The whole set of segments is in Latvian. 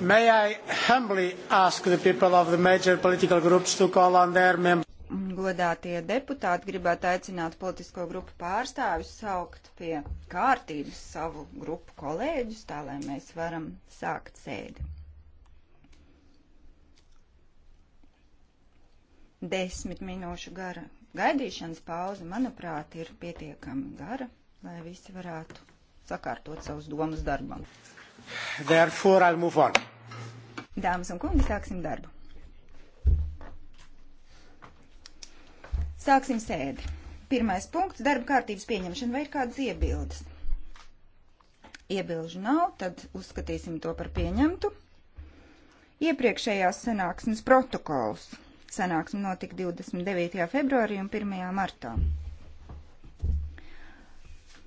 May I humbly ask the people of the major political groups to call on their members. Godātie deputāti gribētu aicināt politisko grupu pārstāvis saukt pie kārtības savu grupu kolēģus, tā lai mēs varam sākt sēdi. Desmit minūšu gara gaidīšanas pauze, manuprāt, ir pietiekami gara, lai visi varētu sakārtot savus domas darbam. Therefore, I'll move on. Dāmas un kungi, sāksim darbu. Sāksim sēdi. Pirmais punkts - darba kārtības pieņemšana vai ir kādas iebildes? Iebilžu nav, tad uzskatīsim to par pieņemtu. Iepriekšējās sanāksmes protokols. Sanāksme notika 29. februārī un 1. martā.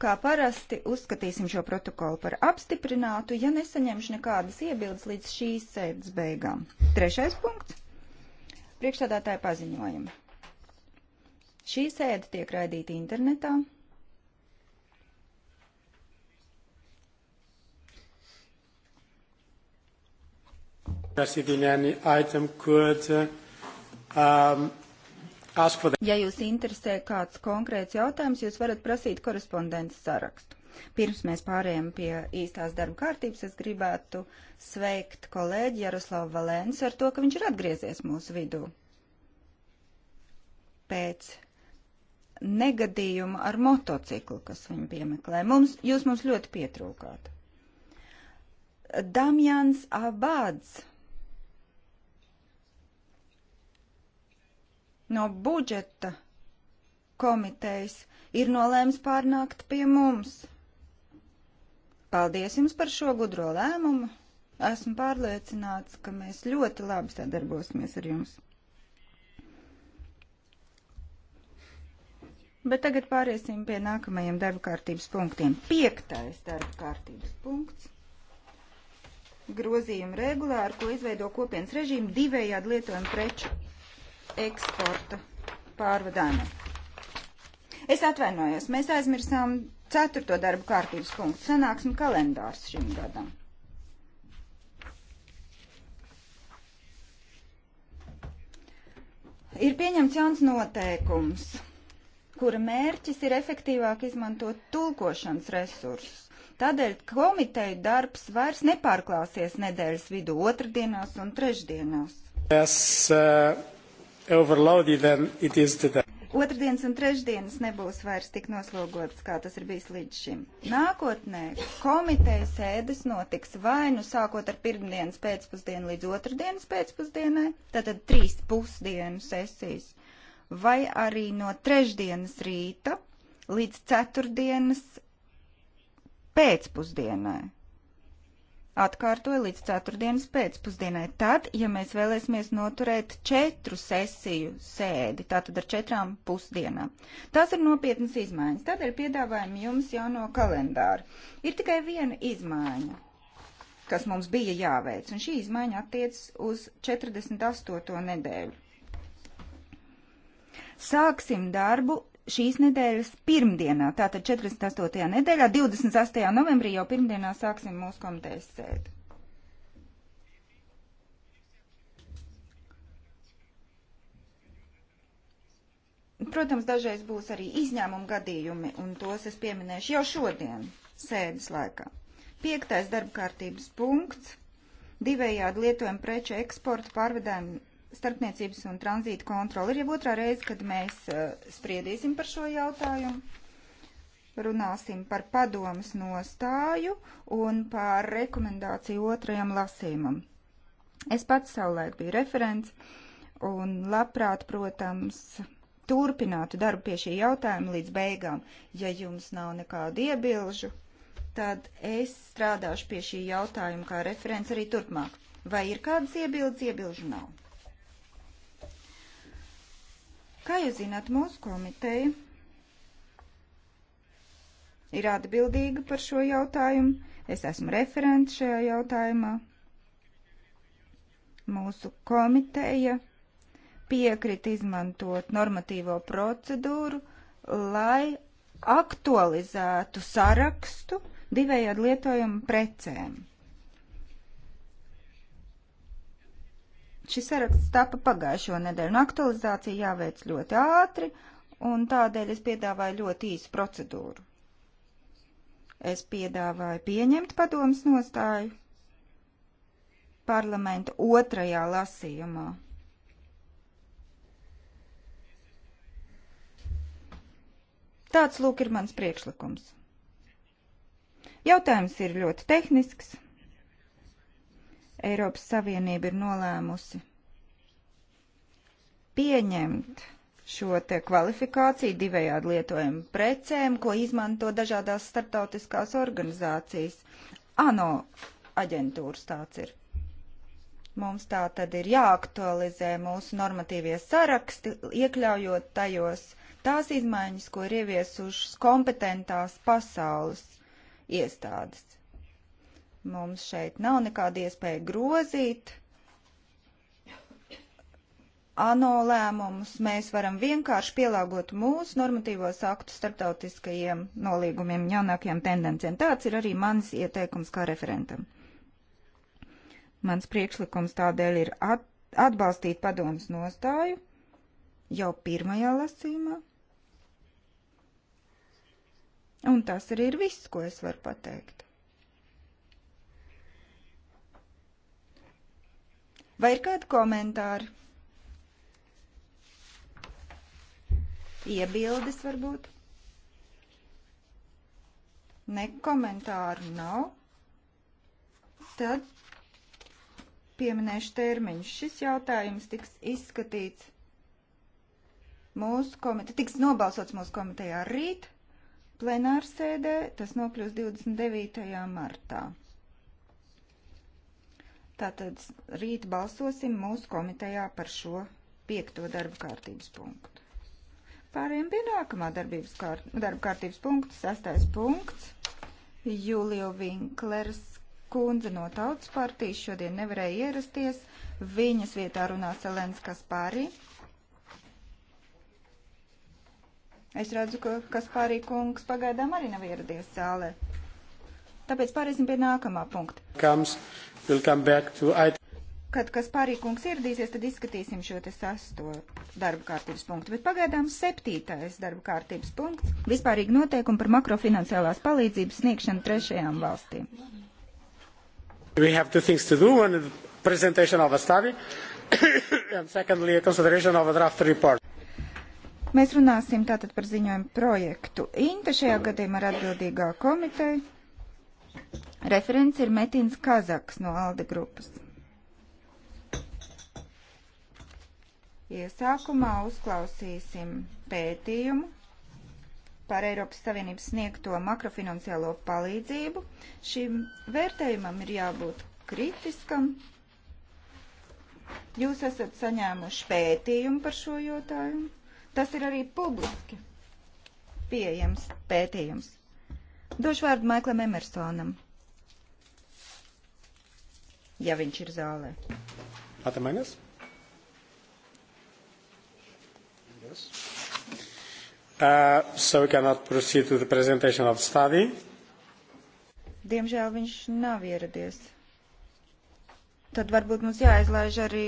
Kā parasti uzskatīsim šo protokolu par apstiprinātu, ja nesaņemšu nekādas iebildes līdz šīs sēdes beigām. Trešais punkts - priekšstādātāja paziņojumi. Šī sēde tiek raidīta internetā. Tas ir viena item, kur um, Ja jūs interesē kāds konkrēts jautājums, jūs varat prasīt korespondences sarakstu. Pirms mēs pārējām pie īstās darba kārtības, es gribētu sveikt kolēģi Jaroslavu Valēns ar to, ka viņš ir atgriezies mūsu vidū. Pēc negadījuma ar motociklu, kas viņu piemeklē. Mums, jūs mums ļoti pietrūkāt. Damjans Abads no budžeta komitejas ir nolēms pārnākt pie mums. Paldies jums par šo gudro lēmumu. Esmu pārliecināts, ka mēs ļoti labi sadarbosimies ar jums. Bet tagad pāriesim pie nākamajiem darba kārtības punktiem. Piektais darba kārtības punkts - grozījuma regulāri, ko izveido kopienas režīmu divējādi lietojumu preču eksporta pārvadājumiem. Es atvainojos, mēs aizmirsām ceturto darbu kārtības punktu sanāksmu kalendārs šim gadam. Ir pieņemts jauns noteikums, kura mērķis ir efektīvāk izmantot tulkošanas resursus. Tādēļ komiteju darbs vairs nepārklāsies nedēļas vidu otrdienās un trešdienās. Es, uh... Eh, overloaded than it is today. Otradienas un trešdienas nebūs vairs tik noslogotas, kā tas ir bijis līdz šim. Nākotnē komitejas sēdes notiks vai nu sākot ar pirmdienas pēcpusdienu līdz otrdienas pēcpusdienai, tātad trīs pusdienu sesijas, vai arī no trešdienas rīta līdz ceturtdienas pēcpusdienai. Atkārtoju līdz ceturtdienas pēcpusdienai. Tad, ja mēs vēlēsimies noturēt četru sesiju sēdi, tātad ar četrām pusdienām. Tās ir nopietnas izmaiņas. Tādēļ piedāvājam jums jauno kalendāru. Ir tikai viena izmaiņa, kas mums bija jāveic, un šī izmaiņa attiec uz 48. nedēļu. Sāksim darbu šīs nedēļas pirmdienā, tātad 48. nedēļā, 28. novembrī jau pirmdienā sāksim mūsu komitejas sēdi. Protams, dažreiz būs arī izņēmuma gadījumi, un tos es pieminēšu jau šodien sēdes laikā. Piektais darba kārtības punkts - divējādi lietojuma preču eksporta pārvedājuma starpniecības un tranzīta kontroli. Ir jau otrā reize, kad mēs uh, spriedīsim par šo jautājumu. Runāsim par padomas nostāju un par rekomendāciju otrajam lasījumam. Es pats savulaik biju referents un labprāt, protams, turpinātu darbu pie šī jautājuma līdz beigām. Ja jums nav nekādu iebilžu, tad es strādāšu pie šī jautājuma kā referents arī turpmāk. Vai ir kādas iebildes, iebilžu nav? Kā jūs zināt, mūsu komiteja ir atbildīga par šo jautājumu. Es esmu referents šajā jautājumā. Mūsu komiteja piekrita izmantot normatīvo procedūru, lai aktualizētu sarakstu divējādi lietojumu precēm. Šis saraksts tapa pagājušo nedēļu, un aktualizācija jāveic ļoti ātri, un tādēļ es piedāvāju ļoti īsu procedūru. Es piedāvāju pieņemt padomas nostāju parlamenta otrajā lasījumā. Tāds lūk ir mans priekšlikums. Jautājums ir ļoti tehnisks. Eiropas Savienība ir nolēmusi pieņemt šo te kvalifikāciju divējādi lietojumu precēm, ko izmanto dažādās starptautiskās organizācijas. ANO aģentūras tāds ir. Mums tā tad ir jāaktualizē mūsu normatīvie saraksti, iekļaujot tajos tās izmaiņas, ko ir ieviesušas kompetentās pasaules iestādes. Mums šeit nav nekāda iespēja grozīt ANO lēmumus, mēs varam vienkārši pielāgot mūsu normatīvos aktus starptautiskajiem nolīgumiem, jaunākajām tendencēm. Tāds ir arī mans ieteikums kā referentam. Mans priekšlikums tādēļ ir at atbalstīt padomus nostāju jau pirmajā lasīmā. Un tas arī ir viss, ko es varu pateikt. Vai ir kādi komentāri? Iebildes varbūt? Ne komentāru nav. Tad pieminēšu termiņus. Šis jautājums tiks izskatīts mūsu komitejā, tiks nobalsots mūsu komitejā rīt plenārsēdē, tas nokļūs 29. martā. Tātad rīt balsosim mūsu komitejā par šo piekto darba kārtības punktu. Pārējiem pie nākamā darbības kārt, darba kārtības punkta, sastais punkts. Julio Vinklers kundze no Tautas partijas šodien nevarēja ierasties. Viņas vietā runās Elens Kaspārī. Es redzu, ka Kaspārī kungs pagaidām arī nav ieradies zālē. Tāpēc pārēsim pie nākamā punkta. Kams. Kad kas pārīkums ieradīsies, tad izskatīsim šo te sasto darba kārtības punktu. Bet pagaidām septītais darba kārtības punkts - vispārīgi noteikumi par makrofinansiālās palīdzības sniegšanu trešajām valstīm. We have two things to do. One is presentation of a study and secondly a consideration of a draft report. Mēs runāsim tātad par ziņojumu projektu. Inta šajā gadījumā ir atbildīgā komiteja. Referents ir Metīns Kazaks no Alda grupas. Iesākumā uzklausīsim pētījumu par Eiropas Savienības sniegto makrofinanciālo palīdzību. Šim vērtējumam ir jābūt kritiskam. Jūs esat saņēmuši pētījumu par šo jautājumu. Tas ir arī publiski pieejams pētījums. Došu vārdu Maiklam Emersonam, ja viņš ir zālē. Atmainas? Yes. Uh, so we cannot proceed to the presentation of study. Diemžēl viņš nav ieradies. Tad varbūt mums jāizlaiž arī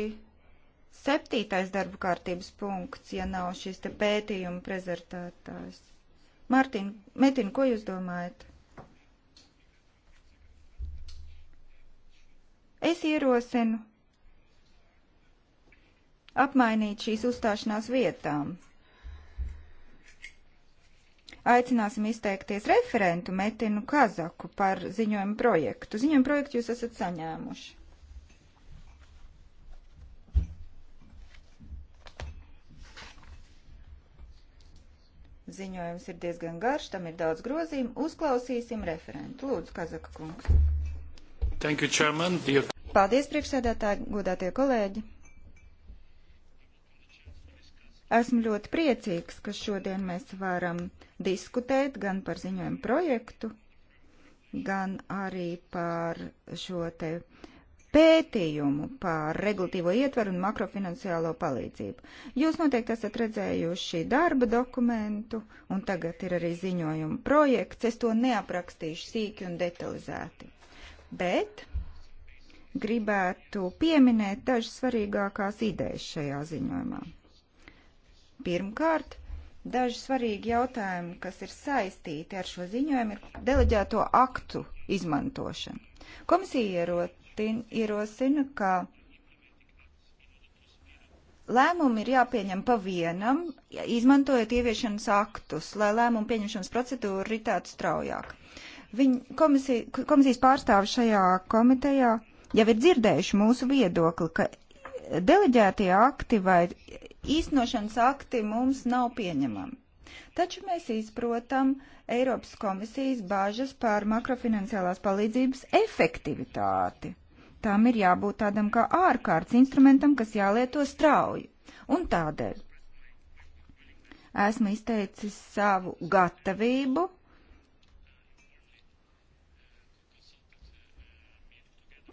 septītais darba kārtības punkts, ja nav šis te pētījuma prezentātājs. Mārtiņ, Metin, ko jūs domājat? Es ierosinu apmainīt šīs uzstāšanās vietām. Aicināsim izteikties referentu Metinu Kazaku par ziņojumu projektu. Ziņojumu projektu jūs esat saņēmuši. Ziņojums ir diezgan garš, tam ir daudz grozījumu. Uzklausīsim referentu. Lūdzu, Kazaka kungs. Thank you, Chairman. Dear... Paldies, priekšsēdētāji, godātie kolēģi. Esmu ļoti priecīgs, ka šodien mēs varam diskutēt gan par ziņojumu projektu, gan arī par šo te uh, pētījumu par regulatīvo ietveru un makrofinanciālo palīdzību. Jūs noteikti esat redzējuši darba dokumentu, un tagad ir arī ziņojuma projekts. Es to neaprakstīšu sīki un detalizēti. Bet gribētu pieminēt dažas svarīgākās idejas šajā ziņojumā. Pirmkārt, daži svarīgi jautājumi, kas ir saistīti ar šo ziņojumu, ir deleģēto aktu izmantošana. Komisija ierot Martin ierosina, ka lēmumi ir jāpieņem pa vienam, izmantojot ieviešanas aktus, lai lēmumu pieņemšanas procedūra ritētu straujāk. Viņa komisija, komisijas pārstāvi šajā komitejā jau ir dzirdējuši mūsu viedokli, ka deleģētie akti vai īstenošanas akti mums nav pieņemami. Taču mēs izprotam Eiropas komisijas bāžas par makrofinanciālās palīdzības efektivitāti Tam ir jābūt tādam kā ārkārtas instrumentam, kas jālieto strauji. Un tādēļ esmu izteicis savu gatavību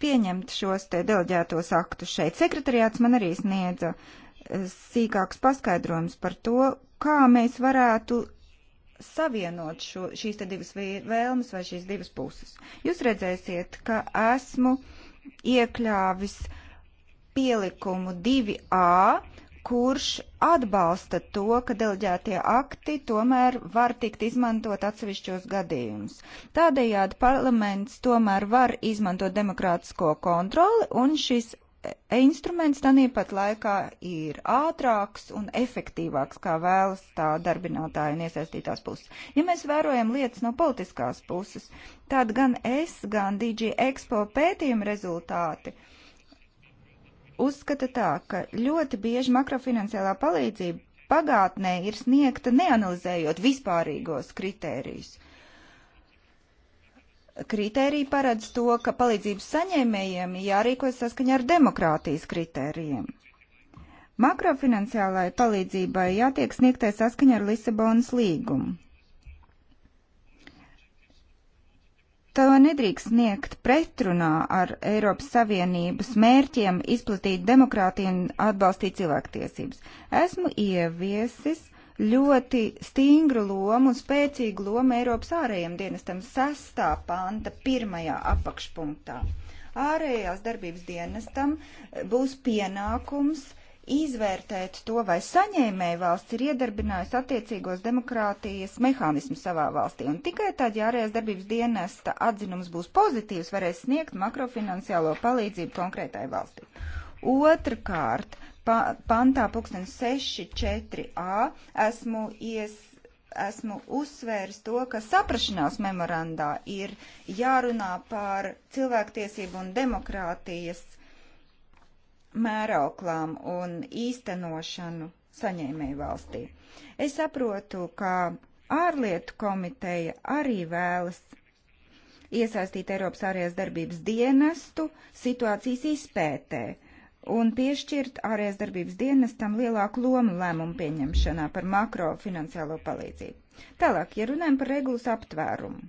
pieņemt šos te deleģētos aktus šeit. Sekretariāts man arī sniedza eh, sīkāks paskaidrojums par to, kā mēs varētu savienot šo, šīs te divas vēlmes vai šīs divas puses. Jūs redzēsiet, ka esmu uh, iekļāvis pielikumu 2a, kurš atbalsta to, ka deleģētie akti tomēr var tikt izmantot atsevišķos gadījumus. Tādējādi parlaments tomēr var izmantot demokrātisko kontroli un šis E, instruments tāpat laikā ir ātrāks un efektīvāks, kā vēlas tā darbinātāja un iesaistītās puses. Ja mēs vērojam lietas no politiskās puses, tad gan es, gan DG Expo pētījuma rezultāti uzskata tā, ka ļoti bieži makrofinanciālā palīdzība pagātnē ir sniegta neanalizējot vispārīgos kritērijus. Uh, Kritērija paredz to, ka palīdzības saņēmējiem jārīkojas saskaņā ar demokrātijas kritērijiem. Makrofinanciālai palīdzībai jātiek sniegtai saskaņā ar Lisabonas līgumu. To nedrīkst sniegt pretrunā ar Eiropas Savienības mērķiem izplatīt demokrātiju un atbalstīt cilvēktiesības. Esmu ieviesis ļoti stingru lomu un spēcīgu lomu Eiropas ārējiem dienestam sestā panta pirmajā apakšpunktā. Ārējās darbības dienestam eh, būs pienākums izvērtēt to, vai saņēmēja valsts ir iedarbinājusi attiecīgos demokrātijas mehānismu savā valstī. Un tikai tad, ja ārējās darbības dienesta atzinums būs pozitīvs, varēs sniegt makrofinansiālo palīdzību konkrētai valstī. Otrakārt, pa, pantā pulksten 6.4a esmu ies. Esmu uzsvēris to, ka saprašanās memorandā ir jārunā par cilvēktiesību un demokrātijas mērauklām un īstenošanu saņēmēju valstī. Es saprotu, ka ārlietu komiteja arī vēlas iesaistīt Eiropas ārējās darbības dienestu situācijas izpētē un piešķirt ārējās darbības dienestam lielāku lomu lēmumu pieņemšanā par makrofinanciālo palīdzību. Tālāk, ja runājam par regulas aptvērumu,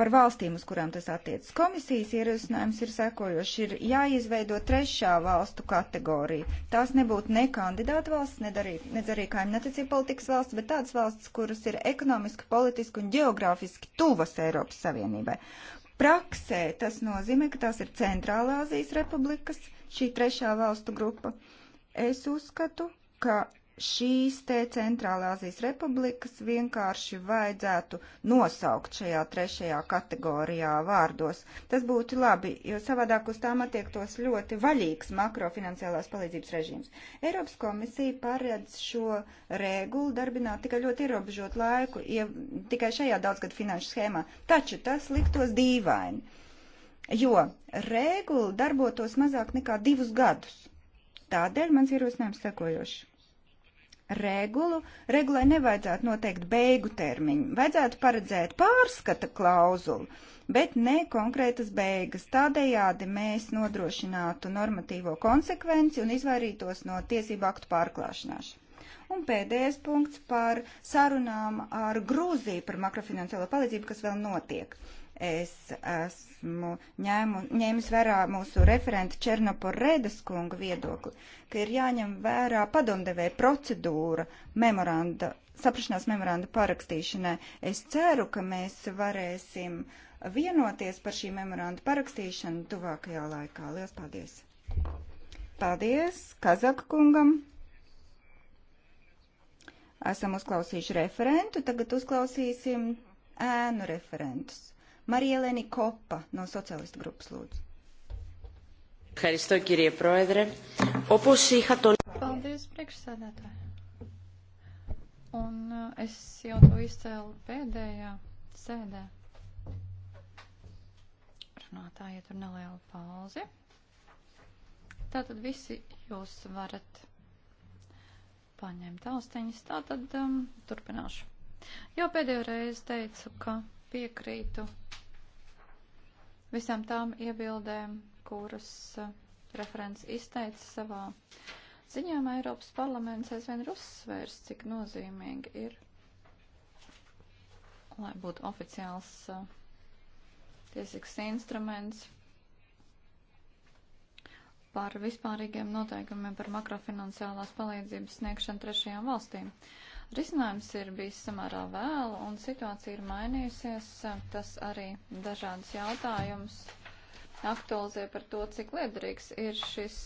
par valstīm, uz kurām tas attiecas. Komisijas ierosinājums ir sekojošs. Ir jāizveido trešā valstu kategorija. Tās nebūtu ne kandidāta valsts, ne, darī, ne arī kaimiņattiecība politikas valsts, bet tādas valsts, kuras ir ekonomiski, politiski un geogrāfiski tuvas Eiropas Savienībai. Praksē tas nozīmē, ka tās ir Centrālā Azijas republikas, šī trešā valstu grupa. Es uzskatu, ka šīs te Centrālāzijas republikas vienkārši vajadzētu nosaukt šajā trešajā kategorijā vārdos. Tas būtu labi, jo savādāk uz tām attiektos ļoti vaļīgs makrofinanciālās palīdzības režīms. Eiropas komisija paredz šo regulu darbināt tikai ļoti ierobežot laiku, ja tikai šajā daudzgad finanšu schēmā. Taču tas liktos dīvaini jo regula darbotos mazāk nekā divus gadus. Tādēļ mans ierosinājums sekojošs. Regulu, regulai nevajadzētu noteikt beigu termiņu, vajadzētu paredzēt pārskata klauzulu, bet ne konkrētas beigas. Tādējādi mēs nodrošinātu normatīvo konsekvenci un izvairītos no tiesību aktu pārklāšanās. Un pēdējais punkts par sarunām ar Grūziju par makrofinanciālo palīdzību, kas vēl notiek. Es esmu ņēmu, ņēmis vērā mūsu referenta Černopo Rēdas kunga viedokli, ka ir jāņem vērā padomdevēja procedūra memoranda, saprašanās memoranda parakstīšanai. Es ceru, ka mēs varēsim vienoties par šī memoranda parakstīšanu tuvākajā laikā. Lielas paldies! Paldies Kazaka kungam! Esam uzklausījuši referentu, tagad uzklausīsim ēnu referentus. Marielēni Kopa no socialistu grupas lūdzu. Paldies, priekšsēdētāji. Un uh, es jau to izcēlu pēdējā sēdē. Runātāji, ja tur neliela pauze. Tātad visi jūs varat paņemt austiņas, tātad um, turpināšu. Jau pēdējo reizi teicu, ka piekrītu visām tām iebildēm, kuras eh, referents izteica savā ziņām. Eiropas parlaments aizvien ir uzsvērs, cik nozīmīgi ir, lai būtu oficiāls eh, tiesīgs instruments par vispārīgiem noteikumiem par makrofinanciālās palīdzības sniegšanu trešajām valstīm. Uh, Risinājums ir bijis samērā vēlu un situācija ir mainījusies. Tas arī dažādas jautājumus aktualizē par to, cik liederīgs ir šis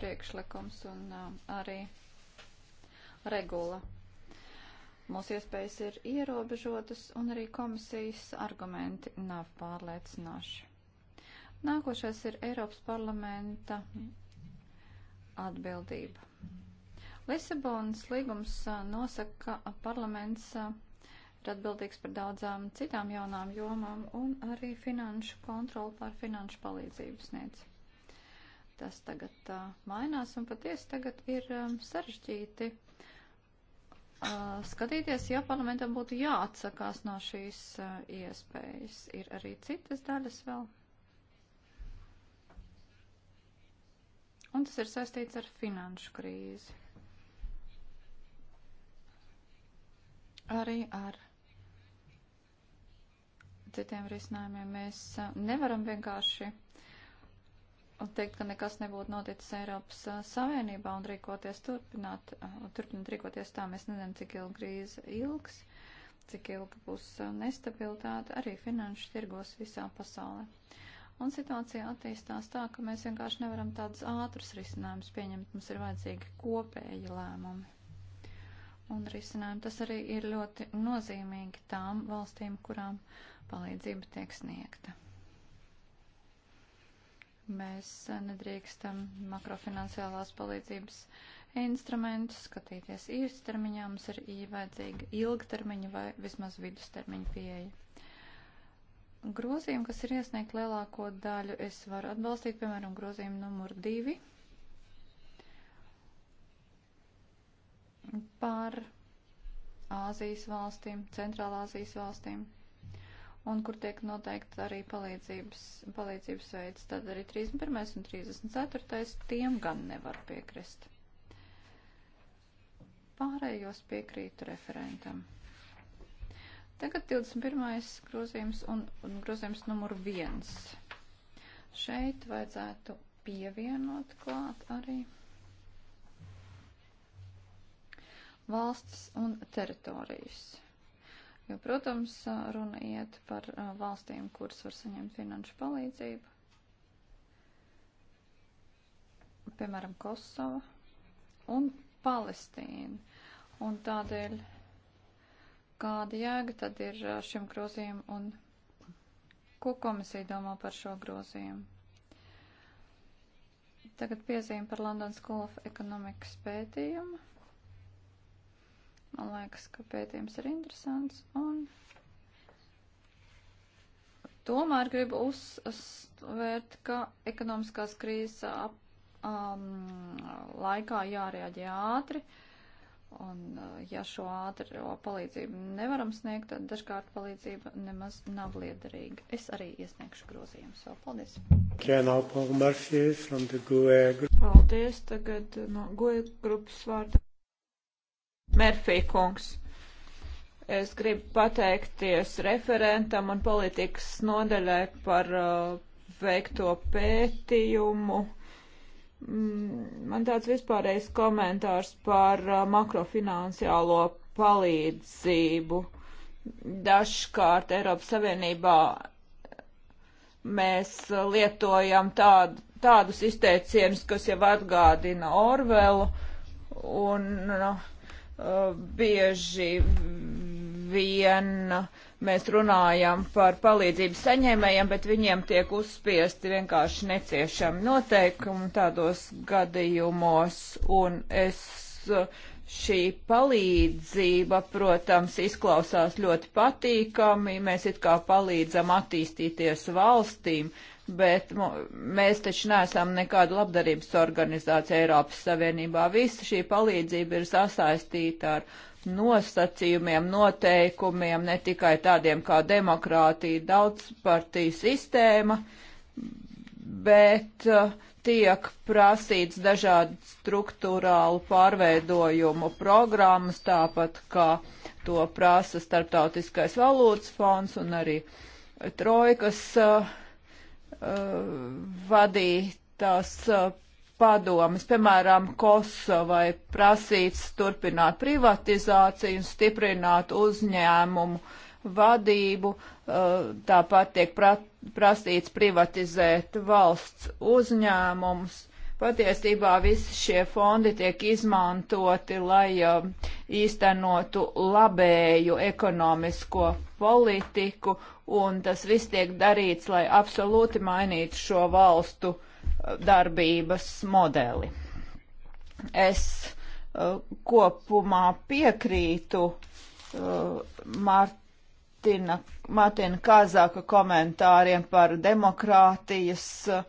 priekšlikums un arī regula. Mūsu iespējas ir ierobežotas un arī komisijas argumenti nav pārliecinoši. Nākošais ir Eiropas parlamenta atbildība. Lisabonas līgums nosaka, ka parlaments ir atbildīgs par daudzām citām jaunām jomām un arī finanšu kontroli pār finanšu palīdzību sniedz. Tas tagad uh, mainās un patiesi tagad ir um, sarežģīti uh, skatīties, ja parlamentam būtu jāatsakās no šīs uh, iespējas. Ir arī citas daļas vēl. Un tas ir saistīts ar finanšu krīzi. arī ar citiem risinājumiem. Mēs nevaram vienkārši teikt, ka nekas nebūtu noticis Eiropas Savienībā un rīkoties turpināt, turpināt rīkoties tā. Mēs nezinām, cik ilgi krīze ilgs, cik ilgi būs nestabilitāte arī finanšu tirgos visā pasaulē. Un situācija attīstās tā, ka mēs vienkārši nevaram tādus ātrus risinājumus pieņemt. Mums ir vajadzīgi kopēji lēmumi un risinājumu. Tas arī ir ļoti nozīmīgi tām valstīm, kurām palīdzība tiek sniegta. Mēs nedrīkstam makrofinansiālās palīdzības instrumentus skatīties īstermiņā. Mums ir vajadzīga ilgtermiņa vai vismaz vidustermiņa pieeja. Grozījumi, kas ir iesniegt lielāko daļu, es varu atbalstīt, piemēram, grozījumu numuru divi – par Āzijas valstīm, Centrālāzijas valstīm, un kur tiek noteikti arī palīdzības, palīdzības veids. Tad arī 31. un 34. tiem gan nevar piekrist. Pārējos piekrītu referentam. Tagad 21. grozījums un, un grozījums numur 1. Šeit vajadzētu pievienot klāt arī valstis un teritorijas. Jo, protams, runa iet par valstīm, kuras var saņemt finanšu palīdzību. Piemēram, Kosova un Palestīna. Un tādēļ kāda jēga tad ir šim grozījumam un ko komisija domā par šo grozījumu? Tagad piezīme par London School of Economics pētījumu. Man liekas, ka pētījums ir interesants un tomēr gribu uzsvērt, ka ekonomiskās krīzes ap, um, laikā jārēģē ātri. Un, uh, ja šo ātro palīdzību nevaram sniegt, tad dažkārt palīdzība nemaz nav liederīga. Es arī iesniegšu grozījumus. Vēl paldies. E paldies tagad no goja e grupas vārda. Merfī kungs. Es gribu pateikties referentam un politikas nodaļai par uh, veikto pētījumu. Mm, man tāds vispārējais komentārs par uh, makrofinansiālo palīdzību. Dažkārt Eiropas Savienībā mēs uh, lietojam tādu, tādus izteicienus, kas jau atgādina Orvelu un uh, bieži vien mēs runājam par palīdzību saņēmējiem, bet viņiem tiek uzspiesti vienkārši neciešami noteikumi tādos gadījumos. Un es šī palīdzība, protams, izklausās ļoti patīkami. Mēs it kā palīdzam attīstīties valstīm, uh, bet mēs taču neesam nekāda labdarības organizācija Eiropas Savienībā. Visa šī palīdzība ir sasaistīta ar nosacījumiem, noteikumiem, ne tikai tādiem kā demokrātija, daudzpartija sistēma, bet uh, tiek prasīts dažādu struktūrālu pārveidojumu programmas, tāpat kā to prasa Startautiskais valūtas fonds un arī trojkas uh, Uh, vadītas uh, padomas, piemēram, Kosovai prasīts turpināt privatizāciju un stiprināt uzņēmumu vadību, uh, tāpat tiek prasīts privatizēt valsts uzņēmumus Patiesībā visi šie fondi tiek izmantoti, lai uh, īstenotu labēju ekonomisko politiku, un tas viss tiek darīts, lai absolūti mainītu šo valstu uh, darbības modeli. Es uh, kopumā piekrītu Marta. Uh, Martina, Martina Kazaka komentāriem par demokrātijas uh,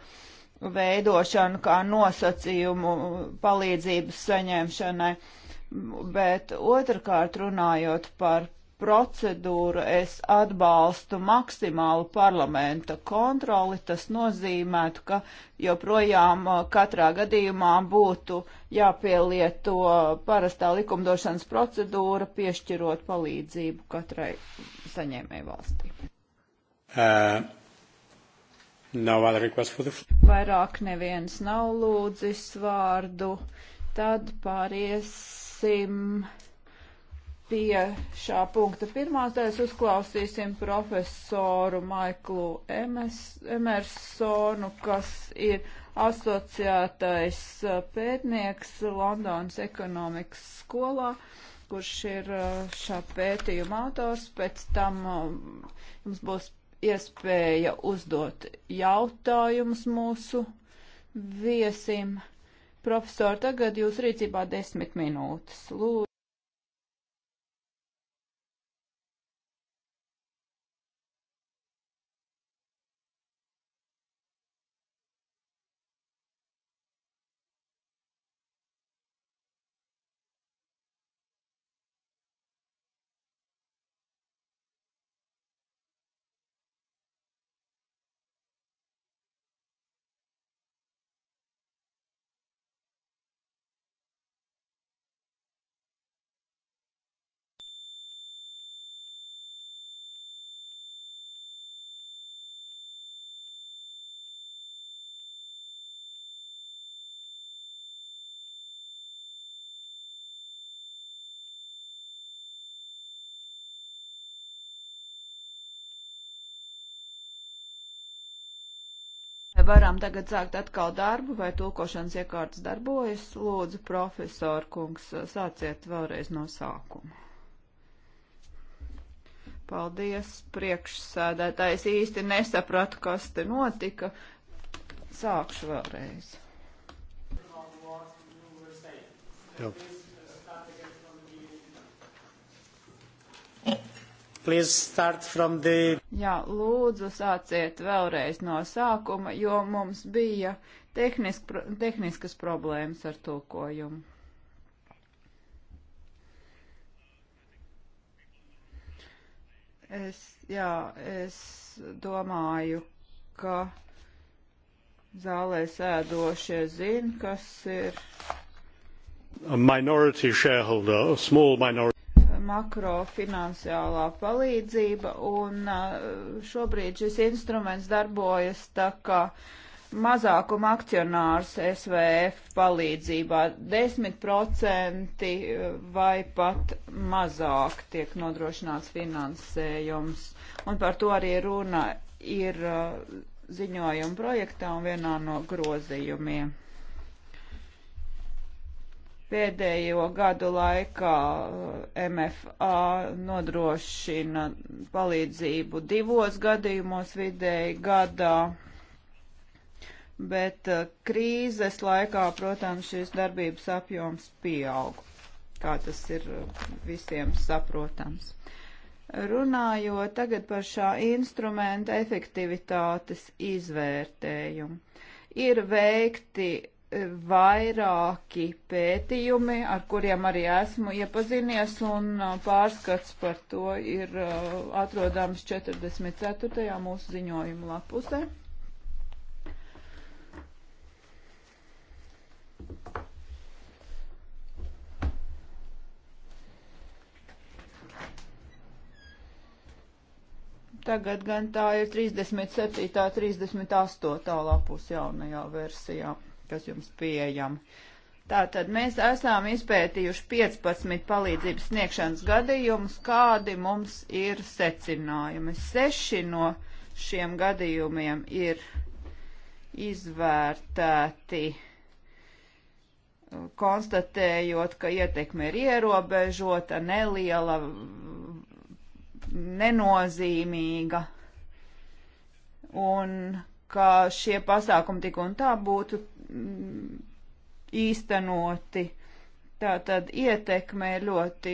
veidošanu kā nosacījumu palīdzības saņemšanai, bet otrkārt runājot par procedūru, es atbalstu maksimālu parlamenta kontroli. Tas nozīmētu, ka joprojām uh, katrā gadījumā būtu jāpielieto parastā likumdošanas procedūra, piešķirot palīdzību katrai saņēmēju valstī. Uh. Vairāk neviens nav lūdzis vārdu. Tad pāriesim pie šā punkta. Pirmās daļas uzklausīsim profesoru Maiklu Emes, Emersonu, kas ir asociētais pētnieks Londonas ekonomikas skolā kurš ir eh, šā pētījuma autors. Pēc tam eh, jums būs iespēja uzdot jautājumus mūsu viesim. Profesor, tagad jūs rīcībā desmit minūtes. Lūdzu. varam tagad sākt atkal darbu, vai tulkošanas iekārtas darbojas. Lūdzu, profesor kungs, sāciet vēlreiz no sākuma. Paldies, priekšsēdētājs īsti nesapratu, kas te notika. Sākšu vēlreiz. Yep. The... Jā, lūdzu, sāciet vēlreiz no sākuma, jo mums bija tehnisk, tehniskas problēmas ar tulkojumu. Es, jā, es domāju, ka zālē sēdošie zina, kas ir. A minority shareholder, a small minority makrofinansiālā palīdzība, un šobrīd šis instruments darbojas tā kā mazākuma akcionārs SVF palīdzībā. 10% vai pat mazāk tiek nodrošināts finansējums, un par to arī runa ir ziņojuma projektā un vienā no grozījumiem pēdējo gadu laikā eh, MFA nodrošina palīdzību divos gadījumos vidēji gadā, bet eh, krīzes laikā, protams, šis darbības apjoms pieaug, kā tas ir eh, visiem saprotams. Runājot tagad par šā instrumenta efektivitātes izvērtējumu, ir veikti vairāki pētījumi, ar kuriem arī esmu iepazinies, un uh, pārskats par to ir uh, atrodams 44. mūsu ziņojuma lapusē. Tagad gan tā ir 37. 38. lapus jaunajā versijā kas jums pieejama. Tātad mēs esam izpētījuši 15 palīdzības sniegšanas gadījumus, kādi mums ir secinājumi. Seši no šiem gadījumiem ir izvērtēti, konstatējot, ka ietekme ir ierobežota, neliela, nenozīmīga, un ka šie pasākumi tik un tā būtu Mm, īstenoti. Tātad ietekme ir ļoti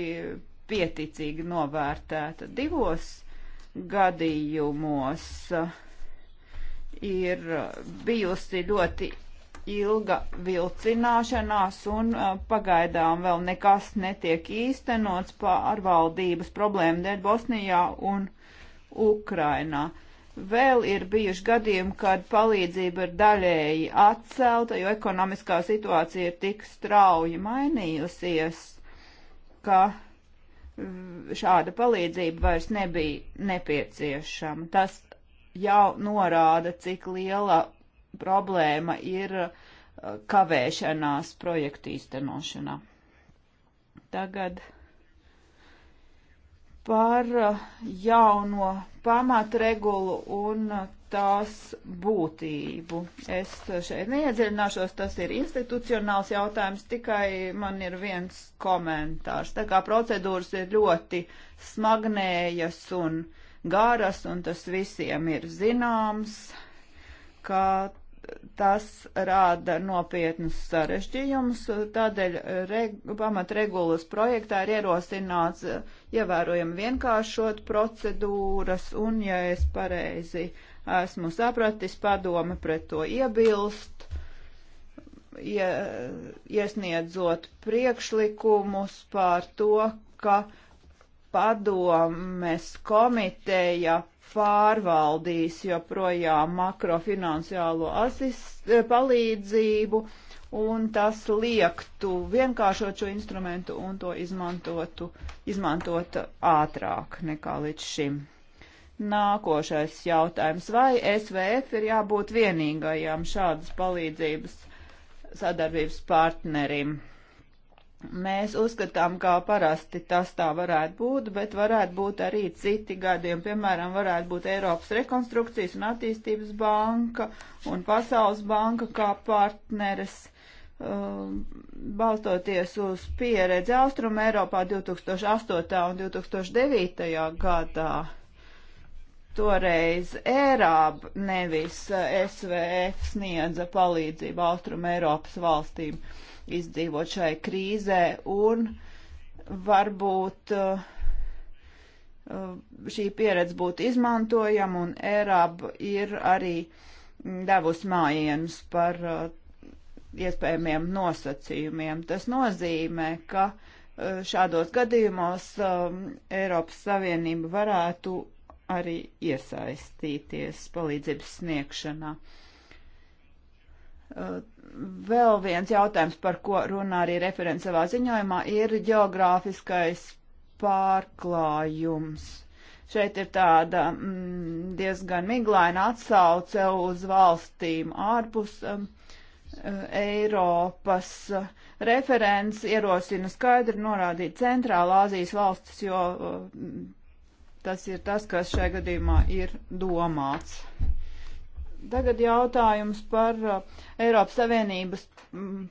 pieticīgi novērtēta. Divos gadījumos uh, ir uh, bijusi ļoti ilga vilcināšanās un uh, pagaidām vēl nekas netiek īstenots pārvaldības problēmu dēļ Bosnijā un Ukrainā. Uh, Vēl ir bijuši gadījumi, kad palīdzība ir daļēji atcelta, jo ekonomiskā situācija ir tik strauji mainījusies, ka šāda palīdzība vairs nebija nepieciešama. Tas jau norāda, cik liela problēma ir uh, kavēšanās projektu īstenošanā. Tagad par jauno pamatregulu un tās būtību. Es šeit neiedziļināšos, tas ir institucionāls jautājums, tikai man ir viens komentārs. Tā kā procedūras ir ļoti smagnējas un garas, un tas visiem ir zināms, ka tas rāda nopietnus sarežģījumus, tādēļ reg, pamatregulas projektā ir ierosināts uh, ievērojami vienkāršot procedūras, un, ja es pareizi esmu sapratis, padome pret to iebilst, ie, iesniedzot priekšlikumus pār to, ka padomes komiteja pārvaldīs joprojām makrofinansiālo asist, eh, palīdzību, un tas liektu vienkāršot šo instrumentu un to izmantotu, izmantot ātrāk nekā līdz šim. Nākošais jautājums. Vai SVF ir jābūt vienīgajam šādas palīdzības sadarbības partnerim? Mēs uzskatām, kā parasti tas tā varētu būt, bet varētu būt arī citi gadiem. Piemēram, varētu būt Eiropas rekonstrukcijas un attīstības banka un Pasaules banka kā partneres. Um, balstoties uz pieredzi Austrum Eiropā 2008. un 2009. gadā, toreiz ERAB nevis SVF sniedza palīdzību Austrum Eiropas valstīm. Uh, izdzīvot šai krīzē un varbūt uh, uh šī pieredze būtu izmantojama un ERAB ir arī devus mājienus par uh, iespējamiem nosacījumiem. Tas nozīmē, ka uh, šādos gadījumos um, Eiropas Savienība varētu arī iesaistīties palīdzības sniegšanā uh, Vēl viens jautājums, par ko runā arī referents savā ziņojumā, ir geogrāfiskais pārklājums. Šeit ir tāda mm, diezgan miglaina atsauce uz valstīm ārpus um, Eiropas. Referents ierosina skaidri norādīt Centrālā Azijas valstis, jo mm, tas ir tas, kas šajā gadījumā ir domāts. Tagad jautājums par uh, Eiropas Savienības mm,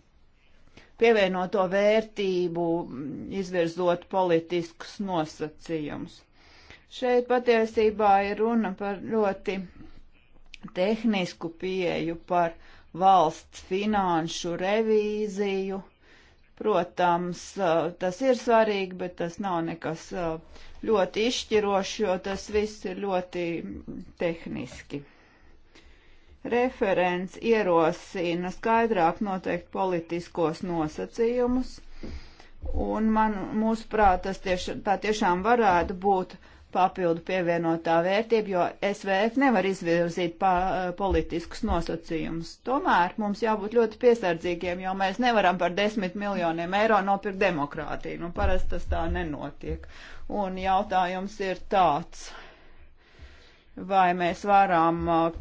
pievienoto vērtību, mm, izvirzot politiskus nosacījumus. Šeit patiesībā ir runa par ļoti tehnisku pieeju, par valsts finanšu revīziju. Protams, uh, tas ir svarīgi, bet tas nav nekas uh, ļoti izšķirošs, jo tas viss ir ļoti tehniski. Referents ierosina skaidrāk noteikt politiskos nosacījumus, un man, mūsuprāt, tas tieši, tā tiešām varētu būt papildu pievienotā vērtība, jo SVF nevar izvirzīt pa, politiskus nosacījumus. Tomēr mums jābūt ļoti piesardzīgiem, jo mēs nevaram par desmit miljoniem eiro nopirkt demokrātiju. Nu, parasti tas tā nenotiek. Un jautājums ir tāds, vai mēs varam uh,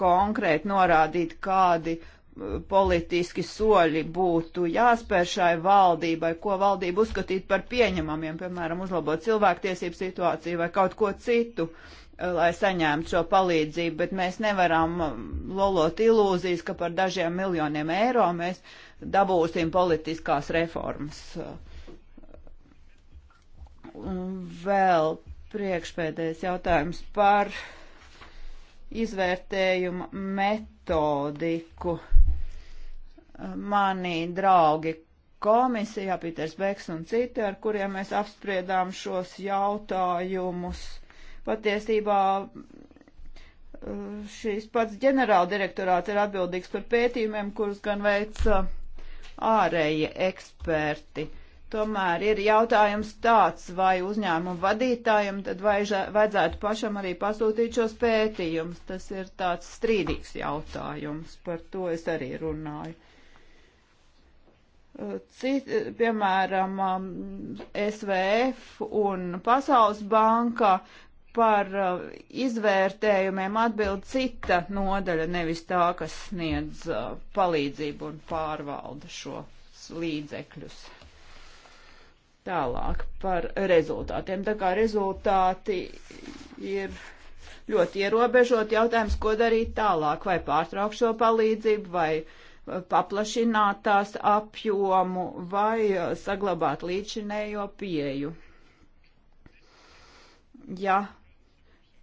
konkrēti norādīt, kādi uh, politiski soļi būtu jāspēr šai valdībai, ko valdība uzskatīt par pieņemamiem, piemēram, uzlabot cilvēktiesību situāciju vai kaut ko citu, uh, lai saņemtu šo palīdzību, bet mēs nevaram um, lolot ilūzijas, ka par dažiem miljoniem eiro mēs dabūsim politiskās reformas. Un vēl priekšpēdējais jautājums par izvērtējumu metodiku. Mani draugi komisijā, Pīters Beks un citi, ar kuriem mēs apspriedām šos jautājumus, patiesībā uh, šīs pats ģenerāldirektorāts ir atbildīgs par pētījumiem, kurus gan veica ārējie eksperti. Uh, Tomēr ir jautājums tāds, vai uzņēmumu vadītājiem tad vajadzētu pašam arī pasūtīt šos pētījumus. Tas ir tāds strīdīgs jautājums, par to es arī runāju. Uh, cit, uh, piemēram, um, SVF un Pasaules banka par uh, izvērtējumiem atbild cita nodaļa, nevis tā, kas sniedz palīdzību un pārvalda šos līdzekļus. Tālāk par rezultātiem. Tā kā rezultāti ir ļoti ierobežot jautājums, ko darīt tālāk, vai pārtraukt šo palīdzību, vai uh, paplašināt tās apjomu, vai uh, saglabāt līdzinējo pieju. Ja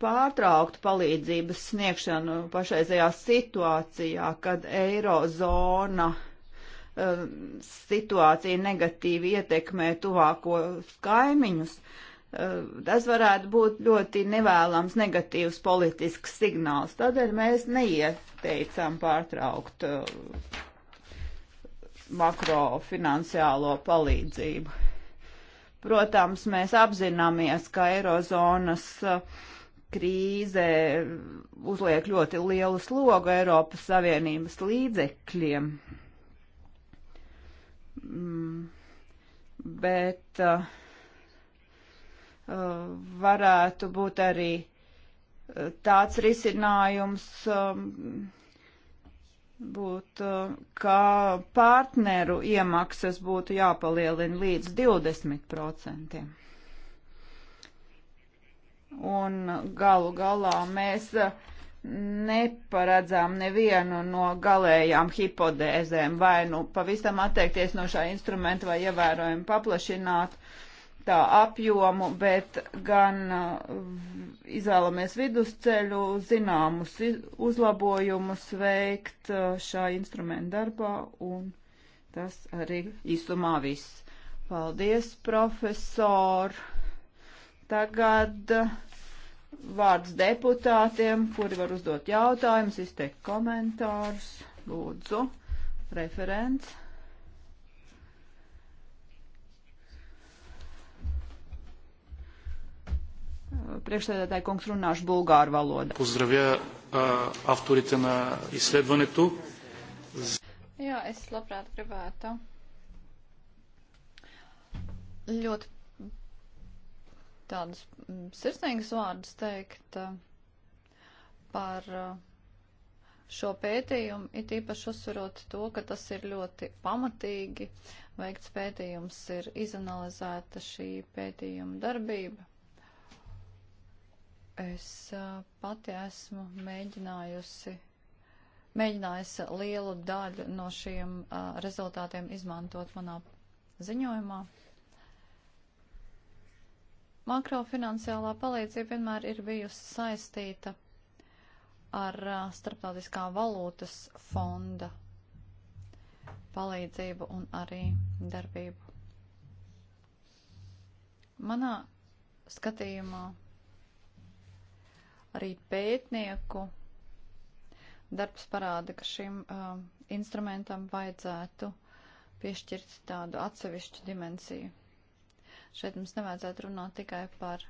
pārtraukt palīdzības sniegšanu pašreizajā situācijā, kad eirozona zona Um, situācija negatīvi ietekmē tuvākos kaimiņus. Um, tas varētu būt ļoti nevēlams negatīvs politisks signāls. Tādēļ mēs neieteicām pārtraukt um, makrofinansiālo palīdzību. Protams, mēs apzināmies, ka Eirozonas uh, krīze uzliek ļoti lielu slogu Eiropas Savienības līdzekļiem. Mm, bet uh, uh, varētu būt arī uh, tāds risinājums um, būt, uh, ka partneru iemaksas būtu jāpalielina līdz 20%. Un galu galā mēs uh, neparedzām nevienu no galējām hipodēzēm, vai nu pavisam atteikties no šā instrumenta, vai ievērojami paplašināt tā apjomu, bet gan uh, izvēlamies vidusceļu, zināmus uzlabojumus veikt uh, šā instrumenta darbā, un tas arī īsumā viss. Paldies, profesor! Tagad uh, vārds deputātiem, kuri var uzdot jautājumus, izteikt komentārus. Lūdzu, referents. Priekšsēdētāji kungs runāšu bulgāru valodu. Uzdravjā авторите на изследването. Jā, es labprāt gribētu ļoti tādus mm, sirsnīgus vārdus teikt eh, par eh, šo pētījumu, it īpaši uzsverot to, ka tas ir ļoti pamatīgi veikts pētījums, ir izanalizēta šī pētījuma darbība. Es eh, pati esmu mēģinājusi, mēģinājusi lielu daļu no šiem rezultātiem izmantot manā ziņojumā. Makrofinansiālā palīdzība vienmēr ir bijusi saistīta ar uh, starptautiskā valūtas fonda palīdzību un arī darbību. Manā skatījumā arī pētnieku darbs parāda, ka šim uh, instrumentam vajadzētu piešķirt tādu atsevišķu dimensiju. Šeit mums nevajadzētu runāt tikai par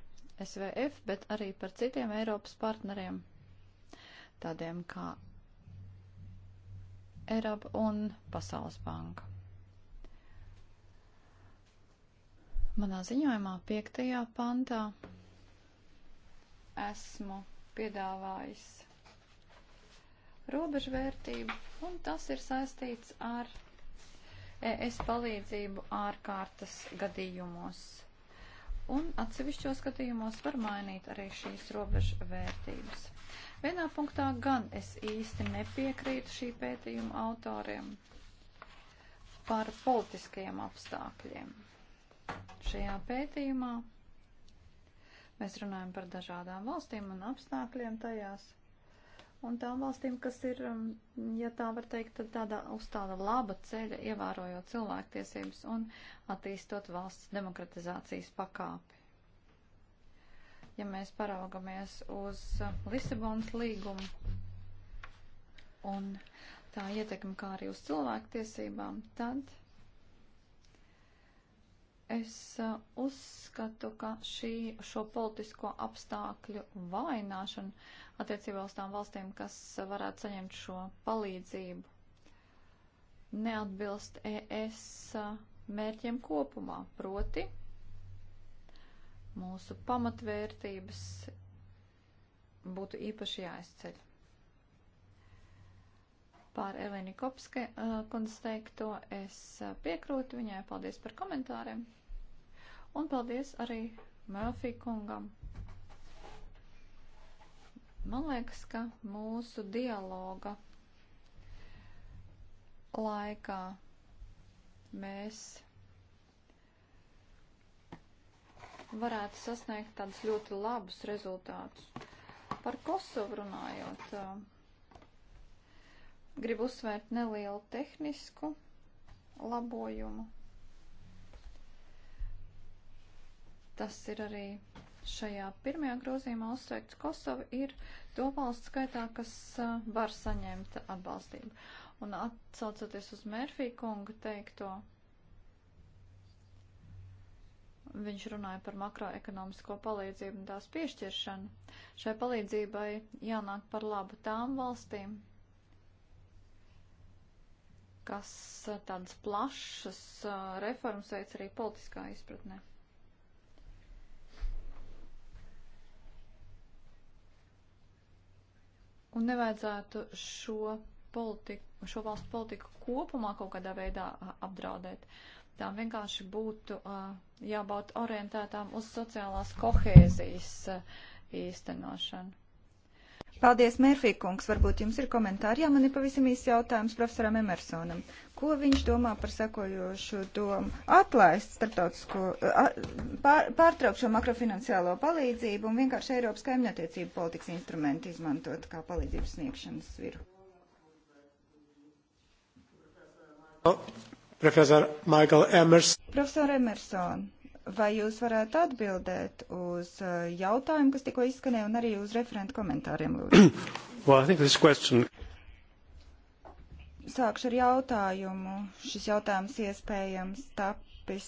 SVF, bet arī par citiem Eiropas partneriem, tādiem kā Eiropa un Pasaules banka. Manā ziņojumā, 5. pantā, esmu piedāvājis robežvērtību, un tas ir saistīts ar es palīdzību ārkārtas gadījumos. Un atsevišķos gadījumos var mainīt arī šīs robežu vērtības. Vienā punktā gan es īsti nepiekrītu šī pētījuma autoriem par politiskajiem apstākļiem. Šajā pētījumā mēs runājam par dažādām valstīm un apstākļiem tajās. Un tām valstīm, kas ir, um, ja tā var teikt, tad tāda uz tāda laba ceļa, ievērojot cilvēktiesības un attīstot valsts demokratizācijas pakāpi. Ja mēs paraugamies uz uh, Lisabonas līgumu un tā ietekmi, kā arī uz cilvēktiesībām, tad es uh, uzskatu, ka šī, šo politisko apstākļu vaināšana attiecībā uz tām valstīm, kas varētu saņemt šo palīdzību, neatbilst ES mērķiem kopumā. Proti, mūsu pamatvērtības būtu īpaši jāizceļ. Pār Elīni Kopske kundzes teikto es piekrūtu viņai, paldies par komentāriem. Un paldies arī Melfī kungam Man liekas, ka mūsu dialoga laikā mēs varētu sasniegt tādus ļoti labus rezultātus. Par Kosovu runājot, gribu uzsvērt nelielu tehnisku labojumu. Tas ir arī Šajā pirmajā grozījumā uzsveikts Kosova ir to valsts skaitā, kas var saņemt atbalstību. Un atsaucoties uz Mērfī kunga teikto, viņš runāja par makroekonomisko palīdzību un tās piešķiršanu. Šai palīdzībai jānāk par labu tām valstīm, kas tādas plašas reformas veic arī politiskā izpratnē. Un nevajadzētu šo, politiku, šo valstu politiku kopumā kaut kādā veidā apdraudēt. Tām vienkārši būtu jābūt orientētām uz sociālās kohēzijas īstenošanu. Paldies, Mērfī kungs. Varbūt jums ir komentāri. Jā, man ir pavisam īsts jautājums profesoram Emersonam. Ko viņš domā par sekojošu domu? Atlaist starptautisko, pār, pārtraukt šo makrofinanciālo palīdzību un vienkārši Eiropas kaimņatiecību politikas instrumentu izmantot kā palīdzības sniegšanas viru. Profesor Michael Emerson. Profesor Emerson vai jūs varētu atbildēt uz eh, jautājumu, kas tikko izskanēja, un arī uz referentu komentāriem, lūdzu? well, question... Sākšu ar jautājumu. Šis jautājums iespējams tapis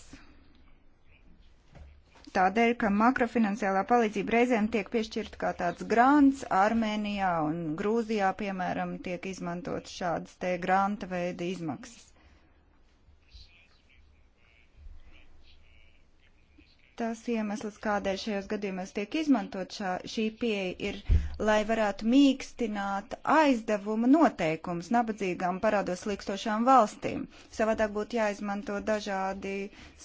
tādēļ, ka makrofinanciālā palīdzība reizēm tiek piešķirta kā tāds grants Armēnijā un Grūzijā, piemēram, tiek izmantot šādas te granta veida izmaksas. tas iemesls, kādēļ šajos gadījumos tiek izmantot šā, šī pieeja, ir, lai varētu mīkstināt aizdevuma noteikums nabadzīgām parādos likstošām valstīm. Savādāk būtu jāizmanto dažādi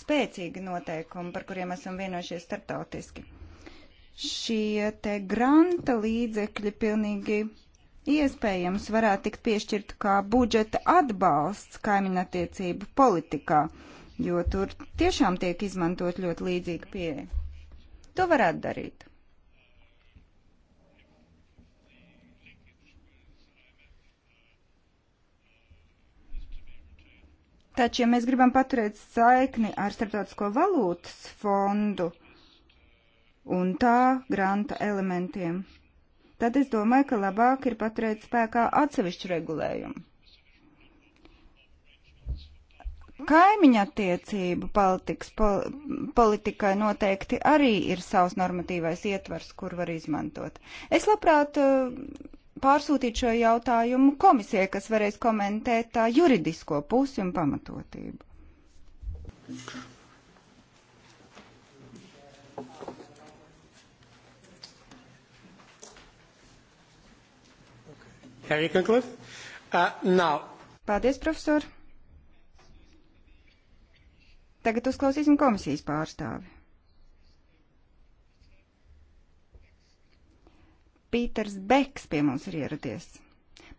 spēcīgi noteikumi, par kuriem esam vienojušies startautiski. Šie te granta līdzekļi pilnīgi iespējams varētu tikt piešķirt kā budžeta atbalsts kaimiņattiecību politikā. Uh, jo tur tiešām tiek izmantot ļoti līdzīga pieeja. To varētu darīt. Taču, ja mēs gribam paturēt saikni ar starptautisko valūtas fondu un tā granta elementiem, tad es domāju, ka labāk ir paturēt spēkā atsevišķu regulējumu. Kaimiņa attiecību politikas, pol, politikai noteikti arī ir savs normatīvais ietvars, kur var izmantot. Es labprāt uh, pārsūtītu šo jautājumu komisijai, kas varēs komentēt tā juridisko pusi un pamatotību. Harry Concliffe. Uh, now. Paldies, profesor. Tagad uzklausīsim komisijas pārstāvi. Pīters Beks pie mums ir ieradies.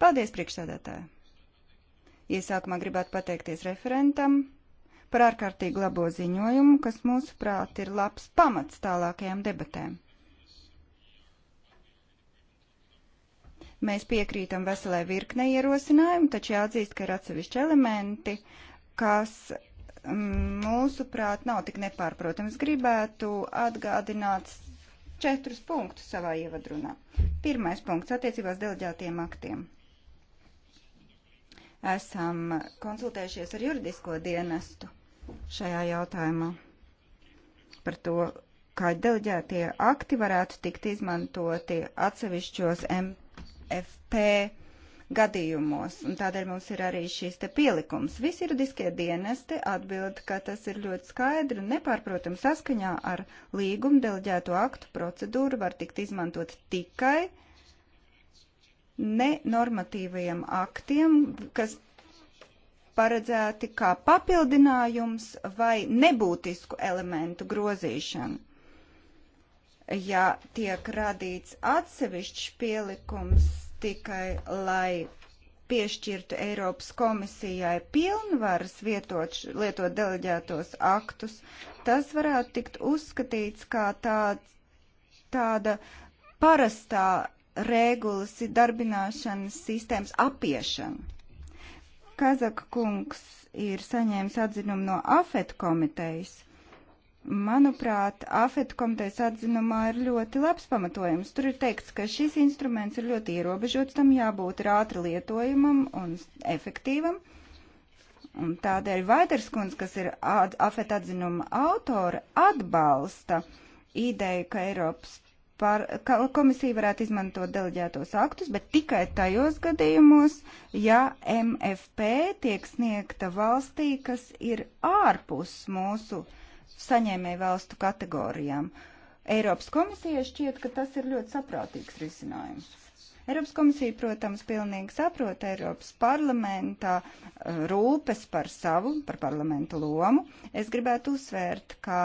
Paldies, priekšsēdētāji! Iesākumā gribētu pateikties referentam par ārkārtīgi labo ziņojumu, kas mūsuprāt ir labs pamats tālākajām debatēm. Mēs piekrītam veselē virknei ierosinājumu, taču jāatzīst, ka ir atsevišķi elementi, kas mūsuprāt, nav tik nepārprotams. Gribētu atgādināt četrus punktus savā ievadrunā. Pirmais punkts attiecībās deleģētiem aktiem. Esam konsultējušies ar juridisko dienestu šajā jautājumā par to, kā deleģētie akti varētu tikt izmantoti atsevišķos MFP gadījumos. Un tādēļ mums ir arī šīs te pielikums. Visi juridiskie dienesti atbild, ka tas ir ļoti skaidri un nepārprotam saskaņā ar līgumu deleģēto aktu procedūru var tikt izmantot tikai nenormatīvajiem aktiem, kas paredzēti kā papildinājums vai nebūtisku elementu grozīšana. Ja tiek radīts atsevišķs pielikums tikai, lai piešķirtu Eiropas komisijai pilnvaras vietot, lietot deleģētos aktus, tas varētu tikt uzskatīts kā tā, tāda parastā regulas darbināšanas sistēmas apiešana. Kazaka kungs ir saņēmis atzinumu no AFET komitejas Manuprāt, AFET komitejas atzinumā ir ļoti labs pamatojums. Tur ir teikts, ka šis instruments ir ļoti ierobežots, tam jābūt ātri lietojumam un efektīvam. Un tādēļ Vaiderskundze, kas ir AFET atzinuma autora, atbalsta ideju, ka Eiropas par, ka komisija varētu izmantot deleģētos aktus, bet tikai tajos gadījumos, ja MFP tiek sniegta valstī, kas ir ārpus mūsu uh, saņēmēju valstu kategorijām. Eiropas komisijai šķiet, ka tas ir ļoti saprātīgs risinājums. Eiropas komisija, protams, pilnīgi saprot Eiropas parlamentā uh, rūpes par savu, par parlamentu lomu. Es gribētu uzsvērt, ka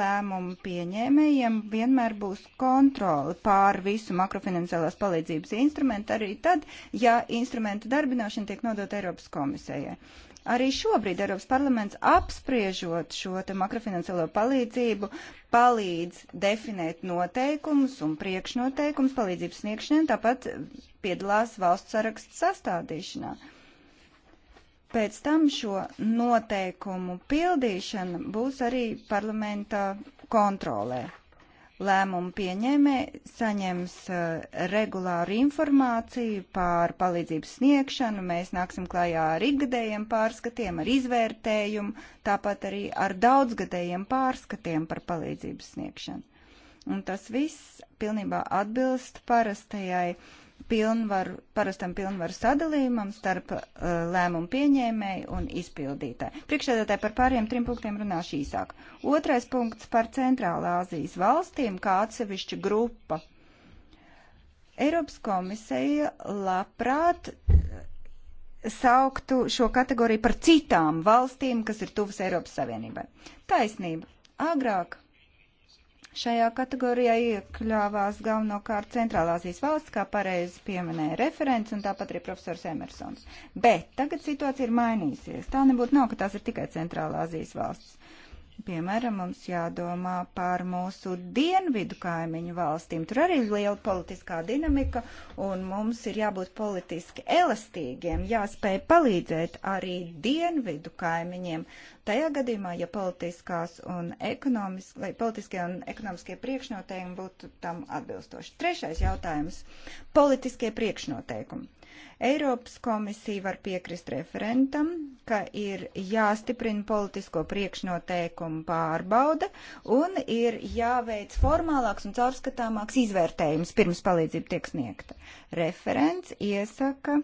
lēmumu pieņēmējiem vienmēr būs kontroli pār visu makrofinanciālās palīdzības instrumentu, arī tad, ja instrumenta darbināšana tiek nodota Eiropas komisijai. Arī šobrīd Eiropas parlaments apspriežot šo te makrofinanciālo palīdzību palīdz definēt noteikumus un priekšnoteikumus palīdzības sniegšanai, tāpat piedalās valsts sarakstu sastādīšanā pēc tam šo noteikumu pildīšana būs arī parlamenta kontrolē. Lēmumu pieņēmē saņems eh, regulāru informāciju pār palīdzības sniegšanu, mēs nāksim klājā ar ikgadējiem pārskatiem, ar izvērtējumu, tāpat arī ar daudzgadējiem pārskatiem par palīdzības sniegšanu. Un tas viss pilnībā atbilst parastajai uh, pilnvaru, parastam pilnvaru sadalījumam starp uh, lēmumu pieņēmēju un izpildītāju. Priekšsēdētāji par pāriem trim punktiem runāšu īsāk. Otrais punkts par Centrālā Azijas valstīm kā atsevišķa grupa. Eiropas komisija labprāt sauktu šo kategoriju par citām valstīm, kas ir tuvas Eiropas Savienībai. Taisnība. Agrāk Šajā kategorijā iekļāvās galvenokārt Centrālāzijas valsts, kā pareizi pieminēja referents un tāpat arī profesors Emersons. Bet tagad situācija ir mainīsies. Tā nebūtu nav, ka tās ir tikai Centrālāzijas valsts. Piemēram, mums jādomā par mūsu dienvidu kaimiņu valstīm. Tur arī ir liela politiskā dinamika, un mums ir jābūt politiski elastīgiem, jāspēj palīdzēt arī dienvidu kaimiņiem. Tajā gadījumā, ja politiskās un ekonomiskie, politiskie un ekonomiskie priekšnoteikumi būtu tam atbilstoši. Trešais jautājums - politiskie priekšnoteikumi. Eiropas komisija var piekrist referentam, ka ir jāstiprina politisko priekšnoteikumu pārbauda un ir jāveic formālāks un caurskatāmāks izvērtējums pirms palīdzība tiek sniegta. Referents iesaka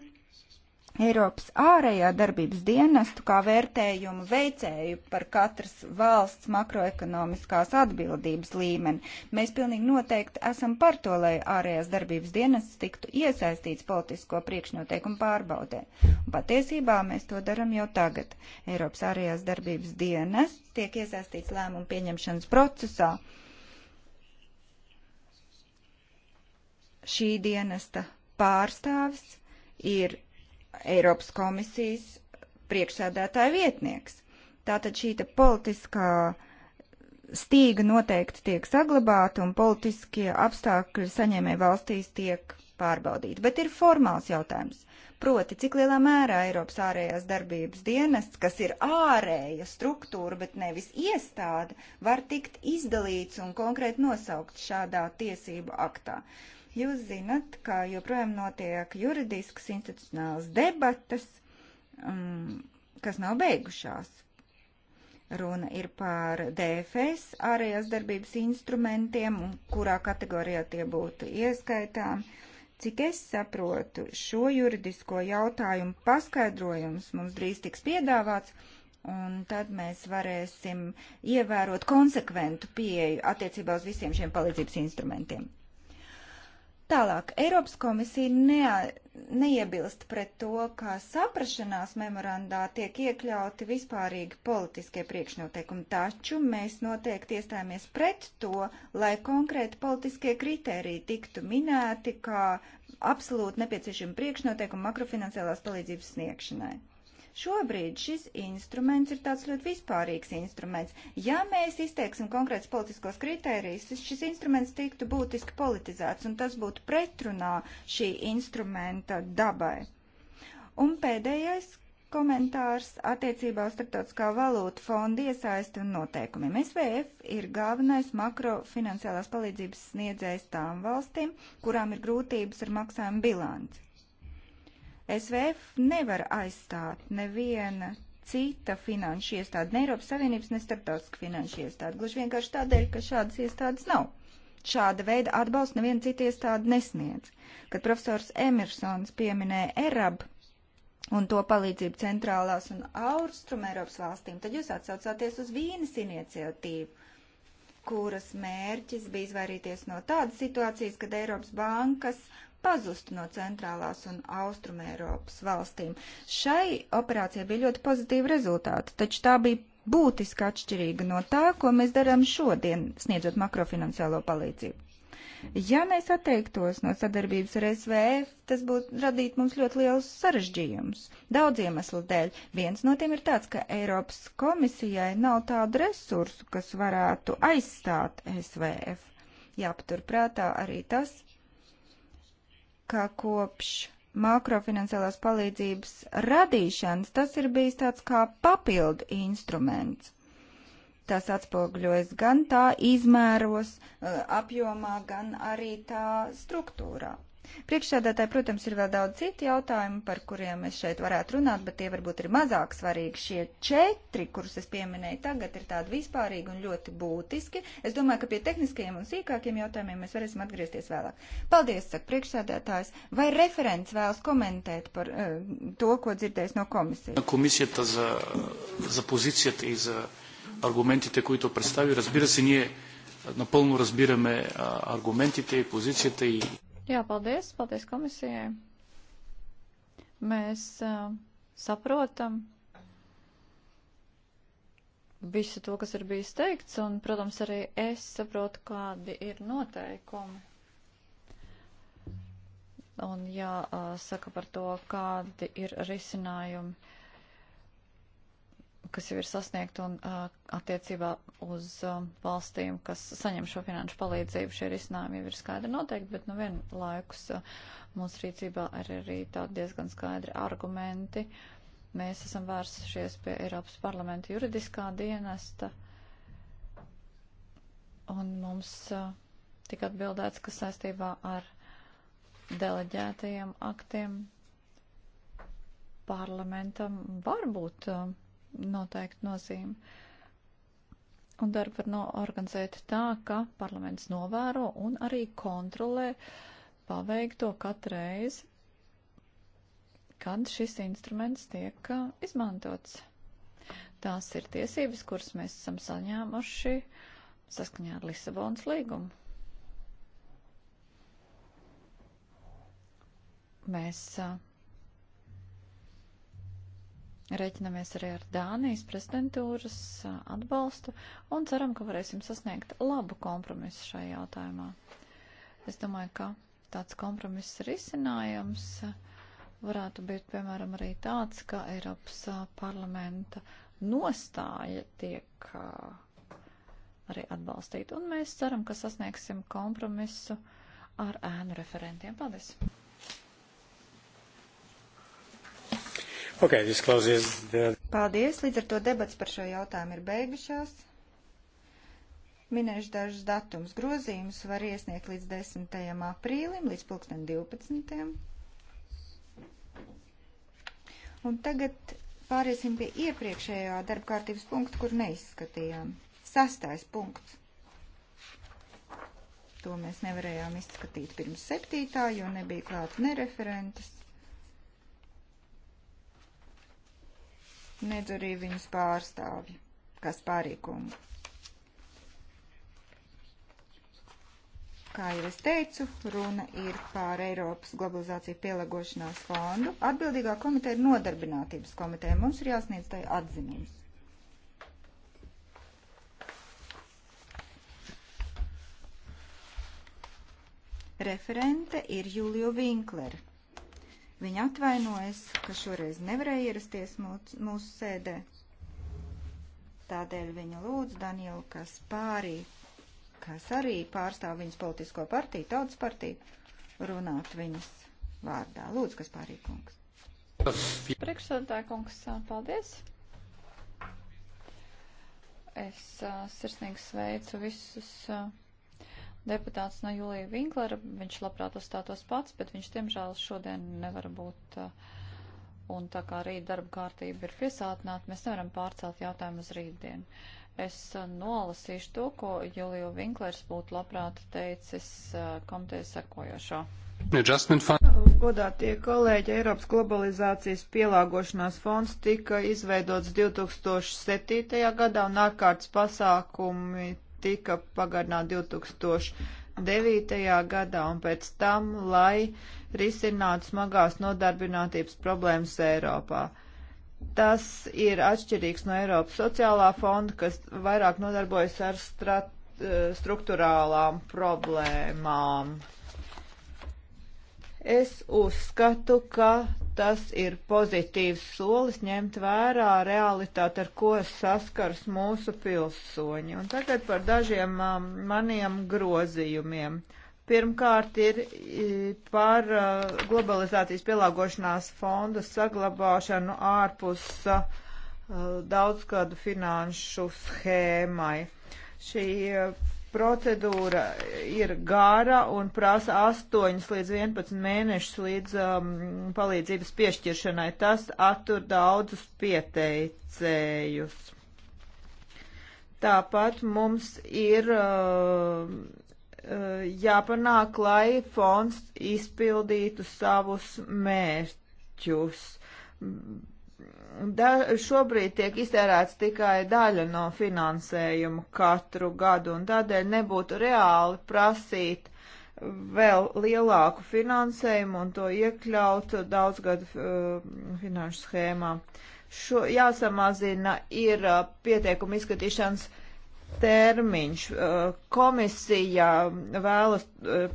Eiropas ārējā darbības dienestu kā vērtējumu veicēju par katras valsts makroekonomiskās atbildības līmeni. Mēs pilnīgi noteikti esam par to, lai ārējās darbības dienests tiktu iesaistīts politisko priekšnoteikumu pārbaudē. Un patiesībā mēs to daram jau tagad. Eiropas ārējās darbības dienests tiek iesaistīts lēmumu pieņemšanas procesā. Šī dienesta pārstāvis ir Eiropas komisijas priekšsēdētāja vietnieks. Tātad šī politiskā stīga noteikti tiek saglabāta un politiskie apstākļi saņēmē valstīs tiek pārbaudīti. Bet ir formāls jautājums. Proti, cik lielā mērā Eiropas ārējās darbības dienests, kas ir ārēja struktūra, bet nevis iestāde, var tikt izdalīts un konkrēti nosaukt šādā tiesību aktā. Uh, Jūs zinat, ka joprojām notiek juridiskas institucionālas debatas, um, kas nav beigušās. Runa ir par DFS ārējās darbības instrumentiem, kurā kategorijā tie būtu ieskaitām. Cik es saprotu, šo juridisko jautājumu paskaidrojums mums drīz tiks piedāvāts, un tad mēs varēsim ievērot konsekventu pieeju attiecībā uz visiem šiem palīdzības instrumentiem. Tālāk, Eiropas komisija ne, neiebilst pret to, kā saprašanās memorandā tiek iekļauti vispārīgi politiskie priekšnoteikumi, taču mēs noteikti iestājāmies pret to, lai konkrēti politiskie kriteriji tiktu minēti kā absolūti nepieciešami priekšnoteikumi makrofinansiālās palīdzības sniegšanai. Šobrīd šis instruments ir tāds ļoti vispārīgs instruments. Ja mēs izteiksim konkrēts politiskos kritērijus, šis instruments tiktu būtiski politizēts, un tas būtu pretrunā šī instrumenta dabai. Un pēdējais, komentārs attiecībā uz starptautiskā valūta fonda iesaisti un noteikumiem. SVF ir galvenais makrofinansiālās palīdzības sniedzējs tām valstīm, kurām ir grūtības ar maksājumu bilanci. SVF nevar aizstāt neviena cita finanšu iestāde, ne Eiropas Savienības, ne starptautiska finanšu iestāde. Gluži vienkārši tādēļ, ka šādas iestādes nav. Šāda veida atbalsts neviena cita iestāde nesniedz. Kad profesors Emersons pieminēja ERAB un to palīdzību centrālās un austrum Eiropas valstīm, tad jūs atsaucāties uz Vīnes iniciatīvu, kuras mērķis bija izvairīties no tādas situācijas, kad Eiropas bankas pazustu no centrālās un austruma Eiropas valstīm. Šai operācijai bija ļoti pozitīvi rezultāti, taču tā bija būtiski atšķirīga no tā, ko mēs darām šodien, sniedzot makrofinanciālo palīdzību. Ja mēs atteiktos no sadarbības ar SVF, tas būtu radīt mums ļoti lielus sarežģījumus. Daudz iemeslu dēļ. Viens no tiem ir tāds, ka Eiropas komisijai nav tādu resursu, kas varētu aizstāt SVF. Jāpaturprātā arī tas, ka kopš makrofinansiālās palīdzības radīšanas tas ir bijis tāds kā papildu instruments. Tas atspogļojas gan tā izmēros, eh, apjomā, gan arī tā struktūrā. Priekšsēdētāji, protams, ir vēl daudz citu jautājumu, par kuriem es šeit varētu runāt, bet tie varbūt ir mazāk svarīgi. Šie četri, kurus es pieminēju tagad, ir tādi vispārīgi un ļoti būtiski. Es domāju, ka pie tehniskajiem un sīkākiem jautājumiem mēs varēsim atgriezties vēlāk. Paldies, saka priekšsēdētājs. Vai referents vēlas komentēt par uh, to, ko dzirdējis no komisijas? Комисията за, за позицията и за аргументите, които представи. Разбира се, ние напълно разбираме аргументите и позицията и Jā, paldies, paldies komisijai. Mēs uh, saprotam visu to, kas ir bijis teikts, un, protams, arī es saprotu, kādi ir noteikumi. Un jāsaka uh, par to, kādi ir risinājumi kas jau ir sasniegta un uh, attiecībā uz uh, valstīm, kas saņem šo finanšu palīdzību, šie risinājumi jau ir skaidri noteikti, bet nu vienlaikus uh, mūsu rīcībā ir arī tādi diezgan skaidri argumenti. Mēs esam vērsušies pie Eiropas parlamenta juridiskā dienesta un mums uh, tika atbildēts, ka saistībā ar deleģētajiem aktiem parlamentam var būt uh, noteikti nozīme. Un darbu var noorganizēt tā, ka parlaments novēro un arī kontrolē paveikto katru reizi, kad šis instruments tiek uh, izmantots. Tās ir tiesības, kuras mēs esam saņēmuši saskaņā ar Lisabonas līgumu. Mēs uh, Rēķinamies arī ar Dānijas prezidentūras atbalstu un ceram, ka varēsim sasniegt labu kompromisu šajā jautājumā. Es domāju, ka tāds kompromiss risinājums varētu būt, piemēram, arī tāds, ka Eiropas parlamenta nostāja tiek arī atbalstīta. Un mēs ceram, ka sasniegsim kompromisu ar ēnu referentiem. Paldies! Okay, the... Paldies, līdz ar to debats par šo jautājumu ir beigušās. Minēšu dažus datums grozījumus var iesniegt līdz 10. aprīlim, līdz pulksten 12. Un tagad pāriesim pie iepriekšējā darba kārtības punkta, kur neizskatījām. Sastais punkts. To mēs nevarējām izskatīt pirms septītā, jo nebija klāt nereferentes. nedz arī viņus pārstāvji, kas pārīkumu. Kā jau es teicu, runa ir par Eiropas globalizāciju pielāgošanās fondu. Atbildīgā komiteja ir nodarbinātības komiteja. Mums ir jāsniedz tai atzinums. Referente ir Julio Vinklere. Viņa atvainojas, ka šoreiz nevarēja ierasties mūsu, mūsu sēdē. Tādēļ viņa lūdz Danielu Kaspārī, kas arī pārstāv viņas politisko partiju, tautas partiju, runāt viņas vārdā. Lūdzu, Kaspārī kungs. Priekšsēdētāja kungs, paldies! Es uh, sirsnīgi sveicu visus. Uh, deputāts no Julija Vinklera. Viņš labprāt uzstātos pats, bet viņš tiemžēl šodien nevar būt. Uh, un tā kā rīt darba kārtība ir piesātināta, mēs nevaram pārcelt jautājumu uz rītdienu. Es uh, nolasīšu to, ko Julio Vinklers būtu labprāt teicis uh, komiteja sekojošo. Godātie kolēģi, Eiropas globalizācijas pielāgošanās fonds tika izveidots 2007. gadā un ārkārtas pasākumi tika pagarināta 2009. gadā un pēc tam, lai risinātu smagās nodarbinātības problēmas Eiropā. Tas ir atšķirīgs no Eiropas sociālā fonda, kas vairāk nodarbojas ar strat, eh, struktūrālām problēmām. Es uzskatu, ka tas ir pozitīvs solis ņemt vērā realitāti, ar ko saskars mūsu pilsoņi. Un tagad par dažiem um, maniem grozījumiem. Pirmkārt ir par uh, globalizācijas pielāgošanās fondu saglabāšanu ārpus uh, daudzgadu finanšu schēmai. Šī uh, procedūra ir gara un prasa 8 līdz 11 mēnešus līdz um, palīdzības piešķiršanai. Tas attur daudzus pieteicējus. Tāpat mums ir um, uh, jāpanāk, lai fonds izpildītu savus mērķus da, šobrīd tiek iztērēts tikai daļa no finansējuma katru gadu, un tādēļ nebūtu reāli prasīt vēl lielāku finansējumu un to iekļaut daudzgadu uh, finanšu schēmā. Šo jāsamazina ir uh, eh, pieteikumu izskatīšanas termiņš. Uh, komisija vēlas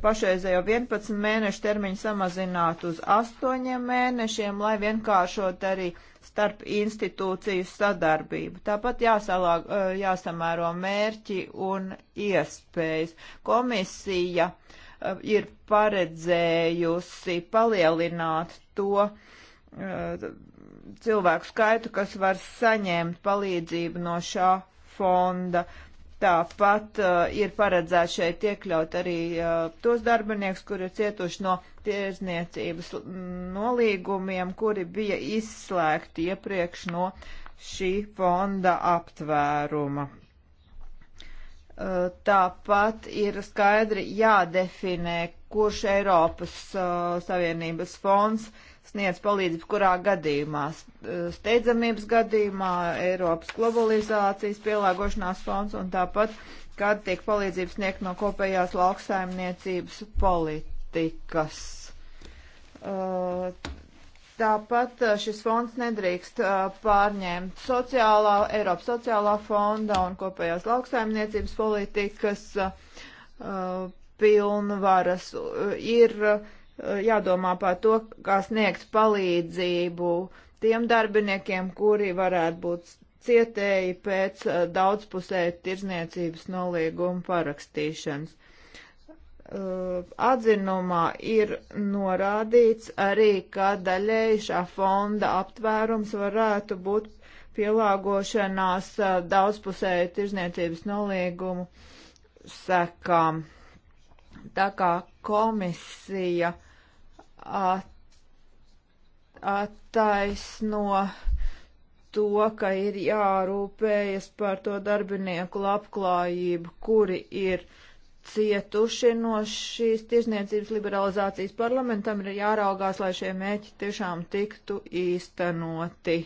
pašreizējo 11 mēnešu termiņu samazināt uz 8 mēnešiem, lai vienkāršot arī uh, starp institūciju sadarbību. Tāpat jāsalāk, eh, jāsamēro mērķi un iespējas. Komisija eh, ir paredzējusi palielināt to eh, cilvēku skaitu, kas var saņemt palīdzību no šā fonda. Tāpat uh, ir paredzēts šeit iekļaut arī uh, tos darbiniekus, kuri ir cietuši no tirzniecības nolīgumiem, kuri bija izslēgti iepriekš no šī fonda aptvēruma. Uh, tāpat ir skaidri jādefinē, kurš Eiropas uh, Savienības fonds uh, sniedz palīdzību, kurā gadījumā e, steidzamības gadījumā, Eiropas globalizācijas pielāgošanās fonds un tāpat, kad tiek palīdzības sniegt no kopējās lauksaimniecības politikas. E, tāpat e, šis fonds nedrīkst pārņemt sociālā, Eiropas sociālā fonda un kopējās lauksaimniecības politikas pilnvaras. Ir uh, Eh, jādomā par to, kā sniegt palīdzību tiem darbiniekiem, kuri varētu būt cietēji pēc eh, daudzpusēja tirzniecības nolīguma parakstīšanas. Eh, atzinumā ir norādīts arī, ka daļēji šā fonda aptvērums varētu būt pielāgošanās daudzpusēja tirzniecības nolīgumu sekām. Tā kā komisija uh, attaisno to, ka ir jārūpējas par to darbinieku labklājību, kuri ir cietuši no šīs tirzniecības liberalizācijas parlamentam, ir jāraugās, lai šie mēķi tiešām tiktu īstenoti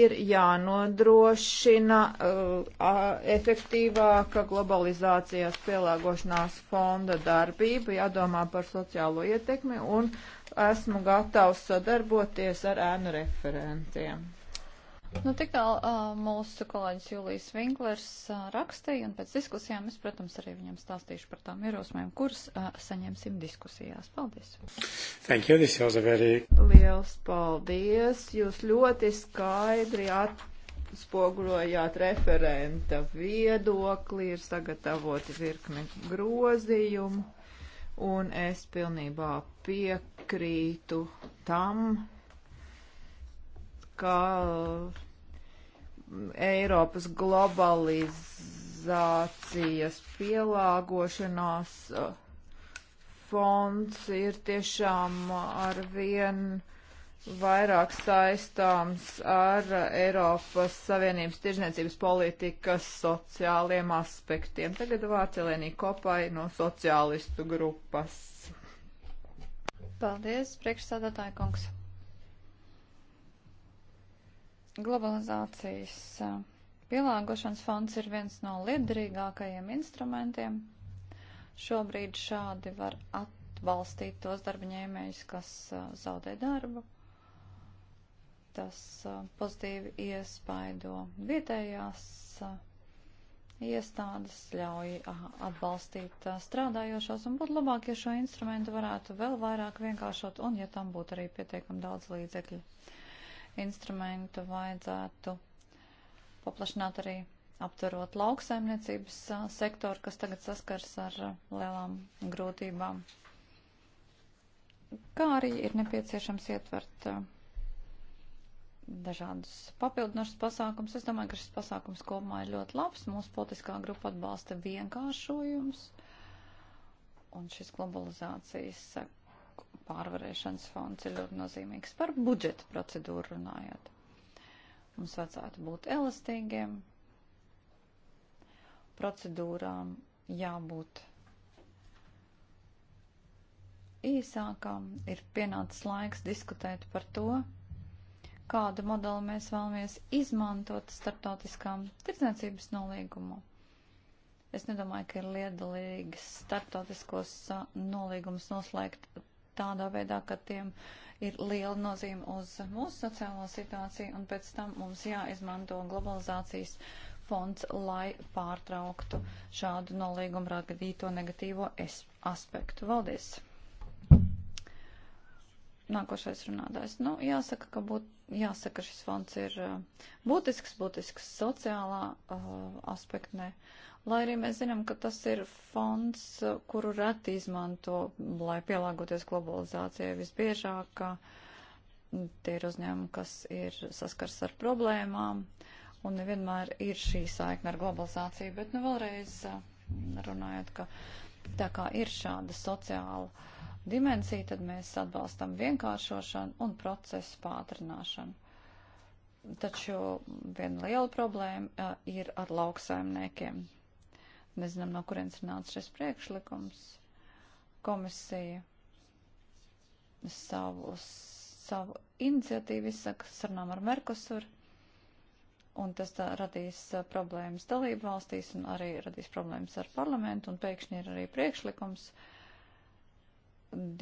ir jānodrošina uh, efektīvāka globalizācijas pielāgošanās fonda darbība, jādomā par sociālo ietekmi un esmu gatavs sadarboties ar ēnu referentiem. Nu, tik tālu uh, mūsu kolēģis Jūlijas Vinklers uh, rakstīja, un pēc diskusijām es, protams, arī viņam stāstīšu par tām ierosinājumiem, kuras uh, saņemsim diskusijās. Paldies! Thank you, this was a very... Liels paldies! Jūs ļoti skaidri atspoguļojāt referenta viedokli, ir sagatavoti virkni grozījumu, un es pilnībā piekrītu tam, ka Eiropas globalizācijas pielāgošanās uh, fonds ir tiešām ar vien vairāk saistāms ar Eiropas Savienības tirzniecības politikas sociāliem aspektiem. Tagad vārds Elēnī Kopai no sociālistu grupas. Paldies, priekšsādātāja kungs. Globalizācijas pielāgošanas fonds ir viens no liederīgākajiem instrumentiem. Šobrīd šādi var atbalstīt tos darbaņēmējus, kas zaudē darbu. Tas pozitīvi iespaido vietējās iestādes, ļauj atbalstīt strādājošos un būtu labāk, ja šo instrumentu varētu vēl vairāk vienkāršot un ja tam būtu arī pietiekami daudz līdzekļu instrumentu vajadzētu paplašināt arī aptverot lauksaimniecības sektoru, kas tagad saskars ar lielām grūtībām. Kā arī ir nepieciešams ietvert dažādus papildinošus pasākums. Es domāju, ka šis pasākums kopumā ir ļoti labs. Mūsu politiskā grupa atbalsta vienkāršojums un šis globalizācijas pārvarēšanas fonds ir ļoti nozīmīgs. Par budžeta procedūru runājot. Mums vajadzētu būt elastīgiem. Procedūrām jābūt īsākām. Ir pienācis laiks diskutēt par to, kādu modeli mēs vēlamies izmantot starptautiskām tirdzniecības nolīgumu. Es nedomāju, ka ir liederīgs starptautiskos nolīgumus noslēgt tādā veidā, ka tiem ir liela nozīme uz mūsu sociālo situāciju, un pēc tam mums jāizmanto globalizācijas fonds, lai pārtrauktu šādu nolīgumu radīto negatīvo aspektu. Valdies! Nākošais runātājs. Nu, jāsaka, ka būt, jāsaka, šis fonds ir uh, būtisks, būtisks sociālā uh, aspektnē. Lai arī mēs zinām, ka tas ir fonds, kuru reti izmanto, lai pielāgoties globalizācijai visbiežāk, tie ir uzņēmumi, kas ir saskars ar problēmām, un nevienmēr ir šī saikna ar globalizāciju, bet nu vēlreiz runājot, ka tā kā ir šāda sociāla dimensija, tad mēs atbalstam vienkāršošanu un procesu pātrināšanu. Taču viena liela problēma ir ar lauksaimniekiem. Nezinām, no kurienes ir nācis šis priekšlikums. Komisija savu, savu iniciatīvu izsaka sarunām ar Merkusuru, un tas tā, radīs uh, problēmas dalību valstīs un arī radīs problēmas ar parlamentu, un pēkšņi ir arī priekšlikums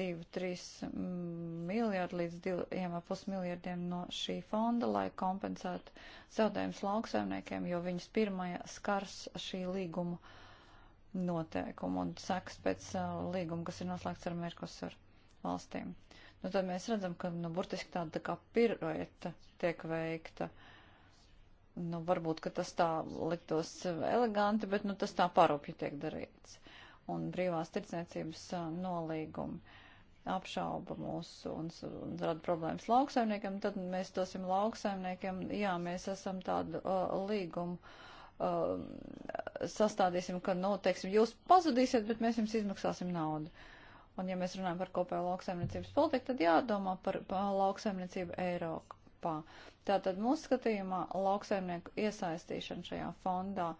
2-3 mm, miljardi līdz 2,5 miljardiem no šī fonda, lai kompensētu zaudējumus lauksaimniekiem, jo viņus pirmajā skars šī līguma noteikumu un saks pēc uh, līguma, kas ir noslēgts ar Merkosur valstīm. Nu, tad mēs redzam, ka, nu, burtiski tāda tā kā pirueta tiek veikta. Nu, varbūt, ka tas tā liktos eleganti, bet, nu, tas tā parūpju tiek darīts. Un brīvās tirdzniecības uh, nolīgumi apšauba mūsu un, un rada problēmas lauksaimniekiem, tad mēs dosim lauksaimniekiem, jā, mēs esam tādu uh, līgumu uh, uh, sastādīsim, ka, nu, teiksim, jūs pazudīsiet, bet mēs jums izmaksāsim naudu. Un ja mēs runājam par kopējo lauksaimniecības politiku, tad jādomā par, par lauksaimniecību Eiropā. Tātad mūsu skatījumā lauksaimnieku iesaistīšana šajā fondā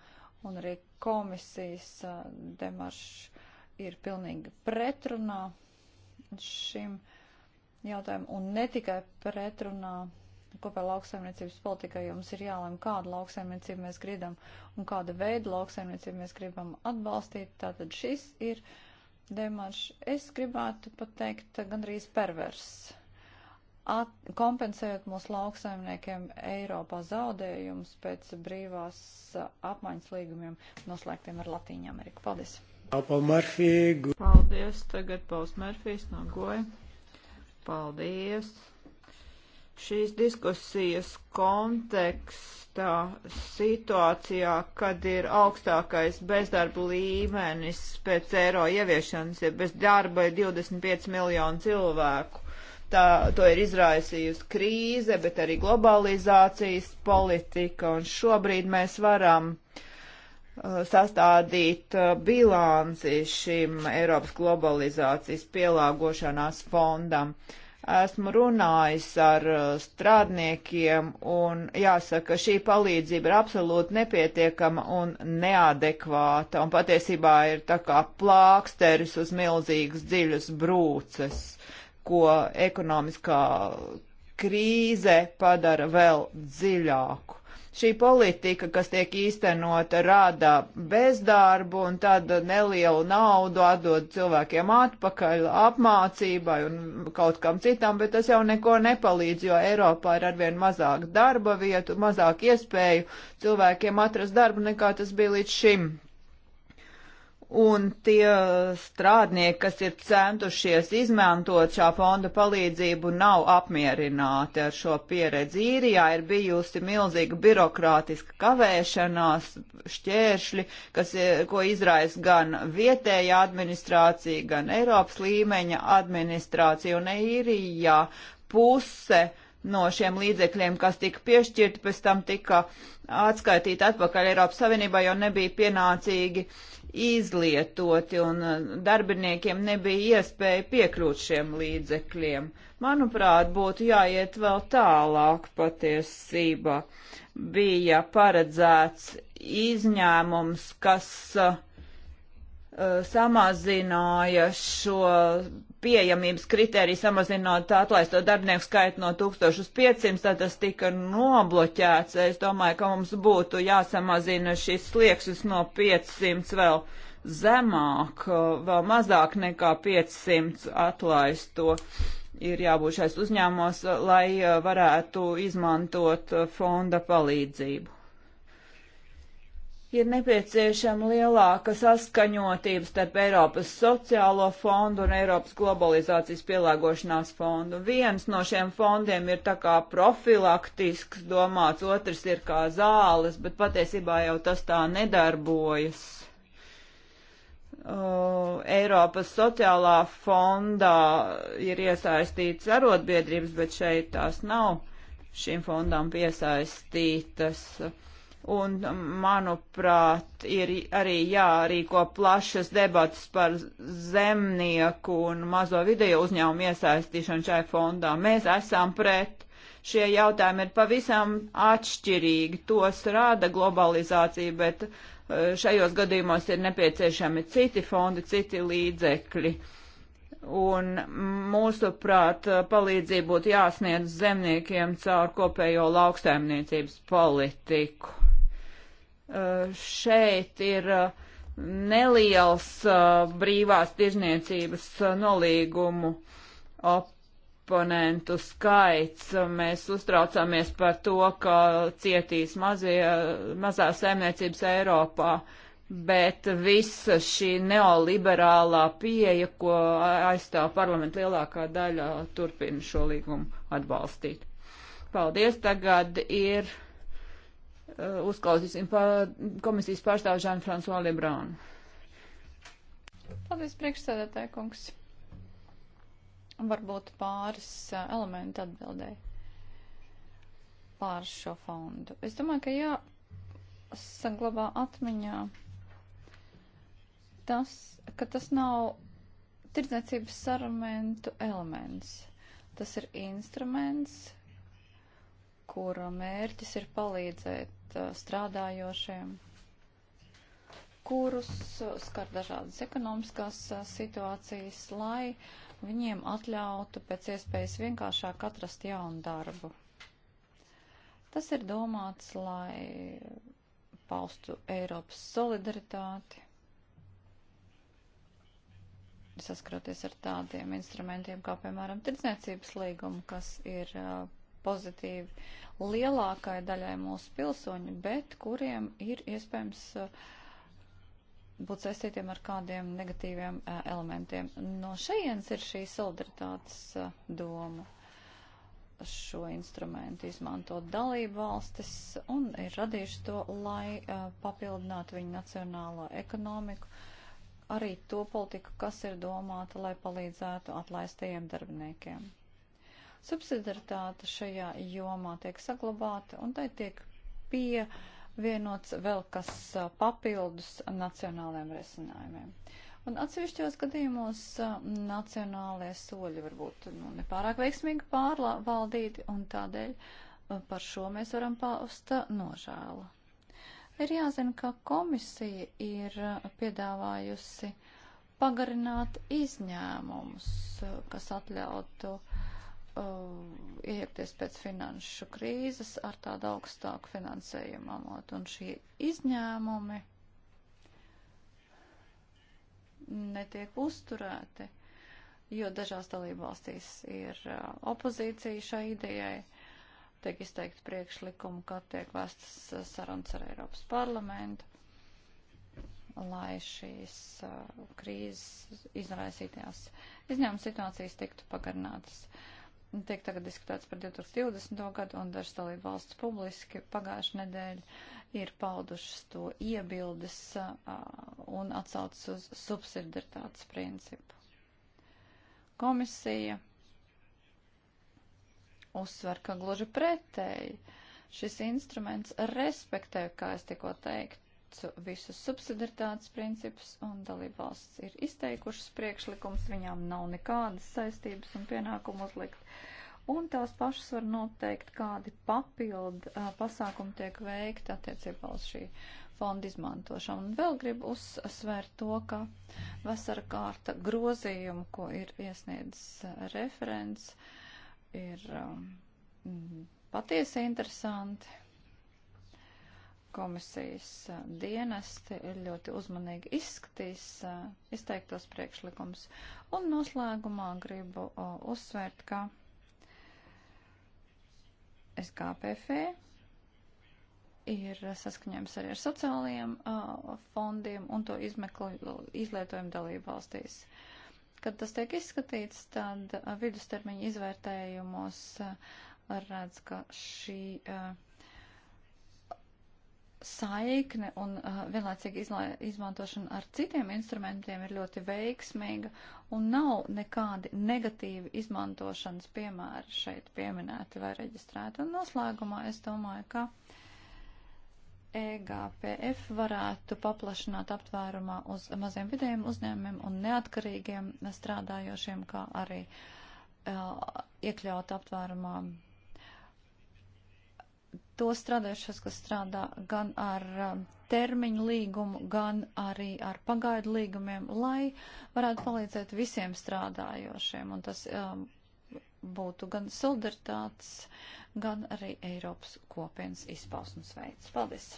un arī komisijas uh, demaršs ir pilnīgi pretrunā šim jautājumu un ne tikai pretrunā kopā lauksaimniecības politikai jums ir jālem, kādu lauksaimniecību mēs gribam un kāda veida lauksaimniecību mēs gribam atbalstīt. Tātad šis ir demaršs, es gribētu pat teikt, gandrīz pervers. At, kompensējot mūsu lauksaimniekiem Eiropā zaudējumus pēc brīvās apmaiņas līgumiem noslēgtiem ar Latīņu Ameriku. Paldies! Paldies! Tagad Pauls Merfijs no Goja. Paldies! šīs diskusijas kontekstā situācijā, kad ir augstākais bezdarba līmenis pēc eiro ieviešanas, ja bez darba ir 25 miljonu cilvēku. Tā, to ir izraisījusi krīze, bet arī globalizācijas politika, un šobrīd mēs varam uh, sastādīt uh, bilanci šim Eiropas globalizācijas pielāgošanās fondam. Uh, Esmu runājis ar uh, strādniekiem un jāsaka, šī palīdzība ir absolūti nepietiekama un neadekvāta un patiesībā ir tā kā plāksteris uz milzīgas dziļas brūces, ko ekonomiskā krīze padara vēl dziļāku. Šī politika, kas tiek īstenota, rāda bezdarbu un tad nelielu naudu atdod cilvēkiem atpakaļ apmācībai un kaut kam citam, bet tas jau neko nepalīdz, jo Eiropā ir arvien mazāk darba vietu, mazāk iespēju cilvēkiem atrast darbu nekā tas bija līdz šim un tie strādnieki, kas ir centušies izmantot šā fonda palīdzību, nav apmierināti ar šo pieredzi. Īrijā ir bijusi milzīga birokrātiska kavēšanās, šķēršļi, kas, ko izraisa gan vietējā administrācija, gan Eiropas līmeņa administrācija, un Īrijā puse no šiem līdzekļiem, kas tika piešķirti, pēc tam tika atskaitīti atpakaļ Eiropas Savienībā, jo nebija pienācīgi uh, izlietoti un uh, darbiniekiem nebija iespēja piekļūt šiem līdzekļiem. Manuprāt, būtu jāiet vēl tālāk patiesībā. Bija paredzēts izņēmums, kas uh, Eh, samazināja šo pieejamības kritēriju, samazinot atlaisto darbinieku skaitu no 1500, tad tas tika nobloķēts. Es domāju, ka mums būtu jāsamazina šis slieksnis no 500 vēl zemāk, vēl mazāk nekā 500 atlaisto. Ir jābūt šais uzņēmos, lai eh, varētu izmantot eh, fonda palīdzību ir nepieciešama lielāka saskaņotība starp Eiropas sociālo fondu un Eiropas globalizācijas pielāgošanās fondu. Viens no šiem fondiem ir tā kā profilaktisks domāts, otrs ir kā zāles, bet patiesībā jau tas tā nedarbojas. Uh, Eiropas sociālā fondā ir iesaistīts arotbiedrības, bet šeit tās nav šīm fondām piesaistītas. Uh, Un, manuprāt, ir arī jārīko plašas debatas par zemnieku un mazo video uzņēmumu iesaistīšanu šai fondā. Mēs esam pret. Šie jautājumi ir pavisam atšķirīgi. Tos rāda globalizācija, bet e, šajos gadījumos ir nepieciešami citi fondi, citi līdzekļi. Un mūsuprāt, palīdzību būtu jāsniedz zemniekiem caur kopējo lauksaimniecības politiku Eh, šeit ir eh, neliels eh, brīvās tirzniecības nolīgumu oponentu skaits. Mēs uztraucamies par to, ka cietīs mazie, mazā saimniecības Eiropā, bet visa šī neoliberālā pieeja, ko aizstāv parlamenta lielākā daļa, turpina šo līgumu atbalstīt. Paldies, tagad ir Eh, uzklausīsim pār, komisijas pārstāvu Žānu Fransuā Lebrānu. Paldies, priekšsēdētāji kungs. Varbūt pāris eh, elementi atbildēja pār šo fondu. Es domāju, ka jā, saglabā atmiņā tas, ka tas nav tirdzniecības sarmentu elements. Tas ir instruments, kura mērķis ir palīdzēt uh, strādājošiem, kurus uh, skar dažādas ekonomiskās uh, situācijas, lai viņiem atļautu pēc iespējas vienkāršāk atrast jaunu darbu. Tas ir domāts, lai paustu Eiropas solidaritāti, saskaroties ar tādiem instrumentiem kā, piemēram, tirdzniecības līguma, kas ir pozitīvi lielākai daļai mūsu pilsoņu, bet kuriem ir iespējams eh, būt saistītiem ar kādiem negatīviem eh, elementiem. No šejienes ir šī solidaritātes eh, doma šo instrumentu izmantot dalību valstis un ir radījuši to, lai papildinātu viņu nacionālo ekonomiku, arī to politiku, kas ir domāta, lai palīdzētu atlaistajiem darbiniekiem. Subsidaritāte šajā jomā tiek saglabāta un tai tiek pievienots vēl kas papildus nacionālajiem risinājumiem. Un atsevišķos gadījumos nacionālajie soļi varbūt nu, nepārāk veiksmīgi pārvaldīti, un tādēļ par šo mēs varam paust nožēlu. Ir jāzina, ka komisija ir piedāvājusi pagarināt izņēmumus, kas atļautu uh, uh, iejaukties pēc finanšu krīzes ar tādu augstāku finansējumu amotu. Un šie izņēmumi netiek uzturēti, jo dažās dalībvalstīs ir uh, opozīcija šai idejai, tiek izteikti priekšlikumi, ka tiek vēstas uh, sarunas ar Eiropas parlamentu lai šīs uh, krīzes izraisītās izņēmuma situācijas tiktu pagarinātas. Uh, tiek tagad diskutēts par 2020. gadu, un dažas dalību valsts publiski pagājuši nedēļu ir paudušas to iebildes un atsaucas uz subsidaritātes principu. Komisija uzsver, ka gluži pretēji šis instruments respektē, kā es tikko teiktu, ievērotu visus subsidaritātes principus, un dalību valsts ir izteikušas priekšlikums, viņām nav nekādas saistības un pienākumu uzlikt. Un tās pašas var noteikt, kādi papildu pasākumi tiek veikti attiecībā uz šī fonda izmantošanu. Un vēl gribu uzsvērt to, ka vasara kārta grozījumu, ko ir iesniedzis referents, ir um, patiesi interesanti komisijas dienesti ļoti uzmanīgi izskatīs izteiktos priekšlikums. Un noslēgumā gribu uzsvērt, ka SKPF ir saskaņojums arī ar sociālajiem uh, fondiem un to izmeklu, izlietojumu dalību valstīs. Kad tas tiek izskatīts, tad uh, vidustermiņa izvērtējumos uh, redz, ka šī uh, saikne un uh, vienlaicīgi izlai, izmantošana ar citiem instrumentiem ir ļoti veiksmīga un nav nekādi negatīvi izmantošanas piemēri šeit pieminēti vai reģistrēti. Un noslēgumā es domāju, ka EGPF varētu paplašināt aptvērumā uz maziem vidējiem uzņēmumiem un neatkarīgiem strādājošiem, kā arī uh, iekļaut aptvērumā tos strādājušos, kas strādā gan ar um, termiņu līgumu, gan arī ar pagaidu līgumiem, lai varētu palīdzēt visiem strādājošiem. Un tas um, būtu gan solidaritātes, gan arī Eiropas kopienas izpausmes veids. Paldies!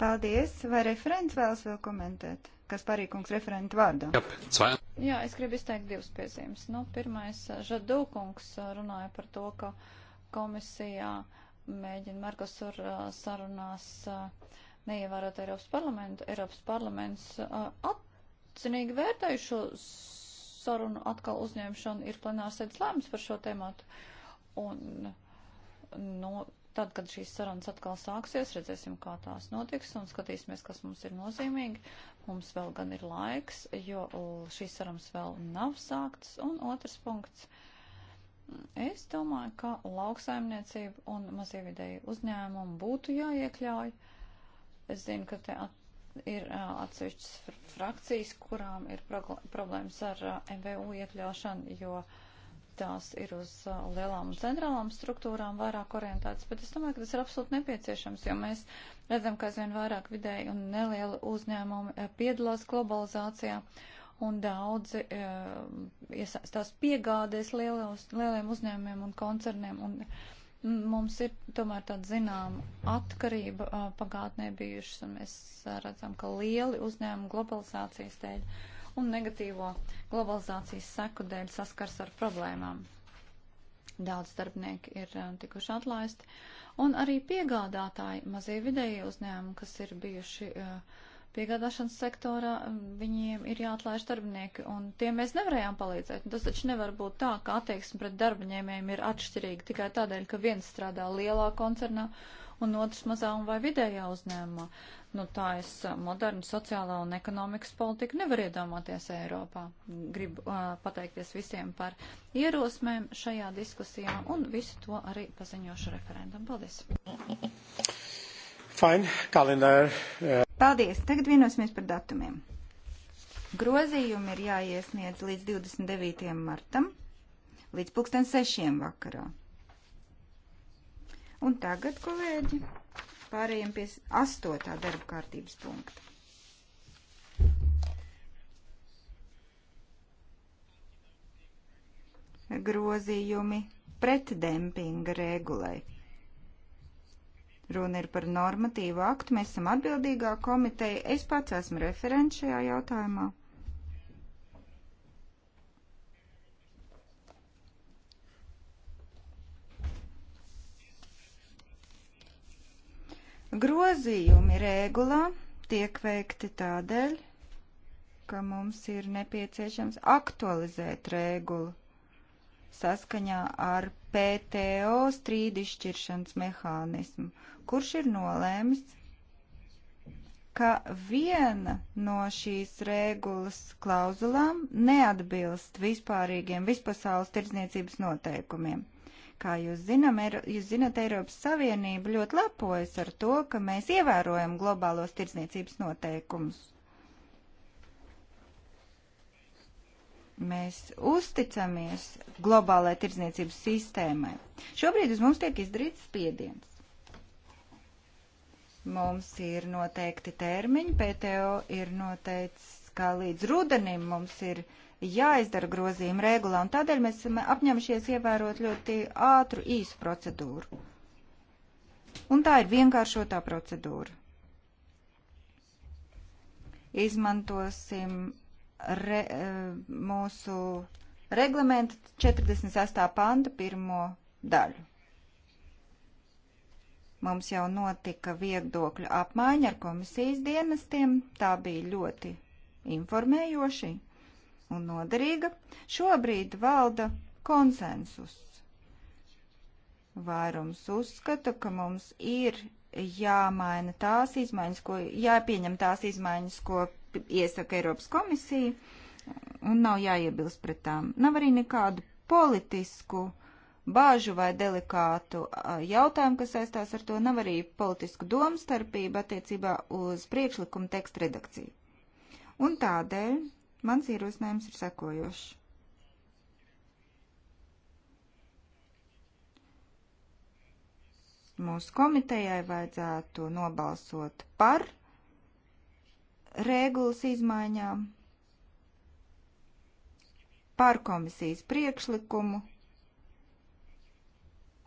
Paldies! Vai referents vēlas vēl komentēt? Kas parīkums referenta vārdā? Jā, es gribu izteikt divas piezīmes. Nu, pirmais, Žadūkungs uh, runāja par to, ka. Uh, komisijā mēģina Merkosur uh, sarunās uh, neievērot Eiropas parlamentu. Eiropas parlaments uh, atcinīgi vērtēju šo sarunu atkal uzņemšanu, ir plenārsēdz lēmums par šo tēmatu. Un, nu, tad, kad šīs sarunas atkal sāksies, redzēsim, kā tās notiks un skatīsimies, kas mums ir nozīmīgi. Mums vēl gan ir laiks, jo šīs sarunas vēl nav sāktas. Un otrs punkts. Uh, Es domāju, ka lauksaimniecība un mazievidēji uzņēmumi būtu jāiekļauj. Es zinu, ka te at, ir atsevišķas frakcijas, kurām ir problēmas ar MVU iekļaušanu, jo tās ir uz lielām un centrālām struktūrām vairāk orientētas, bet es domāju, ka tas ir absolūti nepieciešams, jo mēs redzam, ka aizvien vairāk vidēji un nelieli uzņēmumi piedalās globalizācijā. Uh, un daudzi uh, eh, iesaistās piegādēs lielos, lieliem uzņēmumiem un koncerniem. Un mums ir tomēr tāda zināma atkarība uh, pagātnē bijušas, un mēs uh, redzam, ka lieli uzņēmumi globalizācijas dēļ un negatīvo globalizācijas seku dēļ saskars ar problēmām. Daudz darbinieki ir uh, tikuši atlaisti, un arī piegādātāji, mazie vidēji uzņēmumi, kas ir bijuši uh, piegādāšanas sektorā viņiem ir jāatlaiž darbinieki, un tiem mēs nevarējām palīdzēt. Tas taču nevar būt tā, ka attieksme pret darbaņēmējiem ir atšķirīga tikai tādēļ, ka viens strādā lielā koncernā un otrs mazā un vai vidējā uzņēmumā. Nu, tā es modernu sociālā un ekonomikas politiku nevar iedomāties Eiropā. Gribu uh, pateikties visiem par ierosmēm šajā diskusijā un visu to arī paziņošu referendam. Paldies! Fine, calendar. Uh... Paldies! Tagad vienosimies par datumiem. Grozījumi ir jāiesniedz līdz 29. martam, līdz pulksten 6. vakarā. Un tagad, kolēģi, pārējiem pie 8. darba kārtības punkta. Grozījumi pret dempinga regulai. Runa ir par normatīvu aktu. Mēs esam atbildīgā komiteja. Es pats esmu referents šajā jautājumā. Grozījumi regulā tiek veikti tādēļ, ka mums ir nepieciešams aktualizēt regulu saskaņā ar PTO strīdu izšķiršanas mehānismu, kurš ir nolēmis, ka viena no šīs regulas klauzulām neatbilst vispārīgiem vispasaules tirdzniecības noteikumiem. Kā jūs, zinam, Eiro, jūs zinat, Eiropas Savienība ļoti lepojas ar to, ka mēs ievērojam globālos tirdzniecības noteikumus. Mēs uzticamies globālajai tirdzniecības sistēmai. Šobrīd uz mums tiek izdarīts spiediens. Mums ir noteikti termiņi, PTO ir noteicis, ka līdz rudenim mums ir jāizdara grozījuma regulā, un tādēļ mēs esam apņemšies ievērot ļoti ātru, īsu procedūru. Un tā ir vienkāršotā procedūra. Izmantosim re, e, mūsu reglamenta 48. panta pirmo daļu. Mums jau notika viedokļu apmaiņa ar komisijas dienestiem. Tā bija ļoti informējoši un noderīga. Šobrīd valda konsensus. Vairums uzskata, ka mums ir jāmaina tās izmaiņas, ko jāpieņem tās izmaiņas, ko iesaka Eiropas komisija, un nav jāiebilst pret tām. Nav arī nekādu politisku bāžu vai delikātu jautājumu, kas saistās ar to, nav arī politisku domstarpību attiecībā uz priekšlikumu tekstu redakciju. Un tādēļ mans ierosinājums ir sekojošs. mūsu komitejai vajadzētu nobalsot par regulas izmaiņām, par komisijas priekšlikumu,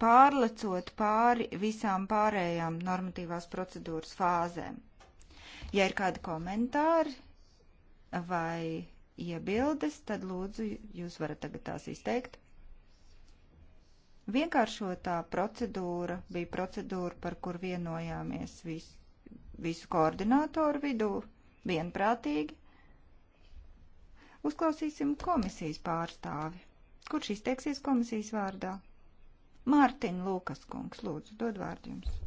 pārlecot pāri visām pārējām normatīvās procedūras fāzēm. Ja ir kādi komentāri vai iebildes, tad lūdzu jūs varat tagad tās izteikt. Vienkāršotā procedūra bija procedūra, par kur vienojāmies visu, visu koordinātoru vidū vienprātīgi. Uzklausīsim komisijas pārstāvi. Kurš izteiksies komisijas vārdā? Mārtiņa Lūkas kungs, lūdzu, dod vārdu jums.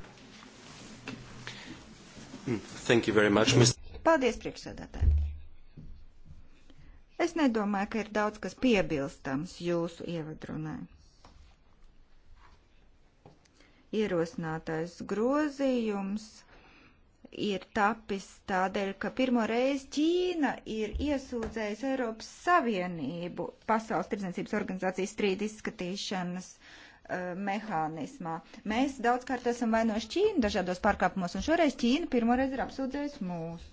Hmm, thank you very much, Mr. Paldies, priekšsēdētāji. Es nedomāju, ka ir daudz kas piebilstams jūsu ievadrunai. Ierosinātais grozījums ir tapis tādēļ, ka pirmo reizi Ķīna ir iesūdzējusi Eiropas Savienību Pasaules tirdzniecības organizācijas strīdu izskatīšanas uh, mehānismā. Mēs daudzkārt esam vainojuši Ķīnu dažādos pārkāpumos, un šoreiz Ķīna pirmoreiz ir apsūdzējusi mūs.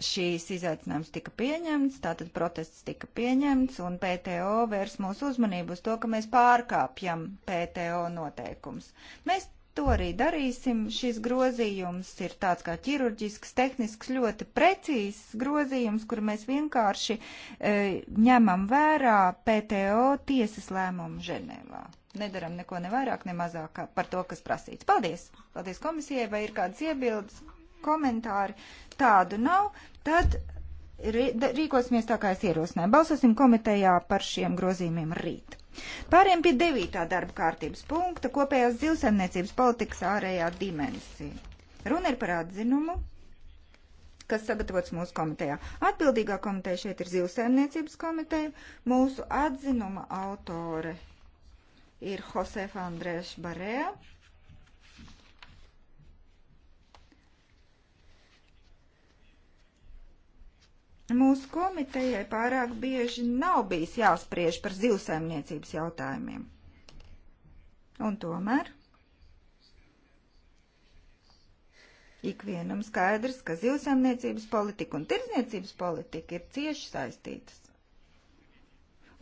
Šīs izaicinājums tika pieņemts, tātad protests tika pieņemts, un PTO vērs mūsu uzmanību uz to, ka mēs pārkāpjam PTO noteikums. Mēs to arī darīsim. Šis grozījums ir tāds kā ķirurģisks, tehnisks, ļoti precīzs grozījums, kur mēs vienkārši e, ņemam vērā PTO tiesas lēmumu Ženēvā. Nedaram neko ne vairāk, ne mazāk par to, kas prasīts. Paldies! Paldies komisijai, vai ir kādas iebildes, komentāri? Tādu nav. Tad rīkosimies tā, kā es ierosināju. Balsosim komitejā par šiem grozījumiem rīt. Pāriem pie devītā darba kārtības punkta - kopējās dzīvesaimniecības politikas ārējā dimensija. Runa ir par atzinumu, kas sagatavots mūsu komitejā. Atbildīgā komiteja šeit ir zivsaimniecības komiteja. Mūsu atzinuma autore ir Josefa Andrēša Barēja. Mūsu komitejai pārāk bieži nav bijis jāspriež par zivsaimniecības jautājumiem. Un tomēr ikvienam skaidrs, ka zivsaimniecības politika un tirdzniecības politika ir cieši saistītas.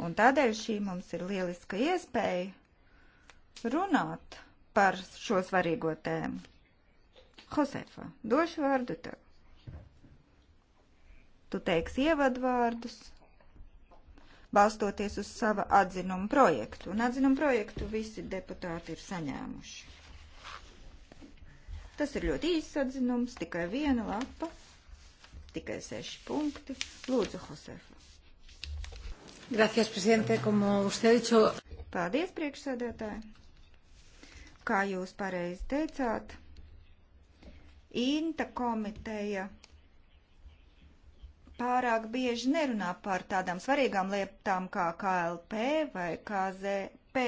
Un tādēļ šī mums ir lieliska iespēja runāt par šo svarīgo tēmu. Josefa, došu vārdu tev. Tu teiksi ievadvārdus, balstoties uz sava atzinuma projektu. Un atzinuma projektu visi deputāti ir saņēmuši. Tas ir ļoti īsts atzinums, tikai viena lapa, tikai seši punkti. Lūdzu, Josefa. Gracias, presidente, como usted ha dicho. Paldies, priekšsēdētāji. Kā jūs pareizi teicāt, Inta komiteja pārāk bieži nerunā par tādām svarīgām lietām kā KLP vai KZP.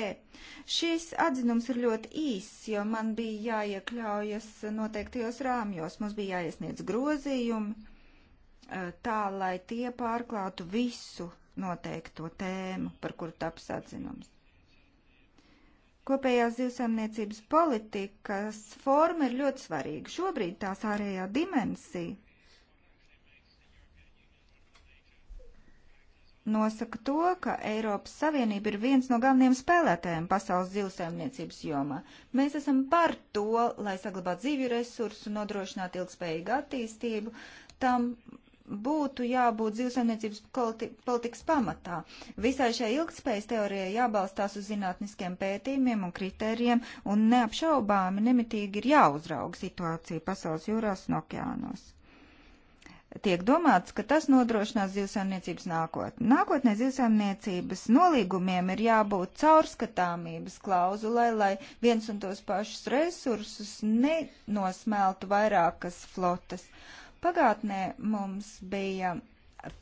Šis atzinums ir ļoti īss, jo man bija jāiekļaujas noteiktajos rāmjos, mums bija jāiesniedz grozījumi, eh, tā lai tie pārklātu visu noteikto tēmu, par kuru taps atzinums. Kopējās zivsaimniecības politikas forma ir ļoti svarīga. Šobrīd tās ārējā dimensija nosaka to, ka Eiropas Savienība ir viens no galvenajiem spēlētājiem pasaules zivsēmniecības jomā. Mēs esam par to, lai saglabātu dzīvi resursu, nodrošinātu ilgspējīgu attīstību. Tam būtu jābūt zivsēmniecības politi politikas pamatā. Visai šai ilgspējas teorijai jābalstās uz zinātniskiem pētījumiem un kritērijiem, un neapšaubāmi nemitīgi ir jāuzrauga situācija pasaules jūrās un okeānos tiek domāts, ka tas nodrošinās zivsaimniecības nākotni. Nākotnē zivsaimniecības nolīgumiem ir jābūt caurskatāmības klauzulai, lai viens un tos pašus resursus nenosmeltu vairākas flotas. Pagātnē mums bija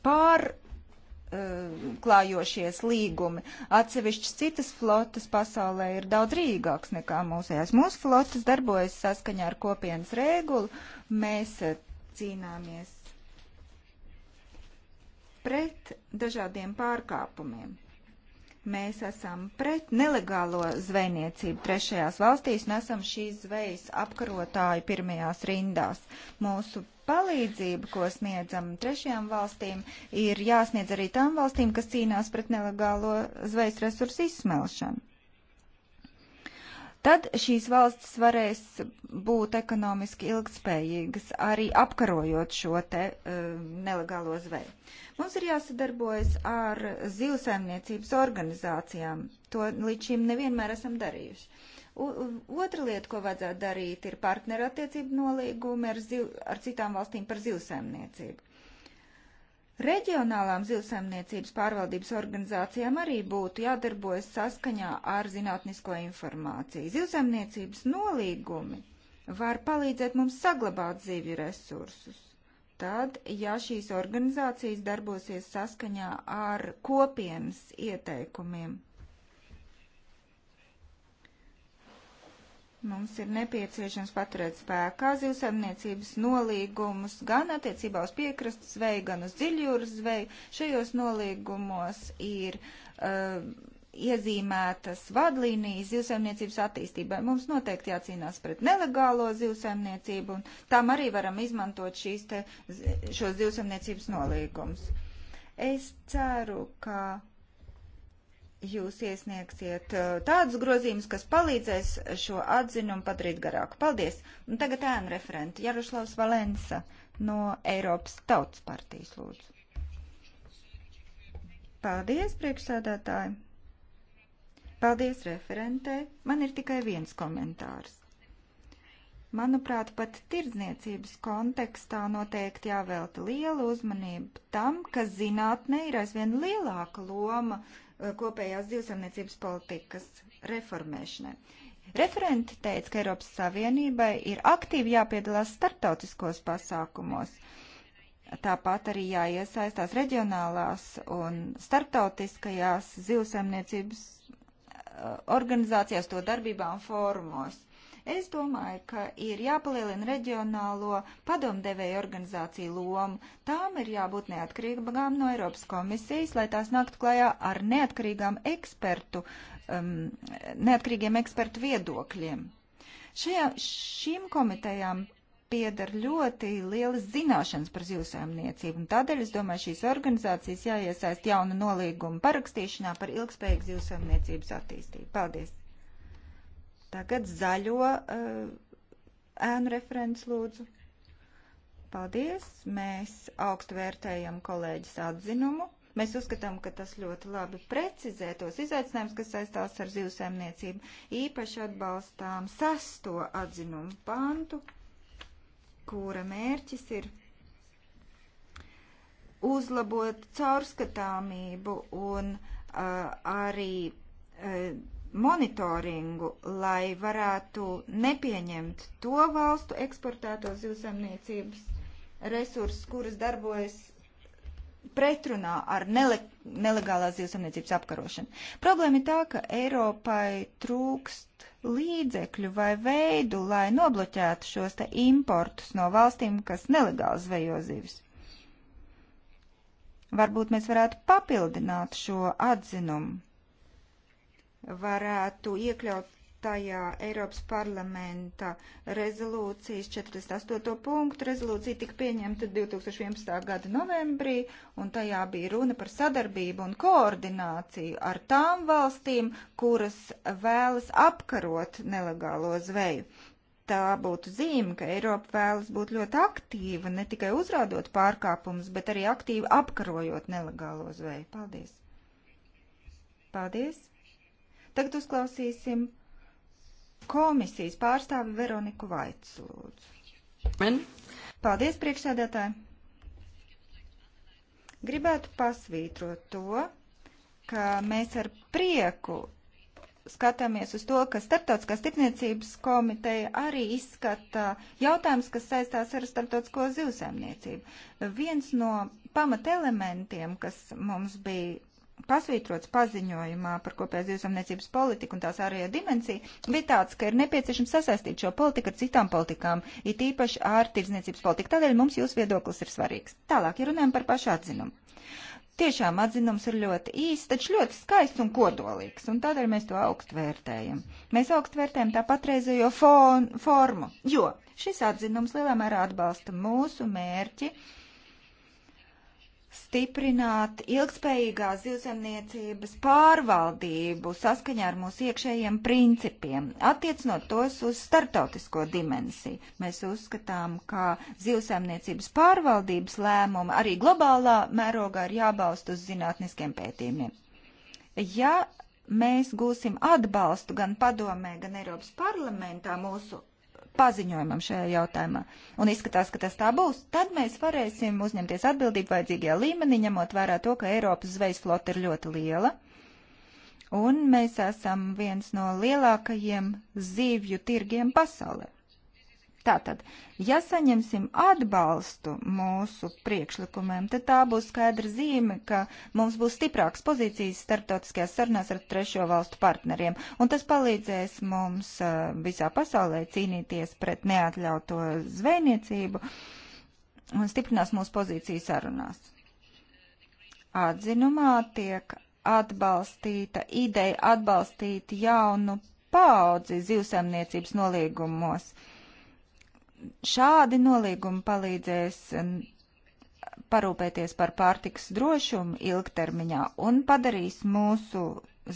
pār eh, klājošies līgumi. Atsevišķas citas flotas pasaulē ir daudz rīgāks nekā mūsējās. Mūsu flotas darbojas saskaņā ar kopienas regulu. Mēs eh, cīnāmies pret dažādiem pārkāpumiem. Mēs esam pret nelegālo zvejniecību trešajās valstīs un esam šīs zvejas apkarotāji pirmajās rindās. Mūsu palīdzība, ko sniedzam trešajām valstīm, ir jāsniedz arī tām valstīm, kas cīnās pret nelegālo zvejas resursu izsmelšanu. Tad šīs valstis varēs būt ekonomiski ilgspējīgas, arī apkarojot šo te uh, nelegālo zveju. Mums ir jāsadarbojas ar zivsaimniecības organizācijām. To līdz šim nevienmēr esam darījuši. U, otra lieta, ko vajadzētu darīt, ir partnerattiecību nolīgumi ar, ziv, ar citām valstīm par zivsaimniecību. Reģionālām zivsaimniecības pārvaldības organizācijām arī būtu jādarbojas saskaņā ar zinātnisko informāciju. Zivsaimniecības nolīgumi var palīdzēt mums saglabāt zivju resursus. Tad, ja šīs organizācijas darbosies saskaņā ar kopienas ieteikumiem, Mums ir nepieciešams paturēt spēkā zivsaimniecības nolīgumus gan attiecībā uz piekrastes zveju, gan uz dziļjūras zveju. Šajos nolīgumos ir uh, iezīmētas vadlīnijas zivsaimniecības attīstībai. Mums noteikti jācīnās pret nelegālo zivsaimniecību, un tam arī varam izmantot šīs te, šos zivsaimniecības nolīgumus. Es ceru, ka jūs iesniegsiet uh, tādus grozījumus, kas palīdzēs šo atzinumu padarīt garāku. Paldies! Un tagad ēnu referenti Jaruslavs Valensa no Eiropas Tautas partijas lūdzu. Paldies, priekšsādātāji! Paldies, referentē! Man ir tikai viens komentārs. Manuprāt, pat tirdzniecības kontekstā noteikti jāvelta liela uzmanība tam, ka zinātnē ir aizvien lielāka loma uh, Uh, kopējās divsamniecības politikas reformēšanai. Referenti teica, ka Eiropas Savienībai ir aktīvi jāpiedalās starptautiskos pasākumos. Tāpat arī jāiesaistās reģionālās un starptautiskajās zivsaimniecības uh, organizācijās, to darbībā un fórumos. Es domāju, ka ir jāpalielina reģionālo padomdevēju organizāciju lomu. Tām ir jābūt neatkarīgām no Eiropas komisijas, lai tās nāktu klajā ar neatkarīgām ekspertu, um, neatkarīgiem ekspertu viedokļiem. Šajā, šīm komitejām pieder ļoti lielas zināšanas par zivsaimniecību, un tādēļ es domāju, šīs organizācijas jāiesaist jauna nolīguma parakstīšanā par ilgspējīgu zivsaimniecības attīstību. Paldies! Tagad zaļo uh, ēnu referents lūdzu. Paldies! Mēs augstu vērtējam kolēģis atzinumu. Mēs uzskatām, ka tas ļoti labi precizē tos izaicinājumus, kas saistās ar zivsēmniecību. Īpaši atbalstām sesto atzinumu pantu, kura mērķis ir uzlabot caurskatāmību un uh, arī uh, monitoringu, lai varētu nepieņemt to valstu eksportētos zivsaimniecības resursus, kuras darbojas pretrunā ar nele, nelegālās zivsaimniecības apkarošanu. Problēma ir tā, ka Eiropai trūkst līdzekļu vai veidu, lai nobloķētu šos te importus no valstīm, kas nelegāli zvejo zivis. Varbūt mēs varētu papildināt šo atzinumu varētu iekļaut tajā Eiropas parlamenta rezolūcijas 48. punktu. Rezolūcija tika pieņemta 2011. gada novembrī, un tajā bija runa par sadarbību un koordināciju ar tām valstīm, kuras vēlas apkarot nelegālo zveju. Tā būtu zīme, ka Eiropa vēlas būt ļoti aktīva, ne tikai uzrādot pārkāpumus, bet arī aktīvi apkarojot nelegālo zveju. Paldies! Paldies! Tagad uzklausīsim komisijas pārstāvi Veroniku Vaitsu. Lūdzu. Paldies, priekšsēdētāji! Gribētu pasvītrot to, ka mēs ar prieku skatāmies uz to, ka Startautiskās tirdzniecības komiteja arī izskata jautājumus, kas saistās ar starptautisko zivsēmniecību. Viens no pamata elementiem, kas mums bija pasvītrots paziņojumā par kopējās dzīvesamniecības politiku un tās ārējo dimensiju, bija tāds, ka ir nepieciešams sasaistīt šo politiku ar citām politikām, it īpaši ar tirdzniecības politiku. Tādēļ mums jūsu viedoklis ir svarīgs. Tālāk, ja runājam par pašu atzinumu. Tiešām atzinums ir ļoti īsts, taču ļoti skaists un kodolīgs, un tādēļ mēs to augstu vērtējam. Mēs augstu vērtējam tā patreizējo fon, formu, jo šis atzinums lielā mērā atbalsta mūsu mērķi uh, stiprināt ilgspējīgās zivsaimniecības pārvaldību saskaņā ar mūsu iekšējiem principiem, attiecinot tos uz startautisko dimensiju. Mēs uzskatām, ka zivsaimniecības pārvaldības lēmumi arī globālā mērogā ir jābalst uz zinātniskiem pētījumiem. Ja mēs gūsim atbalstu gan padomē, gan Eiropas parlamentā mūsu paziņojumam šajā jautājumā. Un izskatās, ka tas tā būs. Tad mēs varēsim uzņemties atbildību vajadzīgajā līmenī, ņemot vērā to, ka Eiropas zvejas flota ir ļoti liela. Un mēs esam viens no lielākajiem zivju tirgiem pasaulē. Tātad, ja saņemsim atbalstu mūsu priekšlikumiem, tad tā būs skaidra zīme, ka mums būs stiprākas pozīcijas starptautiskajās sarunās ar trešo valstu partneriem, un tas palīdzēs mums visā pasaulē cīnīties pret neatļauto zvejniecību un stiprinās mūsu pozīcijas sarunās. Atzinumā tiek atbalstīta ideja atbalstīt jaunu paudzi zivsaimniecības nolīgumos šādi nolīgumi palīdzēs parūpēties par pārtiks drošumu ilgtermiņā un padarīs mūsu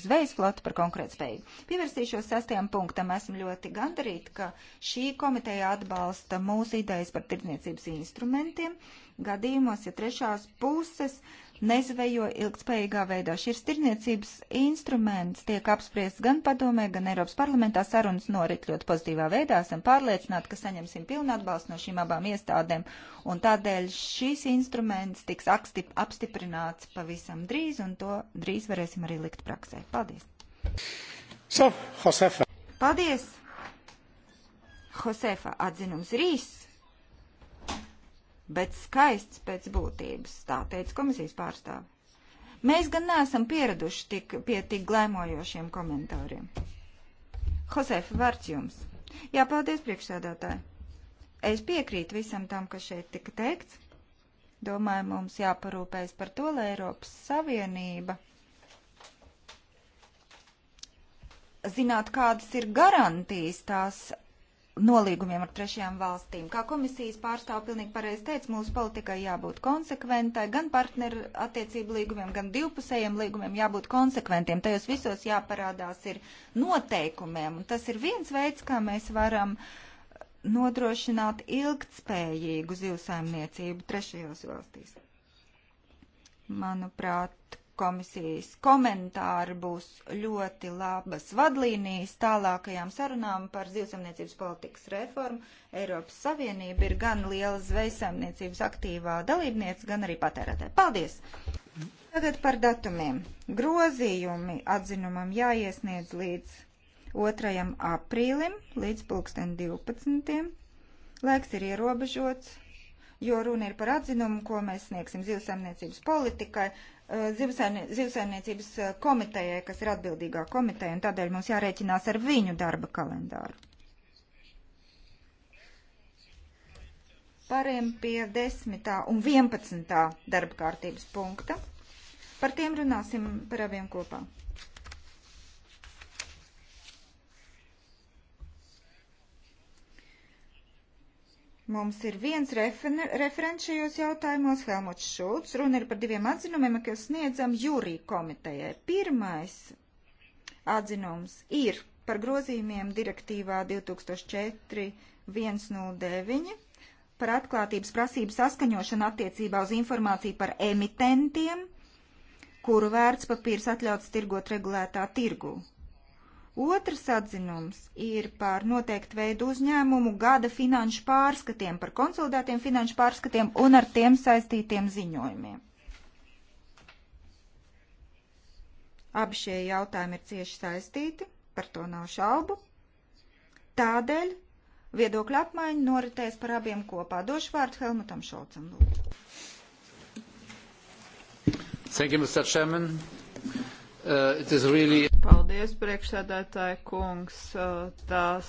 zvejas floti par konkurētspēju. Pievērsīšos sastajam punktam. Esam ļoti gandarīti, ka šī komiteja atbalsta mūsu idejas par tirdzniecības instrumentiem gadījumos, ja trešās puses uh, nezvejo ilgspējīgā veidā. Šis tirniecības instruments tiek apspriests gan padomē, gan Eiropas parlamentā sarunas norit ļoti pozitīvā veidā. Esam pārliecināti, ka saņemsim pilnu atbalstu no šīm abām iestādēm, un tādēļ šis instruments tiks apstiprināts pavisam drīz, un to drīz varēsim arī likt praksē. Paldies! So, Josefa. Paldies! Josefa atzinums rīs bet skaists pēc būtības, tā teica komisijas pārstāve. Mēs gan neesam pieraduši tik, pie tik glēmojošiem komentāriem. Josefa, vārds jums. Jā, paldies priekšsēdētāji. Es piekrītu visam tam, kas šeit tika teikts. Domāju, mums jāparūpējas par to, lai Eiropas Savienība zinātu, kādas ir garantijas tās nolīgumiem ar trešajām valstīm. Kā komisijas pārstāv pilnīgi pareizi teica, mūsu politikai jābūt konsekventai, gan partneru attiecību līgumiem, gan divpusējiem līgumiem jābūt konsekventiem. Tajos visos jāparādās ir noteikumiem, un tas ir viens veids, kā mēs varam nodrošināt ilgtspējīgu zivsaimniecību trešajās valstīs. Manuprāt, komisijas komentāri būs ļoti labas vadlīnijas tālākajām sarunām par zivsamniecības politikas reformu. Eiropas Savienība ir gan liela zvejsamniecības aktīvā dalībniece, gan arī patērētāja. Paldies! Tagad par datumiem. Grozījumi atzinumam jāiesniedz līdz 2. aprīlim, līdz pulksten 12. Laiks ir ierobežots, jo runa ir par atzinumu, ko mēs sniegsim zivsaimniecības politikai, zivsaimniecības eh, komitejai, kas ir atbildīgā komiteja, un tādēļ mums jārēķinās ar viņu darba kalendāru. Pāriem pie 10. un 11. darba kārtības punkta. Par tiem runāsim par abiem kopā. Mums ir viens referents šajos jautājumos, Helmuts Šulcs. Runa ir par diviem atzinumiem, kas sniedzam jūrī komitejai. Pirmais atzinums ir par grozījumiem direktīvā 2004-109 par atklātības prasību saskaņošanu attiecībā uz informāciju par emitentiem, kuru vērts papīrs atļauts tirgot regulētā tirgū. Otrs atzinums ir par noteiktu veidu uzņēmumu gada finanšu pārskatiem, par konsolidētiem finanšu pārskatiem un ar tiem saistītiem ziņojumiem. Abi šie jautājumi ir cieši saistīti, par to nav šaubu. Tādēļ viedokļa apmaiņa noritēs par abiem kopā. Došu vārdu Helmutam Šolcam, lūdzu. Thank you, Mr. Chairman. Uh, it is really... Paldies, priekšsēdētāji kungs. Tās,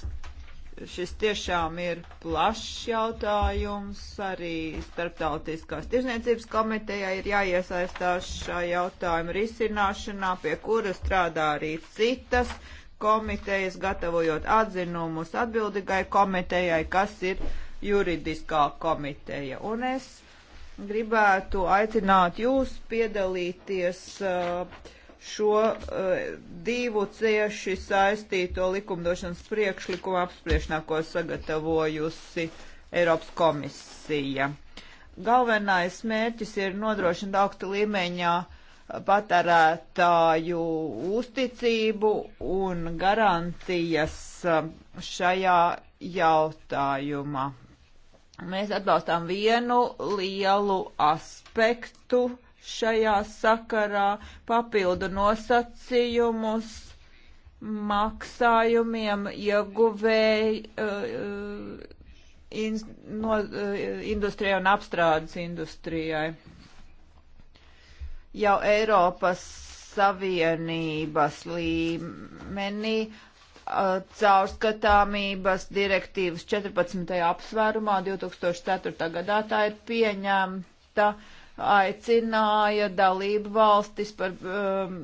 šis tiešām ir plašs jautājums. Arī starptautiskās tirzniecības komitejā ir jāiesaistās šā jautājuma risināšanā, pie kura strādā arī citas komitejas, gatavojot atzinumus atbildīgai komitejai, kas ir juridiskā komiteja. Un es gribētu aicināt jūs piedalīties uh, šo uh, divu cieši saistīto likumdošanas priekšlikumu apspriešanā, ko sagatavojusi Eiropas komisija. Galvenais mērķis ir nodrošināt augsta līmeņā patērētāju uzticību un garantijas eh, šajā jautājumā. Mēs atbalstām vienu lielu aspektu šajā sakarā papildu nosacījumus maksājumiem ieguvēji uh, uh, in, no, uh, industrijai un apstrādes industrijai. Jau Eiropas Savienības līmenī uh, caurskatāmības direktīvas 14. apsvērumā 2004. gadā tā ir pieņemta uh, aicināja dalību valstis par um,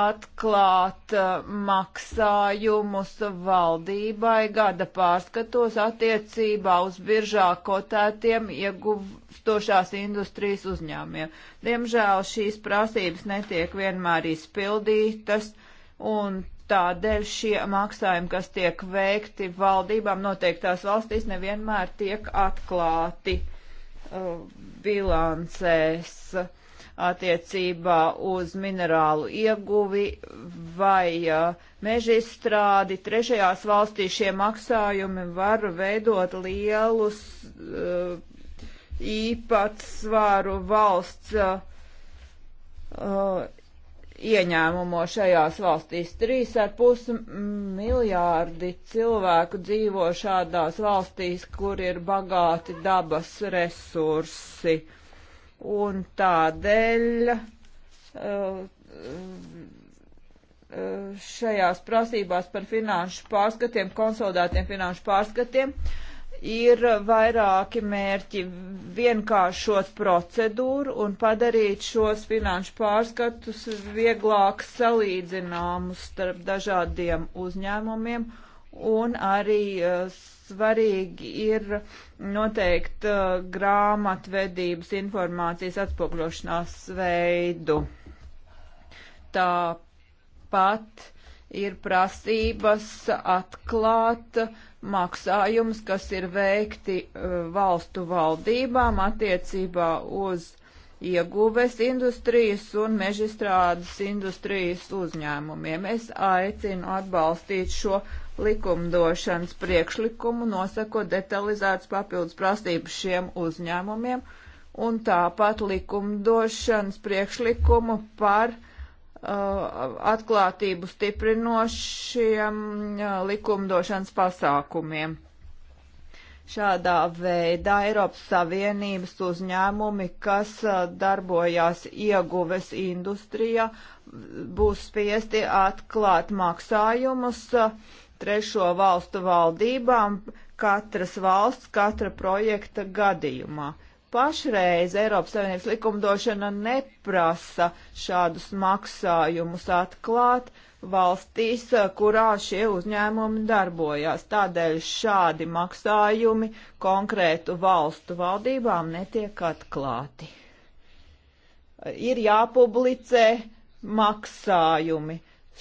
atklāt uh, maksājumus valdībai gada pārskatos attiecībā uz biržā kotētiem ieguvstošās industrijas uzņēmiem. Diemžēl šīs prasības netiek vienmēr izpildītas un tādēļ šie maksājumi, kas tiek veikti valdībām noteiktās valstīs, nevienmēr tiek atklāti. Uh, bilancēs attiecībā uz minerālu ieguvi vai mežizstrādi. Trešajās valstīs šie maksājumi var veidot lielus īpatsvaru valsts ieņēmumu šajās valstīs. 3,5 miljārdi cilvēku dzīvo šādās valstīs, kur ir bagāti dabas resursi. Un tādēļ uh, uh, šajās prasībās par finanšu pārskatiem, konsolidētiem finanšu pārskatiem, uh, ir vairāki mērķi vienkāršot procedūru un padarīt šos finanšu pārskatus vieglāk salīdzināmus starp dažādiem uzņēmumiem un arī eh, svarīgi ir noteikt eh, grāmatvedības informācijas atspogļošanās veidu. Tāpat ir prasības atklāt uh, maksājumus, kas ir veikti uh, valstu valdībām attiecībā uz ieguves industrijas un mežstrādes industrijas uzņēmumiem. Es aicinu atbalstīt šo likumdošanas priekšlikumu, nosakot detalizētas papildus prasības šiem uzņēmumiem un tāpat likumdošanas priekšlikumu par uh, Uh, atklātību stiprinošiem uh, likumdošanas pasākumiem. Šādā veidā Eiropas Savienības uzņēmumi, kas uh, darbojās ieguves industrijā, būs spiesti atklāt maksājumus trešo valstu valdībām katras valsts, katra projekta gadījumā. Uh, Pašreiz Eiropas Savienības likumdošana neprasa šādus maksājumus atklāt valstīs, kurā šie uzņēmumi darbojās. Tādēļ šādi maksājumi konkrētu valstu valdībām netiek atklāti. Ir jāpublicē maksājumi.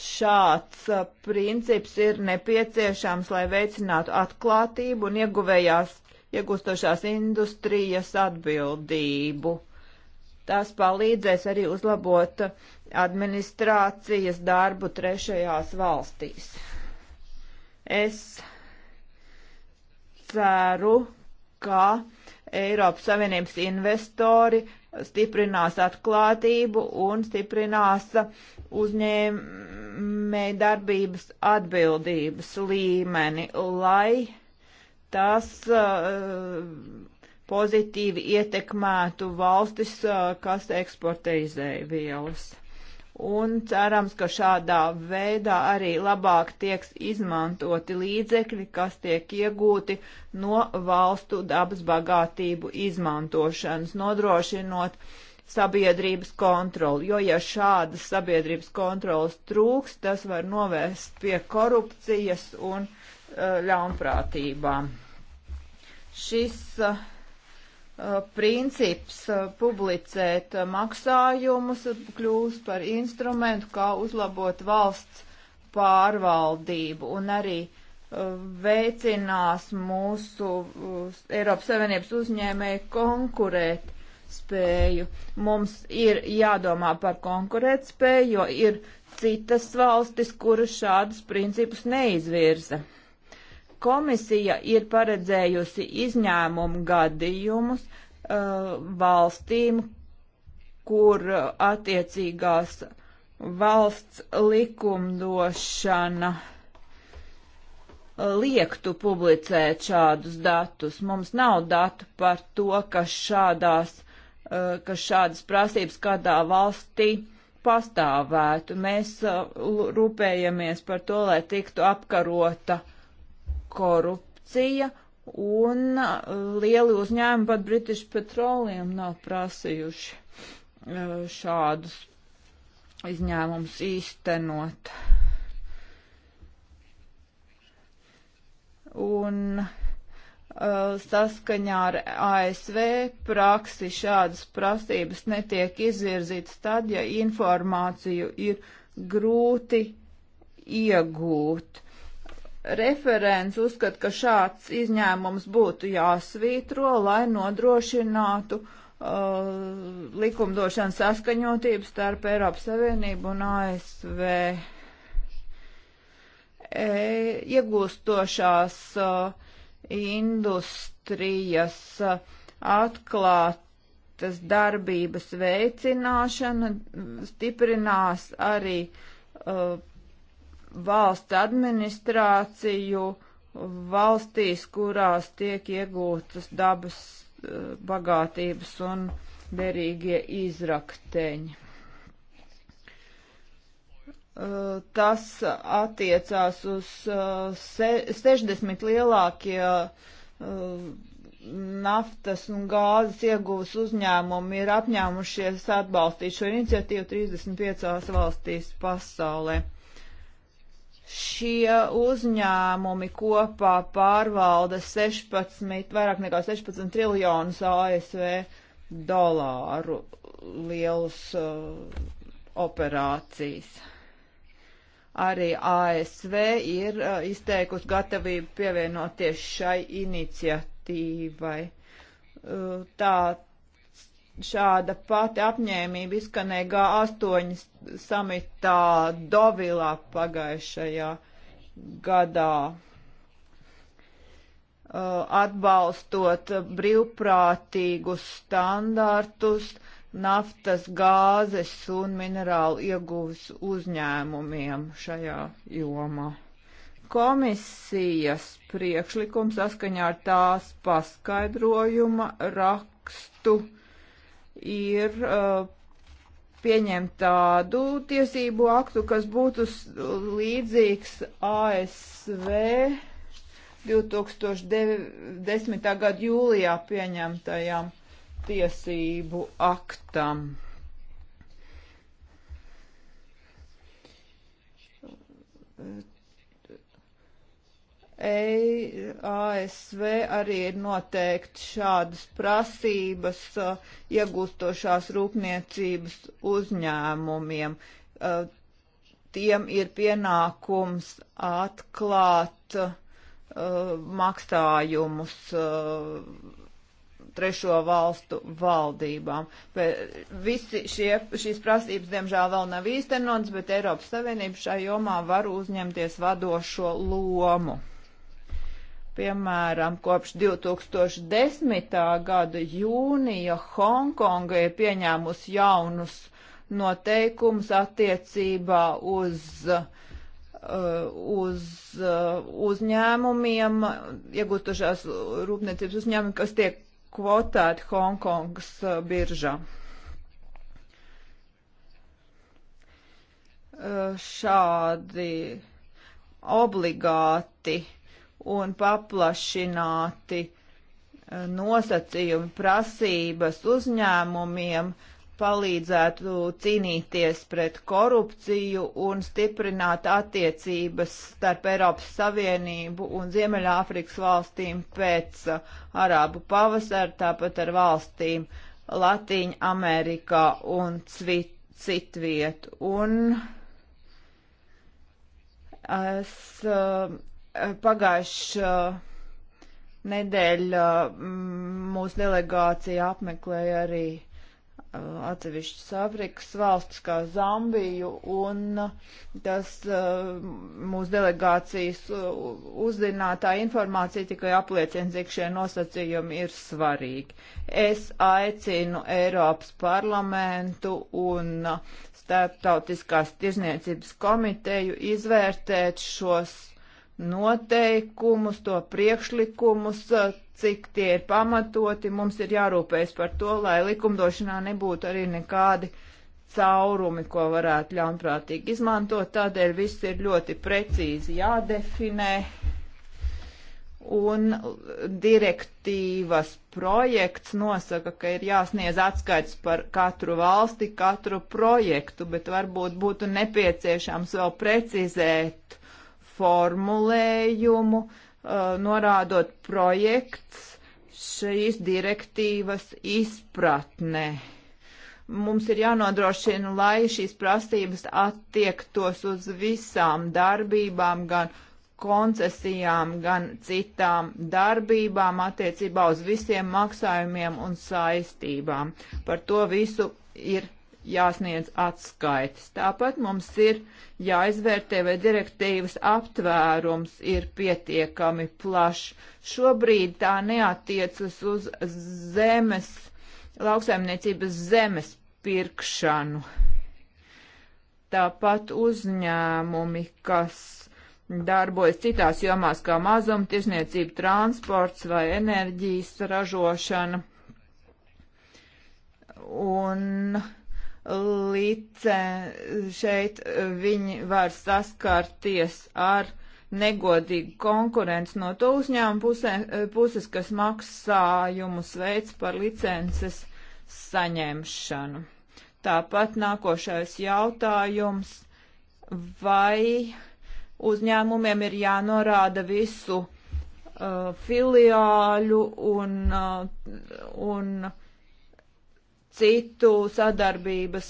Šāds uh, princips ir nepieciešams, lai veicinātu atklātību un ieguvējās iegūstošās industrijas atbildību. Tas palīdzēs arī uzlabot administrācijas darbu trešajās valstīs. Es ceru, ka Eiropas Savienības investori stiprinās atklātību un stiprinās uzņēmēju darbības atbildības līmeni, lai tas uh, pozitīvi ietekmētu valstis, uh, kas eksportē izēvielas. Un cerams, ka šādā veidā arī labāk tieks izmantoti līdzekļi, kas tiek iegūti no valstu dabas bagātību izmantošanas, nodrošinot sabiedrības kontroli. Jo, ja šādas sabiedrības kontrolas trūks, tas var novērst pie korupcijas un Eh, ļaunprātībām. Šis uh, princips publicēt maksājumus kļūst par instrumentu, kā uzlabot valsts pārvaldību un arī veicinās mūsu Eiropas Savienības uzņēmēju konkurēt spēju. Mums ir jādomā par konkurēt spēju, jo ir citas valstis, kuras šādus principus neizvirza. Komisija ir paredzējusi izņēmumu gadījumus uh, valstīm, kur uh, attiecīgās valsts likumdošana uh, liektu publicēt šādus datus. Mums nav datu par to, ka šādās, uh, ka šādas prasības kādā valstī pastāvētu. Mēs rūpējamies par to, lai tiktu apkarota korupcija, un uh, lieli uzņēmumi pat British Petroleum nav prasījuši uh, šādus izņēmumus īstenot. Un uh, saskaņā ar ASV praksi šādas prasības netiek izvirzītas tad, ja informāciju ir grūti iegūt. Referents uzskata, ka šāds izņēmums būtu jāsvītro, lai nodrošinātu uh, likumdošanas saskaņotību starp Eiropas Savienību un ASV. E, iegūstošās uh, industrijas uh, atklāt tas darbības veicināšana stiprinās arī uh, valsts administrāciju valstīs, kurās tiek iegūtas dabas eh, bagātības un derīgie izrakteņi. Eh, tas attiecās uz 60 eh, lielākie naftas un gāzes ieguvas uzņēmumi ir apņēmušies atbalstīt šo iniciatīvu 35 valstīs pasaulē šie uzņēmumi kopā pārvalda 16, vairāk nekā 16 triljonus ASV dolāru lielus uh, operācijas. Arī ASV ir uh, izteikusi gatavību pievienoties šai iniciatīvai. Uh, tā Šāda pati apņēmība izskanēja G8 samitā Dovilā pagājušajā gadā, uh, atbalstot brīvprātīgus standartus naftas, gāzes un minerālu ieguves uzņēmumiem šajā jomā. Komisijas priekšlikums saskaņā ar tās paskaidrojuma rakstu ir uh, pieņemt tādu tiesību aktu, kas būtu līdzīgs ASV 2010. gada jūlijā pieņemtajam tiesību aktam. E ASV arī ir noteikti šādas prasības iegūstošās rūpniecības uzņēmumiem. Tiem ir pienākums atklāt maksājumus trešo valstu valdībām. Bet visi šie, šīs prasības, diemžēl, vēl nav īstenotas, bet Eiropas Savienība šajā jomā var uzņemties vadošo lomu. Piemēram, kopš 2010. gada jūnija Hongkonga ir pieņēmusi jaunus noteikumus attiecībā uz, uh, uz uh, uzņēmumiem, iegūtušās rūpniecības uzņēmumi, kas tiek kvotēti Hongkongas uh, biržā. Šādi obligāti uh, un paplašināti eh, nosacījumi prasības uzņēmumiem palīdzētu cīnīties pret korupciju un stiprināt attiecības starp Eiropas Savienību un Ziemeļāfrikas valstīm pēc eh, Arābu pavasara, tāpat ar valstīm Latīņa Amerikā un citviet. Un es uh, Eh, pagājušā eh, nedēļa mm, mūsu delegācija apmeklēja arī eh, atsevišķas Āfrikas valstis kā Zambiju, un tas mūsu delegācijas uzzinātā informācija tikai apliecina, cik šie nosacījumi ir svarīgi. Es aicinu Eiropas parlamentu un starptautiskās tirzniecības komiteju izvērtēt šos noteikumus, to priekšlikumus, cik tie ir pamatoti. Mums ir jārūpējas par to, lai likumdošanā nebūtu arī nekādi caurumi, ko varētu ļaunprātīgi izmantot. Tādēļ viss ir ļoti precīzi jādefinē. Un direktīvas projekts nosaka, ka ir jāsniedz atskaits par katru valsti, katru projektu, bet varbūt būtu nepieciešams vēl precizēt formulējumu, uh, norādot projekts šīs direktīvas izpratnē. Mums ir jānodrošina, lai šīs prasības attiektos uz visām darbībām, gan koncesijām, gan citām darbībām attiecībā uz visiem maksājumiem un saistībām. Par to visu ir jāsniedz atskaites. Tāpat mums ir jāizvērtē, vai direktīvas aptvērums ir pietiekami plašs. Šobrīd tā neatiecas uz zemes, lauksaimniecības zemes pirkšanu. Tāpat uzņēmumi, kas darbojas citās jomās, kā mazumtirdzniecība, transports vai enerģijas ražošana. Un uh, licen, šeit viņi var saskarties ar negodīgu konkurenci no to uzņēmumu pusē, puses, kas maksājumus veids par licences saņemšanu. Tāpat nākošais jautājums, vai uzņēmumiem ir jānorāda visu uh, filiāļu un, uh, un uh, citu sadarbības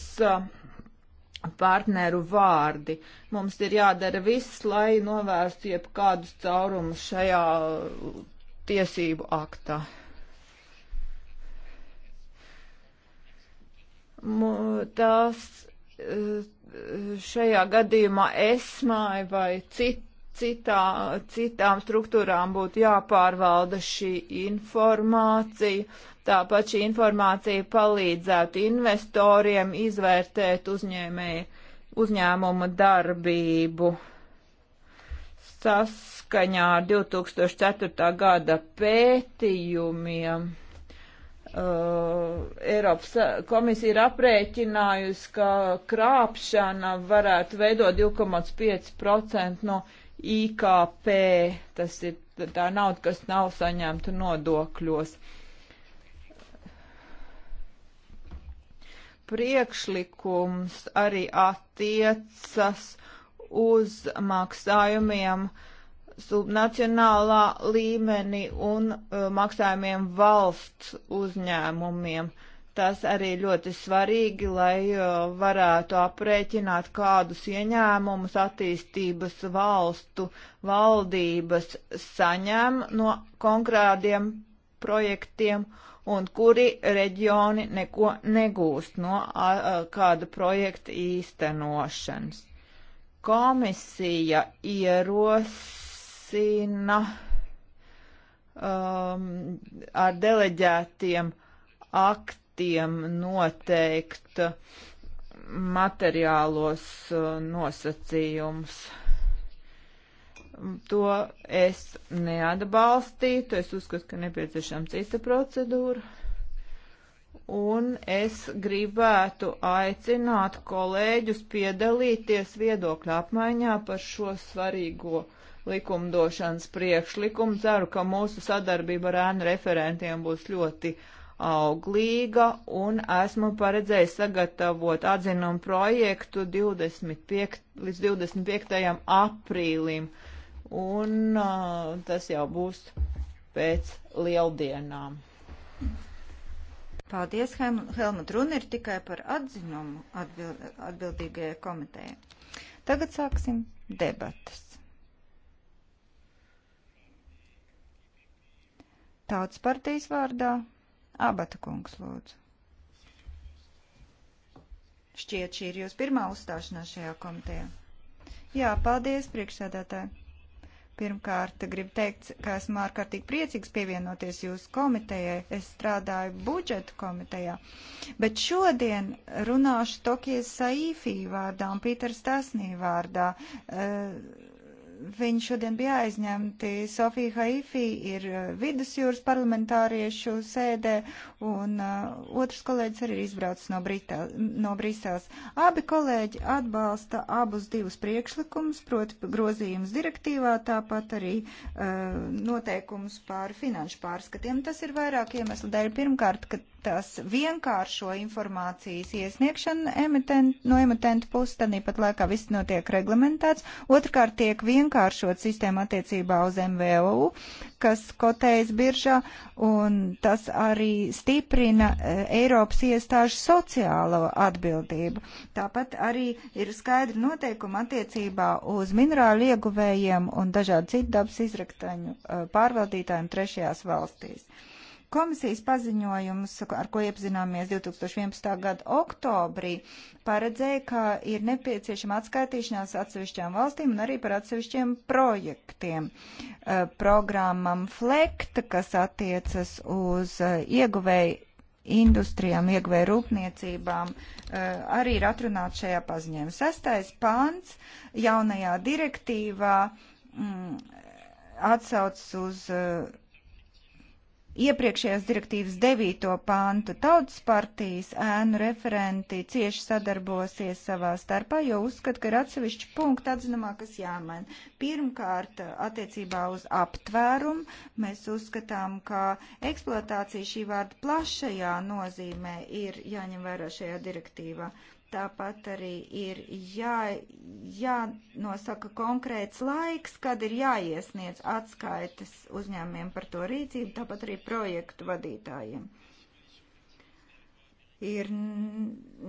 partneru vārdi. Mums ir jādara viss, lai novērstu jebkādus caurumus šajā tiesību aktā. Tās e, šajā gadījumā esmai vai cit, citā, citām struktūrām būtu jāpārvalda šī informācija, Tāpat šī informācija palīdzētu investoriem izvērtēt uzņēmēju, uzņēmuma darbību saskaņā ar 2004. gada pētījumiem. Uh, Eiropas komisija ir aprēķinājusi, ka krāpšana varētu veidot 2,5% no IKP. Tas ir tā nauda, kas nav saņemta nodokļos. Uh, priekšlikums arī attiecas uz maksājumiem subnacionālā līmenī un uh, maksājumiem valsts uzņēmumiem. Tas arī ļoti svarīgi, lai uh, varētu aprēķināt, kādus ieņēmumus attīstības valstu valdības saņem no konkrētiem projektiem. Uh, un kuri reģioni neko negūst no a, a, kāda projekta īstenošanas. Komisija ierosina um, ar deleģētiem aktiem noteikt materiālos uh, nosacījumus to es neatbalstītu. Es uzskatu, ka nepieciešama cita procedūra. Un es gribētu aicināt kolēģus piedalīties viedokļu apmaiņā par šo svarīgo likumdošanas priekšlikumu. Ceru, ka mūsu sadarbība ar ēnu referentiem būs ļoti auglīga un esmu paredzējis sagatavot atzinumu projektu 25, līdz 25. aprīlim un uh, tas jau būs pēc lieldienām. Paldies, Helmut Runa ir tikai par atzinumu atbild, atbildīgajai komitejai. Tagad sāksim debatas. Tautas partijas vārdā Abata kungs lūdzu. Šķiet, šī ir jūs pirmā uzstāšanās šajā komitejā. Jā, paldies, priekšsēdētāji. Pirmkārt, gribu teikt, ka esmu ārkārtīgi priecīgs pievienoties jūsu komitejai. Es strādāju budžetu komitejā, bet šodien runāšu Tokijas Saifī vārdā un Pīters Tasnī vārdā. Uh, Viņi šodien bija aizņemti. Sofija Haifī ir uh, vidusjūras parlamentāriešu sēdē, un uh, otrs kolēģis arī ir izbraucis no, Britā, no Briseles. Abi kolēģi atbalsta abus divus priekšlikumus, proti grozījumus direktīvā, tāpat arī uh, noteikumus par finanšu pārskatiem. Tas ir vairāk iemeslu dēļ. Pirmkārt, ka tas vienkāršo informācijas iesniegšanu emitent, no emitentu puses, tad pat laikā viss notiek reglamentēts. Otrkārt, tiek vienkārši vienkāršot sistēmu attiecībā uz MVU, kas kotējas biržā, un tas arī stiprina e, Eiropas iestāžu sociālo atbildību. Tāpat arī ir skaidri noteikumi attiecībā uz minerālu ieguvējiem un dažādu citu dabas izraktaņu e, pārvaldītājiem trešajās valstīs. Komisijas paziņojums, ar ko iepazināmies 2011. gada oktobrī, paredzēja, ka ir nepieciešama atskaitīšanās atsevišķām valstīm un arī par atsevišķiem projektiem. Eh, programmam FLEKT, kas attiecas uz eh, ieguvēju industrijām, ieguvē rūpniecībām, eh, arī ir atrunāts šajā paziņojumā. Sestais pāns jaunajā direktīvā mm, atsaucas uz iepriekšējās direktīvas 9. pāntu tautas partijas ēnu referenti cieši sadarbosies savā starpā, jo uzskat, ka ir atsevišķi punkti atzinumā, kas jāmaina. Pirmkārt, attiecībā uz aptvērumu mēs uzskatām, ka eksploatācija šī vārda plašajā nozīmē ir jāņem vērā šajā direktīvā. Tāpat arī ir jā, jānosaka konkrēts laiks, kad ir jāiesniedz atskaites uzņēmumiem par to rīcību, tāpat arī projektu vadītājiem. Uh, ir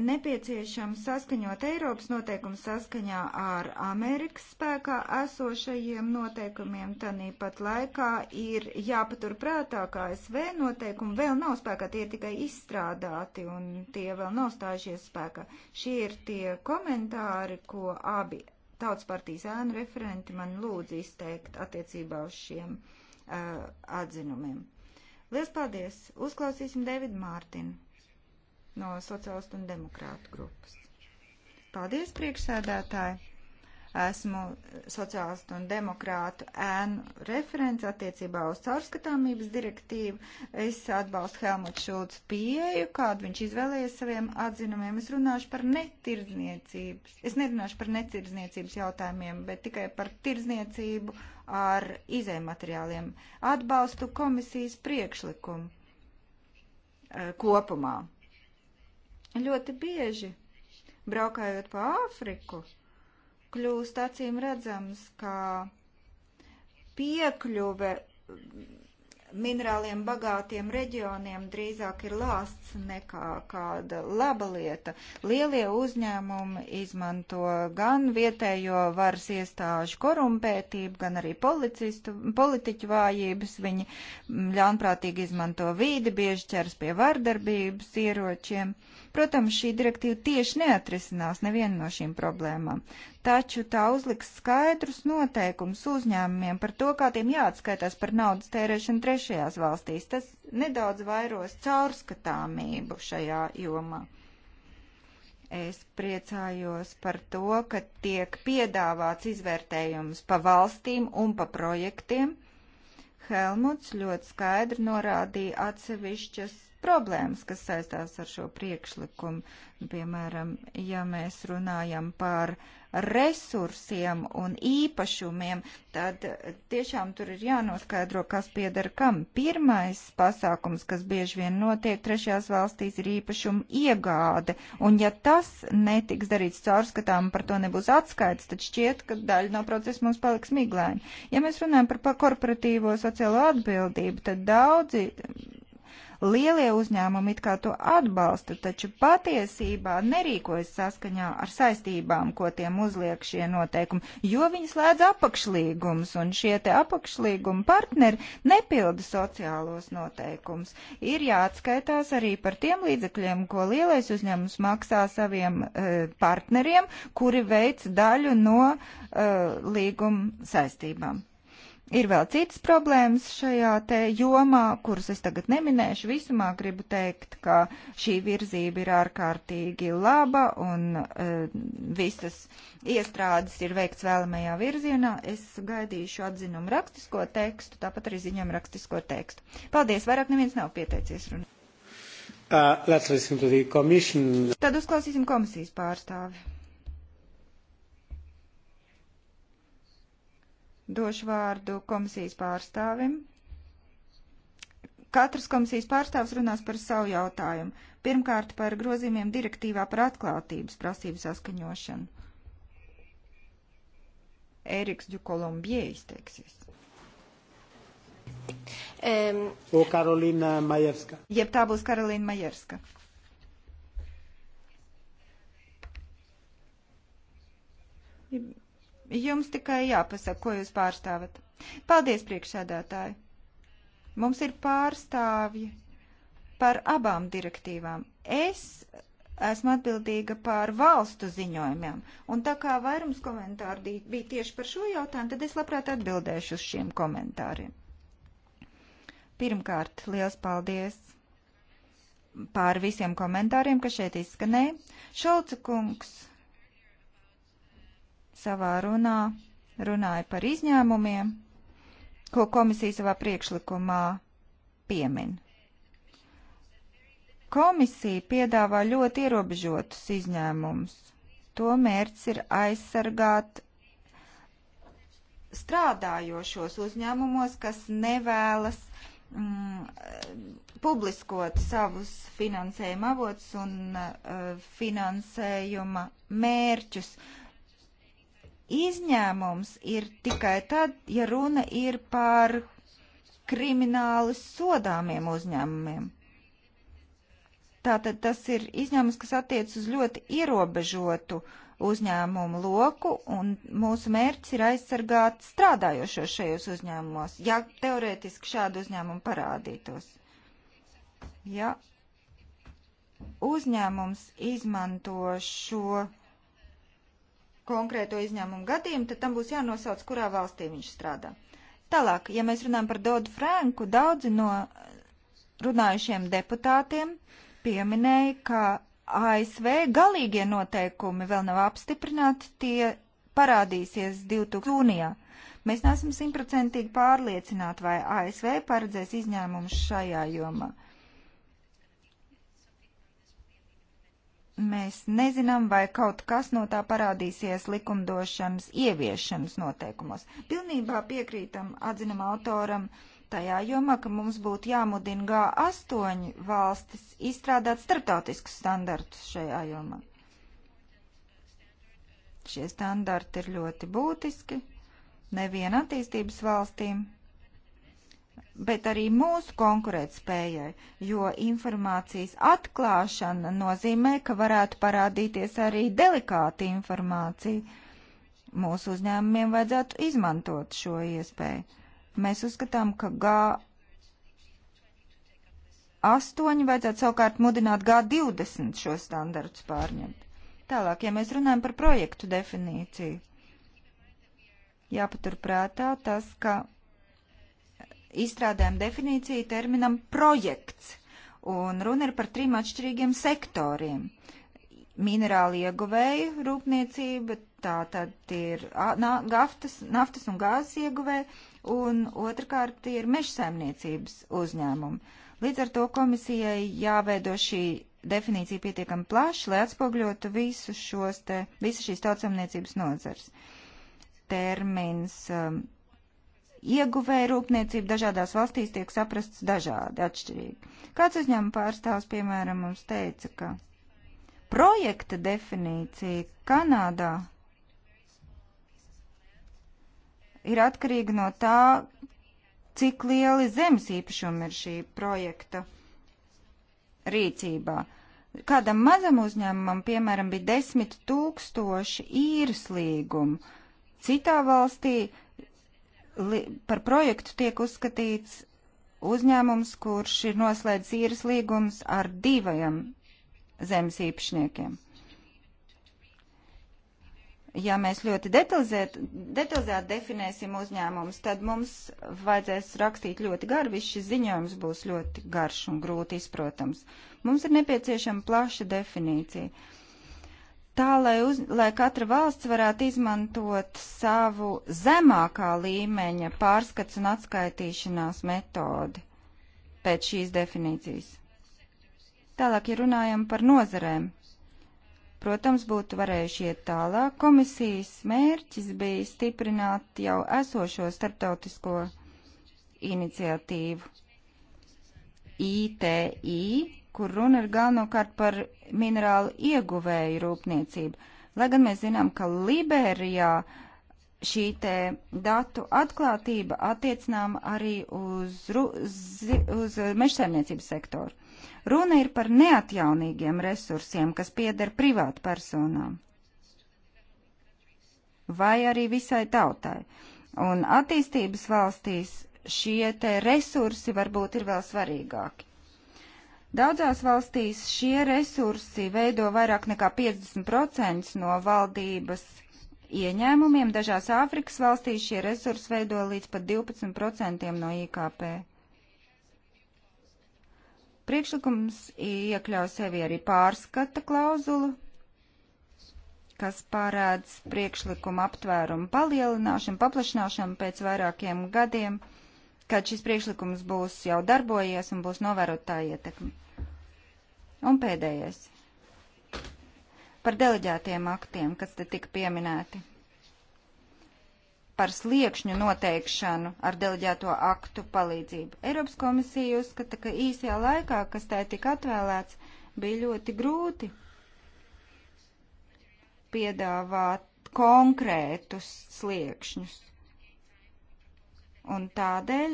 nepieciešams saskaņot Eiropas noteikumus saskaņā ar Amerikas spēkā esošajiem noteikumiem. Tanīpat laikā ir jāpatur prātā, ka ASV noteikumi vēl nav spēkā, tie ir tikai izstrādāti un tie vēl nav stājušies spēkā. Šie ir tie komentāri, ko abi tautas partijas ēnu referenti man lūdz izteikt attiecībā uz šiem uh, atzinumiem. Lielas paldies! Uzklausīsim Davidu Mārtinu! no Sociālistu un Demokrātu grupas. Paldies, priekšsēdētāji! Esmu sociālistu un demokrātu ēnu referents attiecībā uz caurskatāmības direktīvu. Es atbalstu Helmuta Šulca pieeju, kādu viņš izvēlējies saviem atzinumiem. Es runāšu par netirdzniecības. Es nerunāšu par netirdzniecības jautājumiem, bet tikai par tirdzniecību ar izējumateriāliem. Atbalstu komisijas priekšlikumu eh, kopumā. Ļoti bieži, braukājot pa Āfriku, kļūst acīm redzams, ka piekļuve minerāliem bagātiem reģioniem drīzāk ir lāsts nekā kāda laba lieta. Lielie uzņēmumi izmanto gan vietējo varas iestāžu korumpētību, gan arī policistu, politiķu vājības. Viņi ļaunprātīgi izmanto vīdi, bieži ķers pie vardarbības ieročiem. Uh, Protams, šī direktīva tieši neatrisinās nevienu no šīm problēmām, taču tā uzliks skaidrus noteikumus uzņēmumiem par to, kā tiem jāatskaitās par naudas tērēšanu trešajās valstīs. Tas nedaudz vairos caurskatāmību šajā jomā. Es priecājos par to, ka tiek piedāvāts izvērtējums pa valstīm un pa projektiem. Helmuts ļoti skaidri norādīja atsevišķas problēmas, kas saistās ar šo priekšlikumu. Piemēram, ja mēs runājam par resursiem un īpašumiem, tad tiešām tur ir jānoskaidro, kas pieder kam. Pirmais pasākums, kas bieži vien notiek trešajās valstīs, ir īpašuma iegāde. Un ja tas netiks darīts caurskatām, par to nebūs atskaits, tad šķiet, ka daļa no procesa mums paliks miglēni. Ja mēs runājam par korporatīvo sociālo atbildību, tad daudzi Lielie uzņēmumi it kā to atbalsta, taču patiesībā nerīkojas saskaņā ar saistībām, ko tiem uzliek šie noteikumi, jo viņi slēdz apakšlīgums, un šie te apakšlīguma partneri nepilda sociālos noteikumus. Ir jāatskaitās arī par tiem līdzekļiem, ko lielais uzņēmums maksā saviem e, partneriem, kuri veic daļu no e, līguma saistībām. Ir vēl citas problēmas šajā te jomā, kuras es tagad neminēšu. Visumā gribu teikt, ka šī virzība ir ārkārtīgi laba un e, visas iestrādes ir veikts vēlamajā virzienā. Es gaidīšu atzinumu rakstisko tekstu, tāpat arī ziņojumu rakstisko tekstu. Paldies, vairāk neviens nav pieteicies runāt. Uh, Tad uzklausīsim komisijas pārstāvi. Došu vārdu komisijas pārstāvim. Katrs komisijas pārstāvs runās par savu jautājumu. Pirmkārt, par grozījumiem direktīvā par atklātības prasību saskaņošanu. Eriks Džukolombie izteiksies. Um, o Karolīna Majerska. Jeb tā būs Karolīna Majerska. Jeb Jums tikai jāpasaka, ko jūs pārstāvat. Paldies, priekšsēdētāji! Mums ir pārstāvji par abām direktīvām. Es esmu atbildīga par valstu ziņojumiem. Un tā kā vairums komentāru bija tieši par šo jautājumu, tad es labprāt atbildēšu uz šiem komentāriem. Pirmkārt, liels paldies pār visiem komentāriem, kas šeit izskanēja. Šolca kungs savā runā runāja par izņēmumiem, ko komisija savā priekšlikumā piemin. Komisija piedāvā ļoti ierobežotus izņēmumus. To mērķis ir aizsargāt strādājošos uzņēmumos, kas nevēlas mm, publiskot savus finansējuma avotus un uh, finansējuma mērķus. Uh, Izņēmums ir tikai tad, ja runa ir par krimināli sodāmiem uzņēmumiem. Tātad tas ir izņēmums, kas attiec uz ļoti ierobežotu uzņēmumu loku, un mūsu mērķis ir aizsargāt strādājošos šajos uzņēmumos, ja teorētiski šādu uzņēmumu parādītos. Ja uzņēmums izmanto šo konkrēto izņēmumu gadījumu, tad tam būs jānosauc, kurā valstī viņš strādā. Tālāk, ja mēs runājam par Dodu Franku, daudzi no runājušiem deputātiem pieminēja, ka ASV galīgie noteikumi vēl nav apstiprināti, tie parādīsies 2000 jūnijā. Mēs neesam simtprocentīgi pārliecināti, vai ASV paredzēs izņēmumus šajā jomā. Uh, mēs nezinām, vai kaut kas no tā parādīsies likumdošanas ieviešanas noteikumos. Pilnībā piekrītam atzinam autoram tajā jomā, ka mums būtu jāmudina G8 valstis izstrādāt starptautiskus standartus šajā jomā. Šie standarti ir ļoti būtiski neviena attīstības valstīm bet arī mūsu konkurētspējai, jo informācijas atklāšana nozīmē, ka varētu parādīties arī delikāta informācija. Mūsu uzņēmumiem vajadzētu izmantot šo iespēju. Mēs uzskatām, ka G8 vajadzētu savukārt mudināt G20 šo standartu pārņemt. Tālāk, ja mēs runājam par projektu definīciju, jāpaturprātā tas, ka izstrādājam definīciju terminam projekts, un runa ir par trim atšķirīgiem sektoriem. Minerāli ieguvēja rūpniecība, tā tad ir naftas, naftas un gāzes ieguvēja, un otrkārt ir mežsaimniecības uzņēmumi. Līdz ar to komisijai jāveido šī definīcija pietiekami plaši, lai atspogļotu visus šos te, visas šīs tautsamniecības nozars. Termins um, ieguvēja rūpniecība dažādās valstīs tiek saprasts dažādi, atšķirīgi. Kāds uzņēmuma pārstāvs, piemēram, mums teica, ka projekta definīcija Kanādā ir atkarīga no tā, cik lieli zemes īpašumi ir šī projekta rīcībā. Kādam mazam uzņēmumam, piemēram, bija desmit tūkstoši īres līgumu, citā valstī par projektu tiek uzskatīts uzņēmums, kurš ir noslēdzis īres līgums ar divajam zemes īpašniekiem. Ja mēs ļoti detalizēti detalizēt definēsim uzņēmumus, tad mums vajadzēs rakstīt ļoti garu, viss šis ziņojums būs ļoti garš un grūti izprotams. Mums ir nepieciešama plaša definīcija tā, lai, uz, lai katra valsts varētu izmantot savu zemākā līmeņa pārskats un atskaitīšanās metodi pēc šīs definīcijas. Tālāk, ja runājam par nozarēm, protams, būtu varējuši iet tālāk. Komisijas mērķis bija stiprināt jau esošo starptautisko iniciatīvu ITI kur runa ir galvenokārt par minerālu ieguvēju rūpniecību. Lai gan mēs zinām, ka Liberijā šī te datu atklātība attiecinām arī uz, uz mežsaimniecības sektoru. Runa ir par neatjaunīgiem resursiem, kas pieder privātu personām vai arī visai tautai. Un attīstības valstīs šie te resursi varbūt ir vēl svarīgāki. Daudzās valstīs šie resursi veido vairāk nekā 50% no valdības ieņēmumiem, dažās Āfrikas valstīs šie resursi veido līdz pat 12% no IKP. Priekšlikums iekļaus sevi arī pārskata klauzulu, kas pārēdz priekšlikuma aptvērumu palielināšanu, paplašināšanu pēc vairākiem gadiem kad šis priekšlikums būs jau darbojies un būs novērot tā ietekmi. Un pēdējais. Par deleģētiem aktiem, kas te tika pieminēti. Par sliekšņu noteikšanu ar deleģēto aktu palīdzību. Eiropas komisija uzskata, ka īsajā laikā, kas tai tika atvēlēts, bija ļoti grūti piedāvāt konkrētus sliekšņus. Un tādēļ,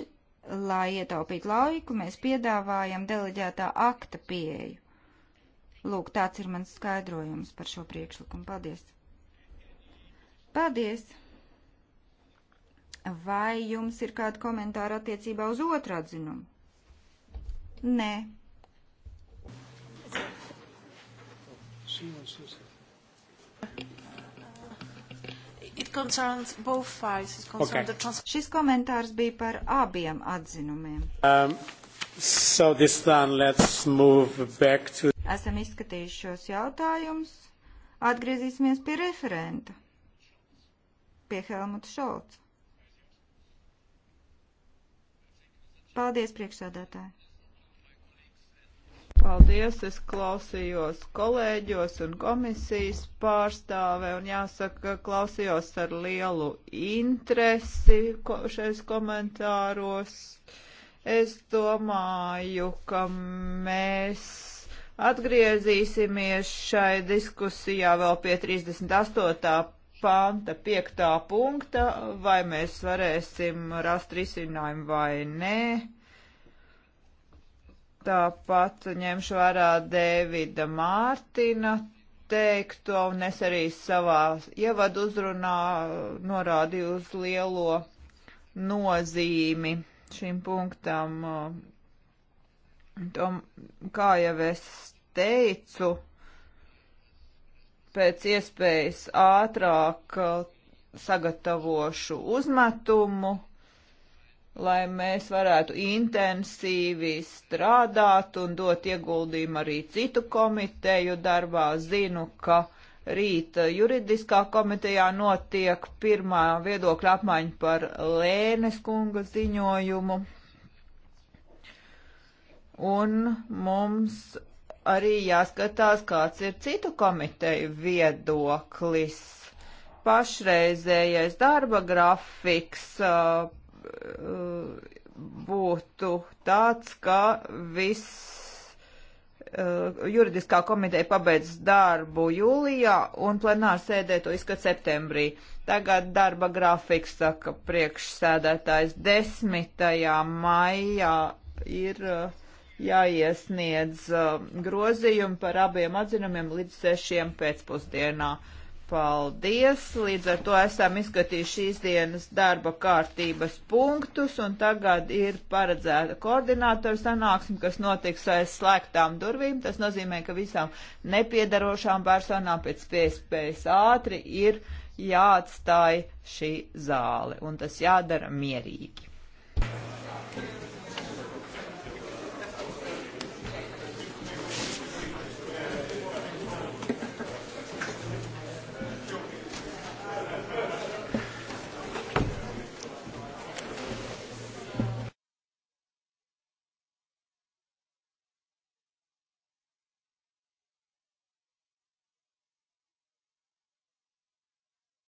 lai ietaupītu laiku, mēs piedāvājam deleģētā akta pieeju. Lūk, tāds ir mans skaidrojums par šo priekšlikumu. Paldies! Paldies! Vai jums ir kāda komentāra attiecībā uz otru atzinumu? Nē. She wants to say. Okay. Šis komentārs bija par abiem atzinumiem. Um, so this time let's move back to. Esam izskatījuši šos jautājumus. Atgriezīsimies pie referenta, pie Helmuta Šolca. Paldies, priekšsādātāji! Paldies, es klausījos kolēģos un komisijas pārstāvē un jāsaka, klausījos ar lielu interesi ko, šais komentāros. Es domāju, ka mēs atgriezīsimies šai diskusijā vēl pie 38. panta 5. punkta, vai mēs varēsim rast risinājumu vai nē Tāpat ņemšu vērā Dēvida Mārtina teikto, un es arī savā ievadu uzrunā norādīju uz lielo nozīmi šim punktam. Tom, kā jau es teicu, pēc iespējas ātrāk uh, sagatavošu uzmetumu lai mēs varētu intensīvi strādāt un dot ieguldījumu arī citu komiteju darbā. Zinu, ka rīt juridiskā komitejā notiek pirmā viedokļa apmaiņa par Lēnes kunga ziņojumu. Un mums arī jāskatās, kāds ir citu komiteju viedoklis. Pašreizējais darba grafiks uh, būtu tāds, ka viss eh, juridiskā komiteja pabeidz darbu jūlijā un plenāra sēdē to izskat septembrī. Tagad darba grafiks saka priekšsēdētājs 10. maijā ir eh, jāiesniedz eh, grozījumi par abiem atzinumiem līdz 6. pēcpusdienā. Paldies! Līdz ar to esam izskatījuši šīs dienas darba kārtības punktus, un tagad ir paredzēta koordinātora sanāksme, kas notiks aiz slēgtām durvīm. Tas nozīmē, ka visām nepiedarošām personām pēc iespējas ātri ir jāatstāj šī zāle, un tas jādara mierīgi.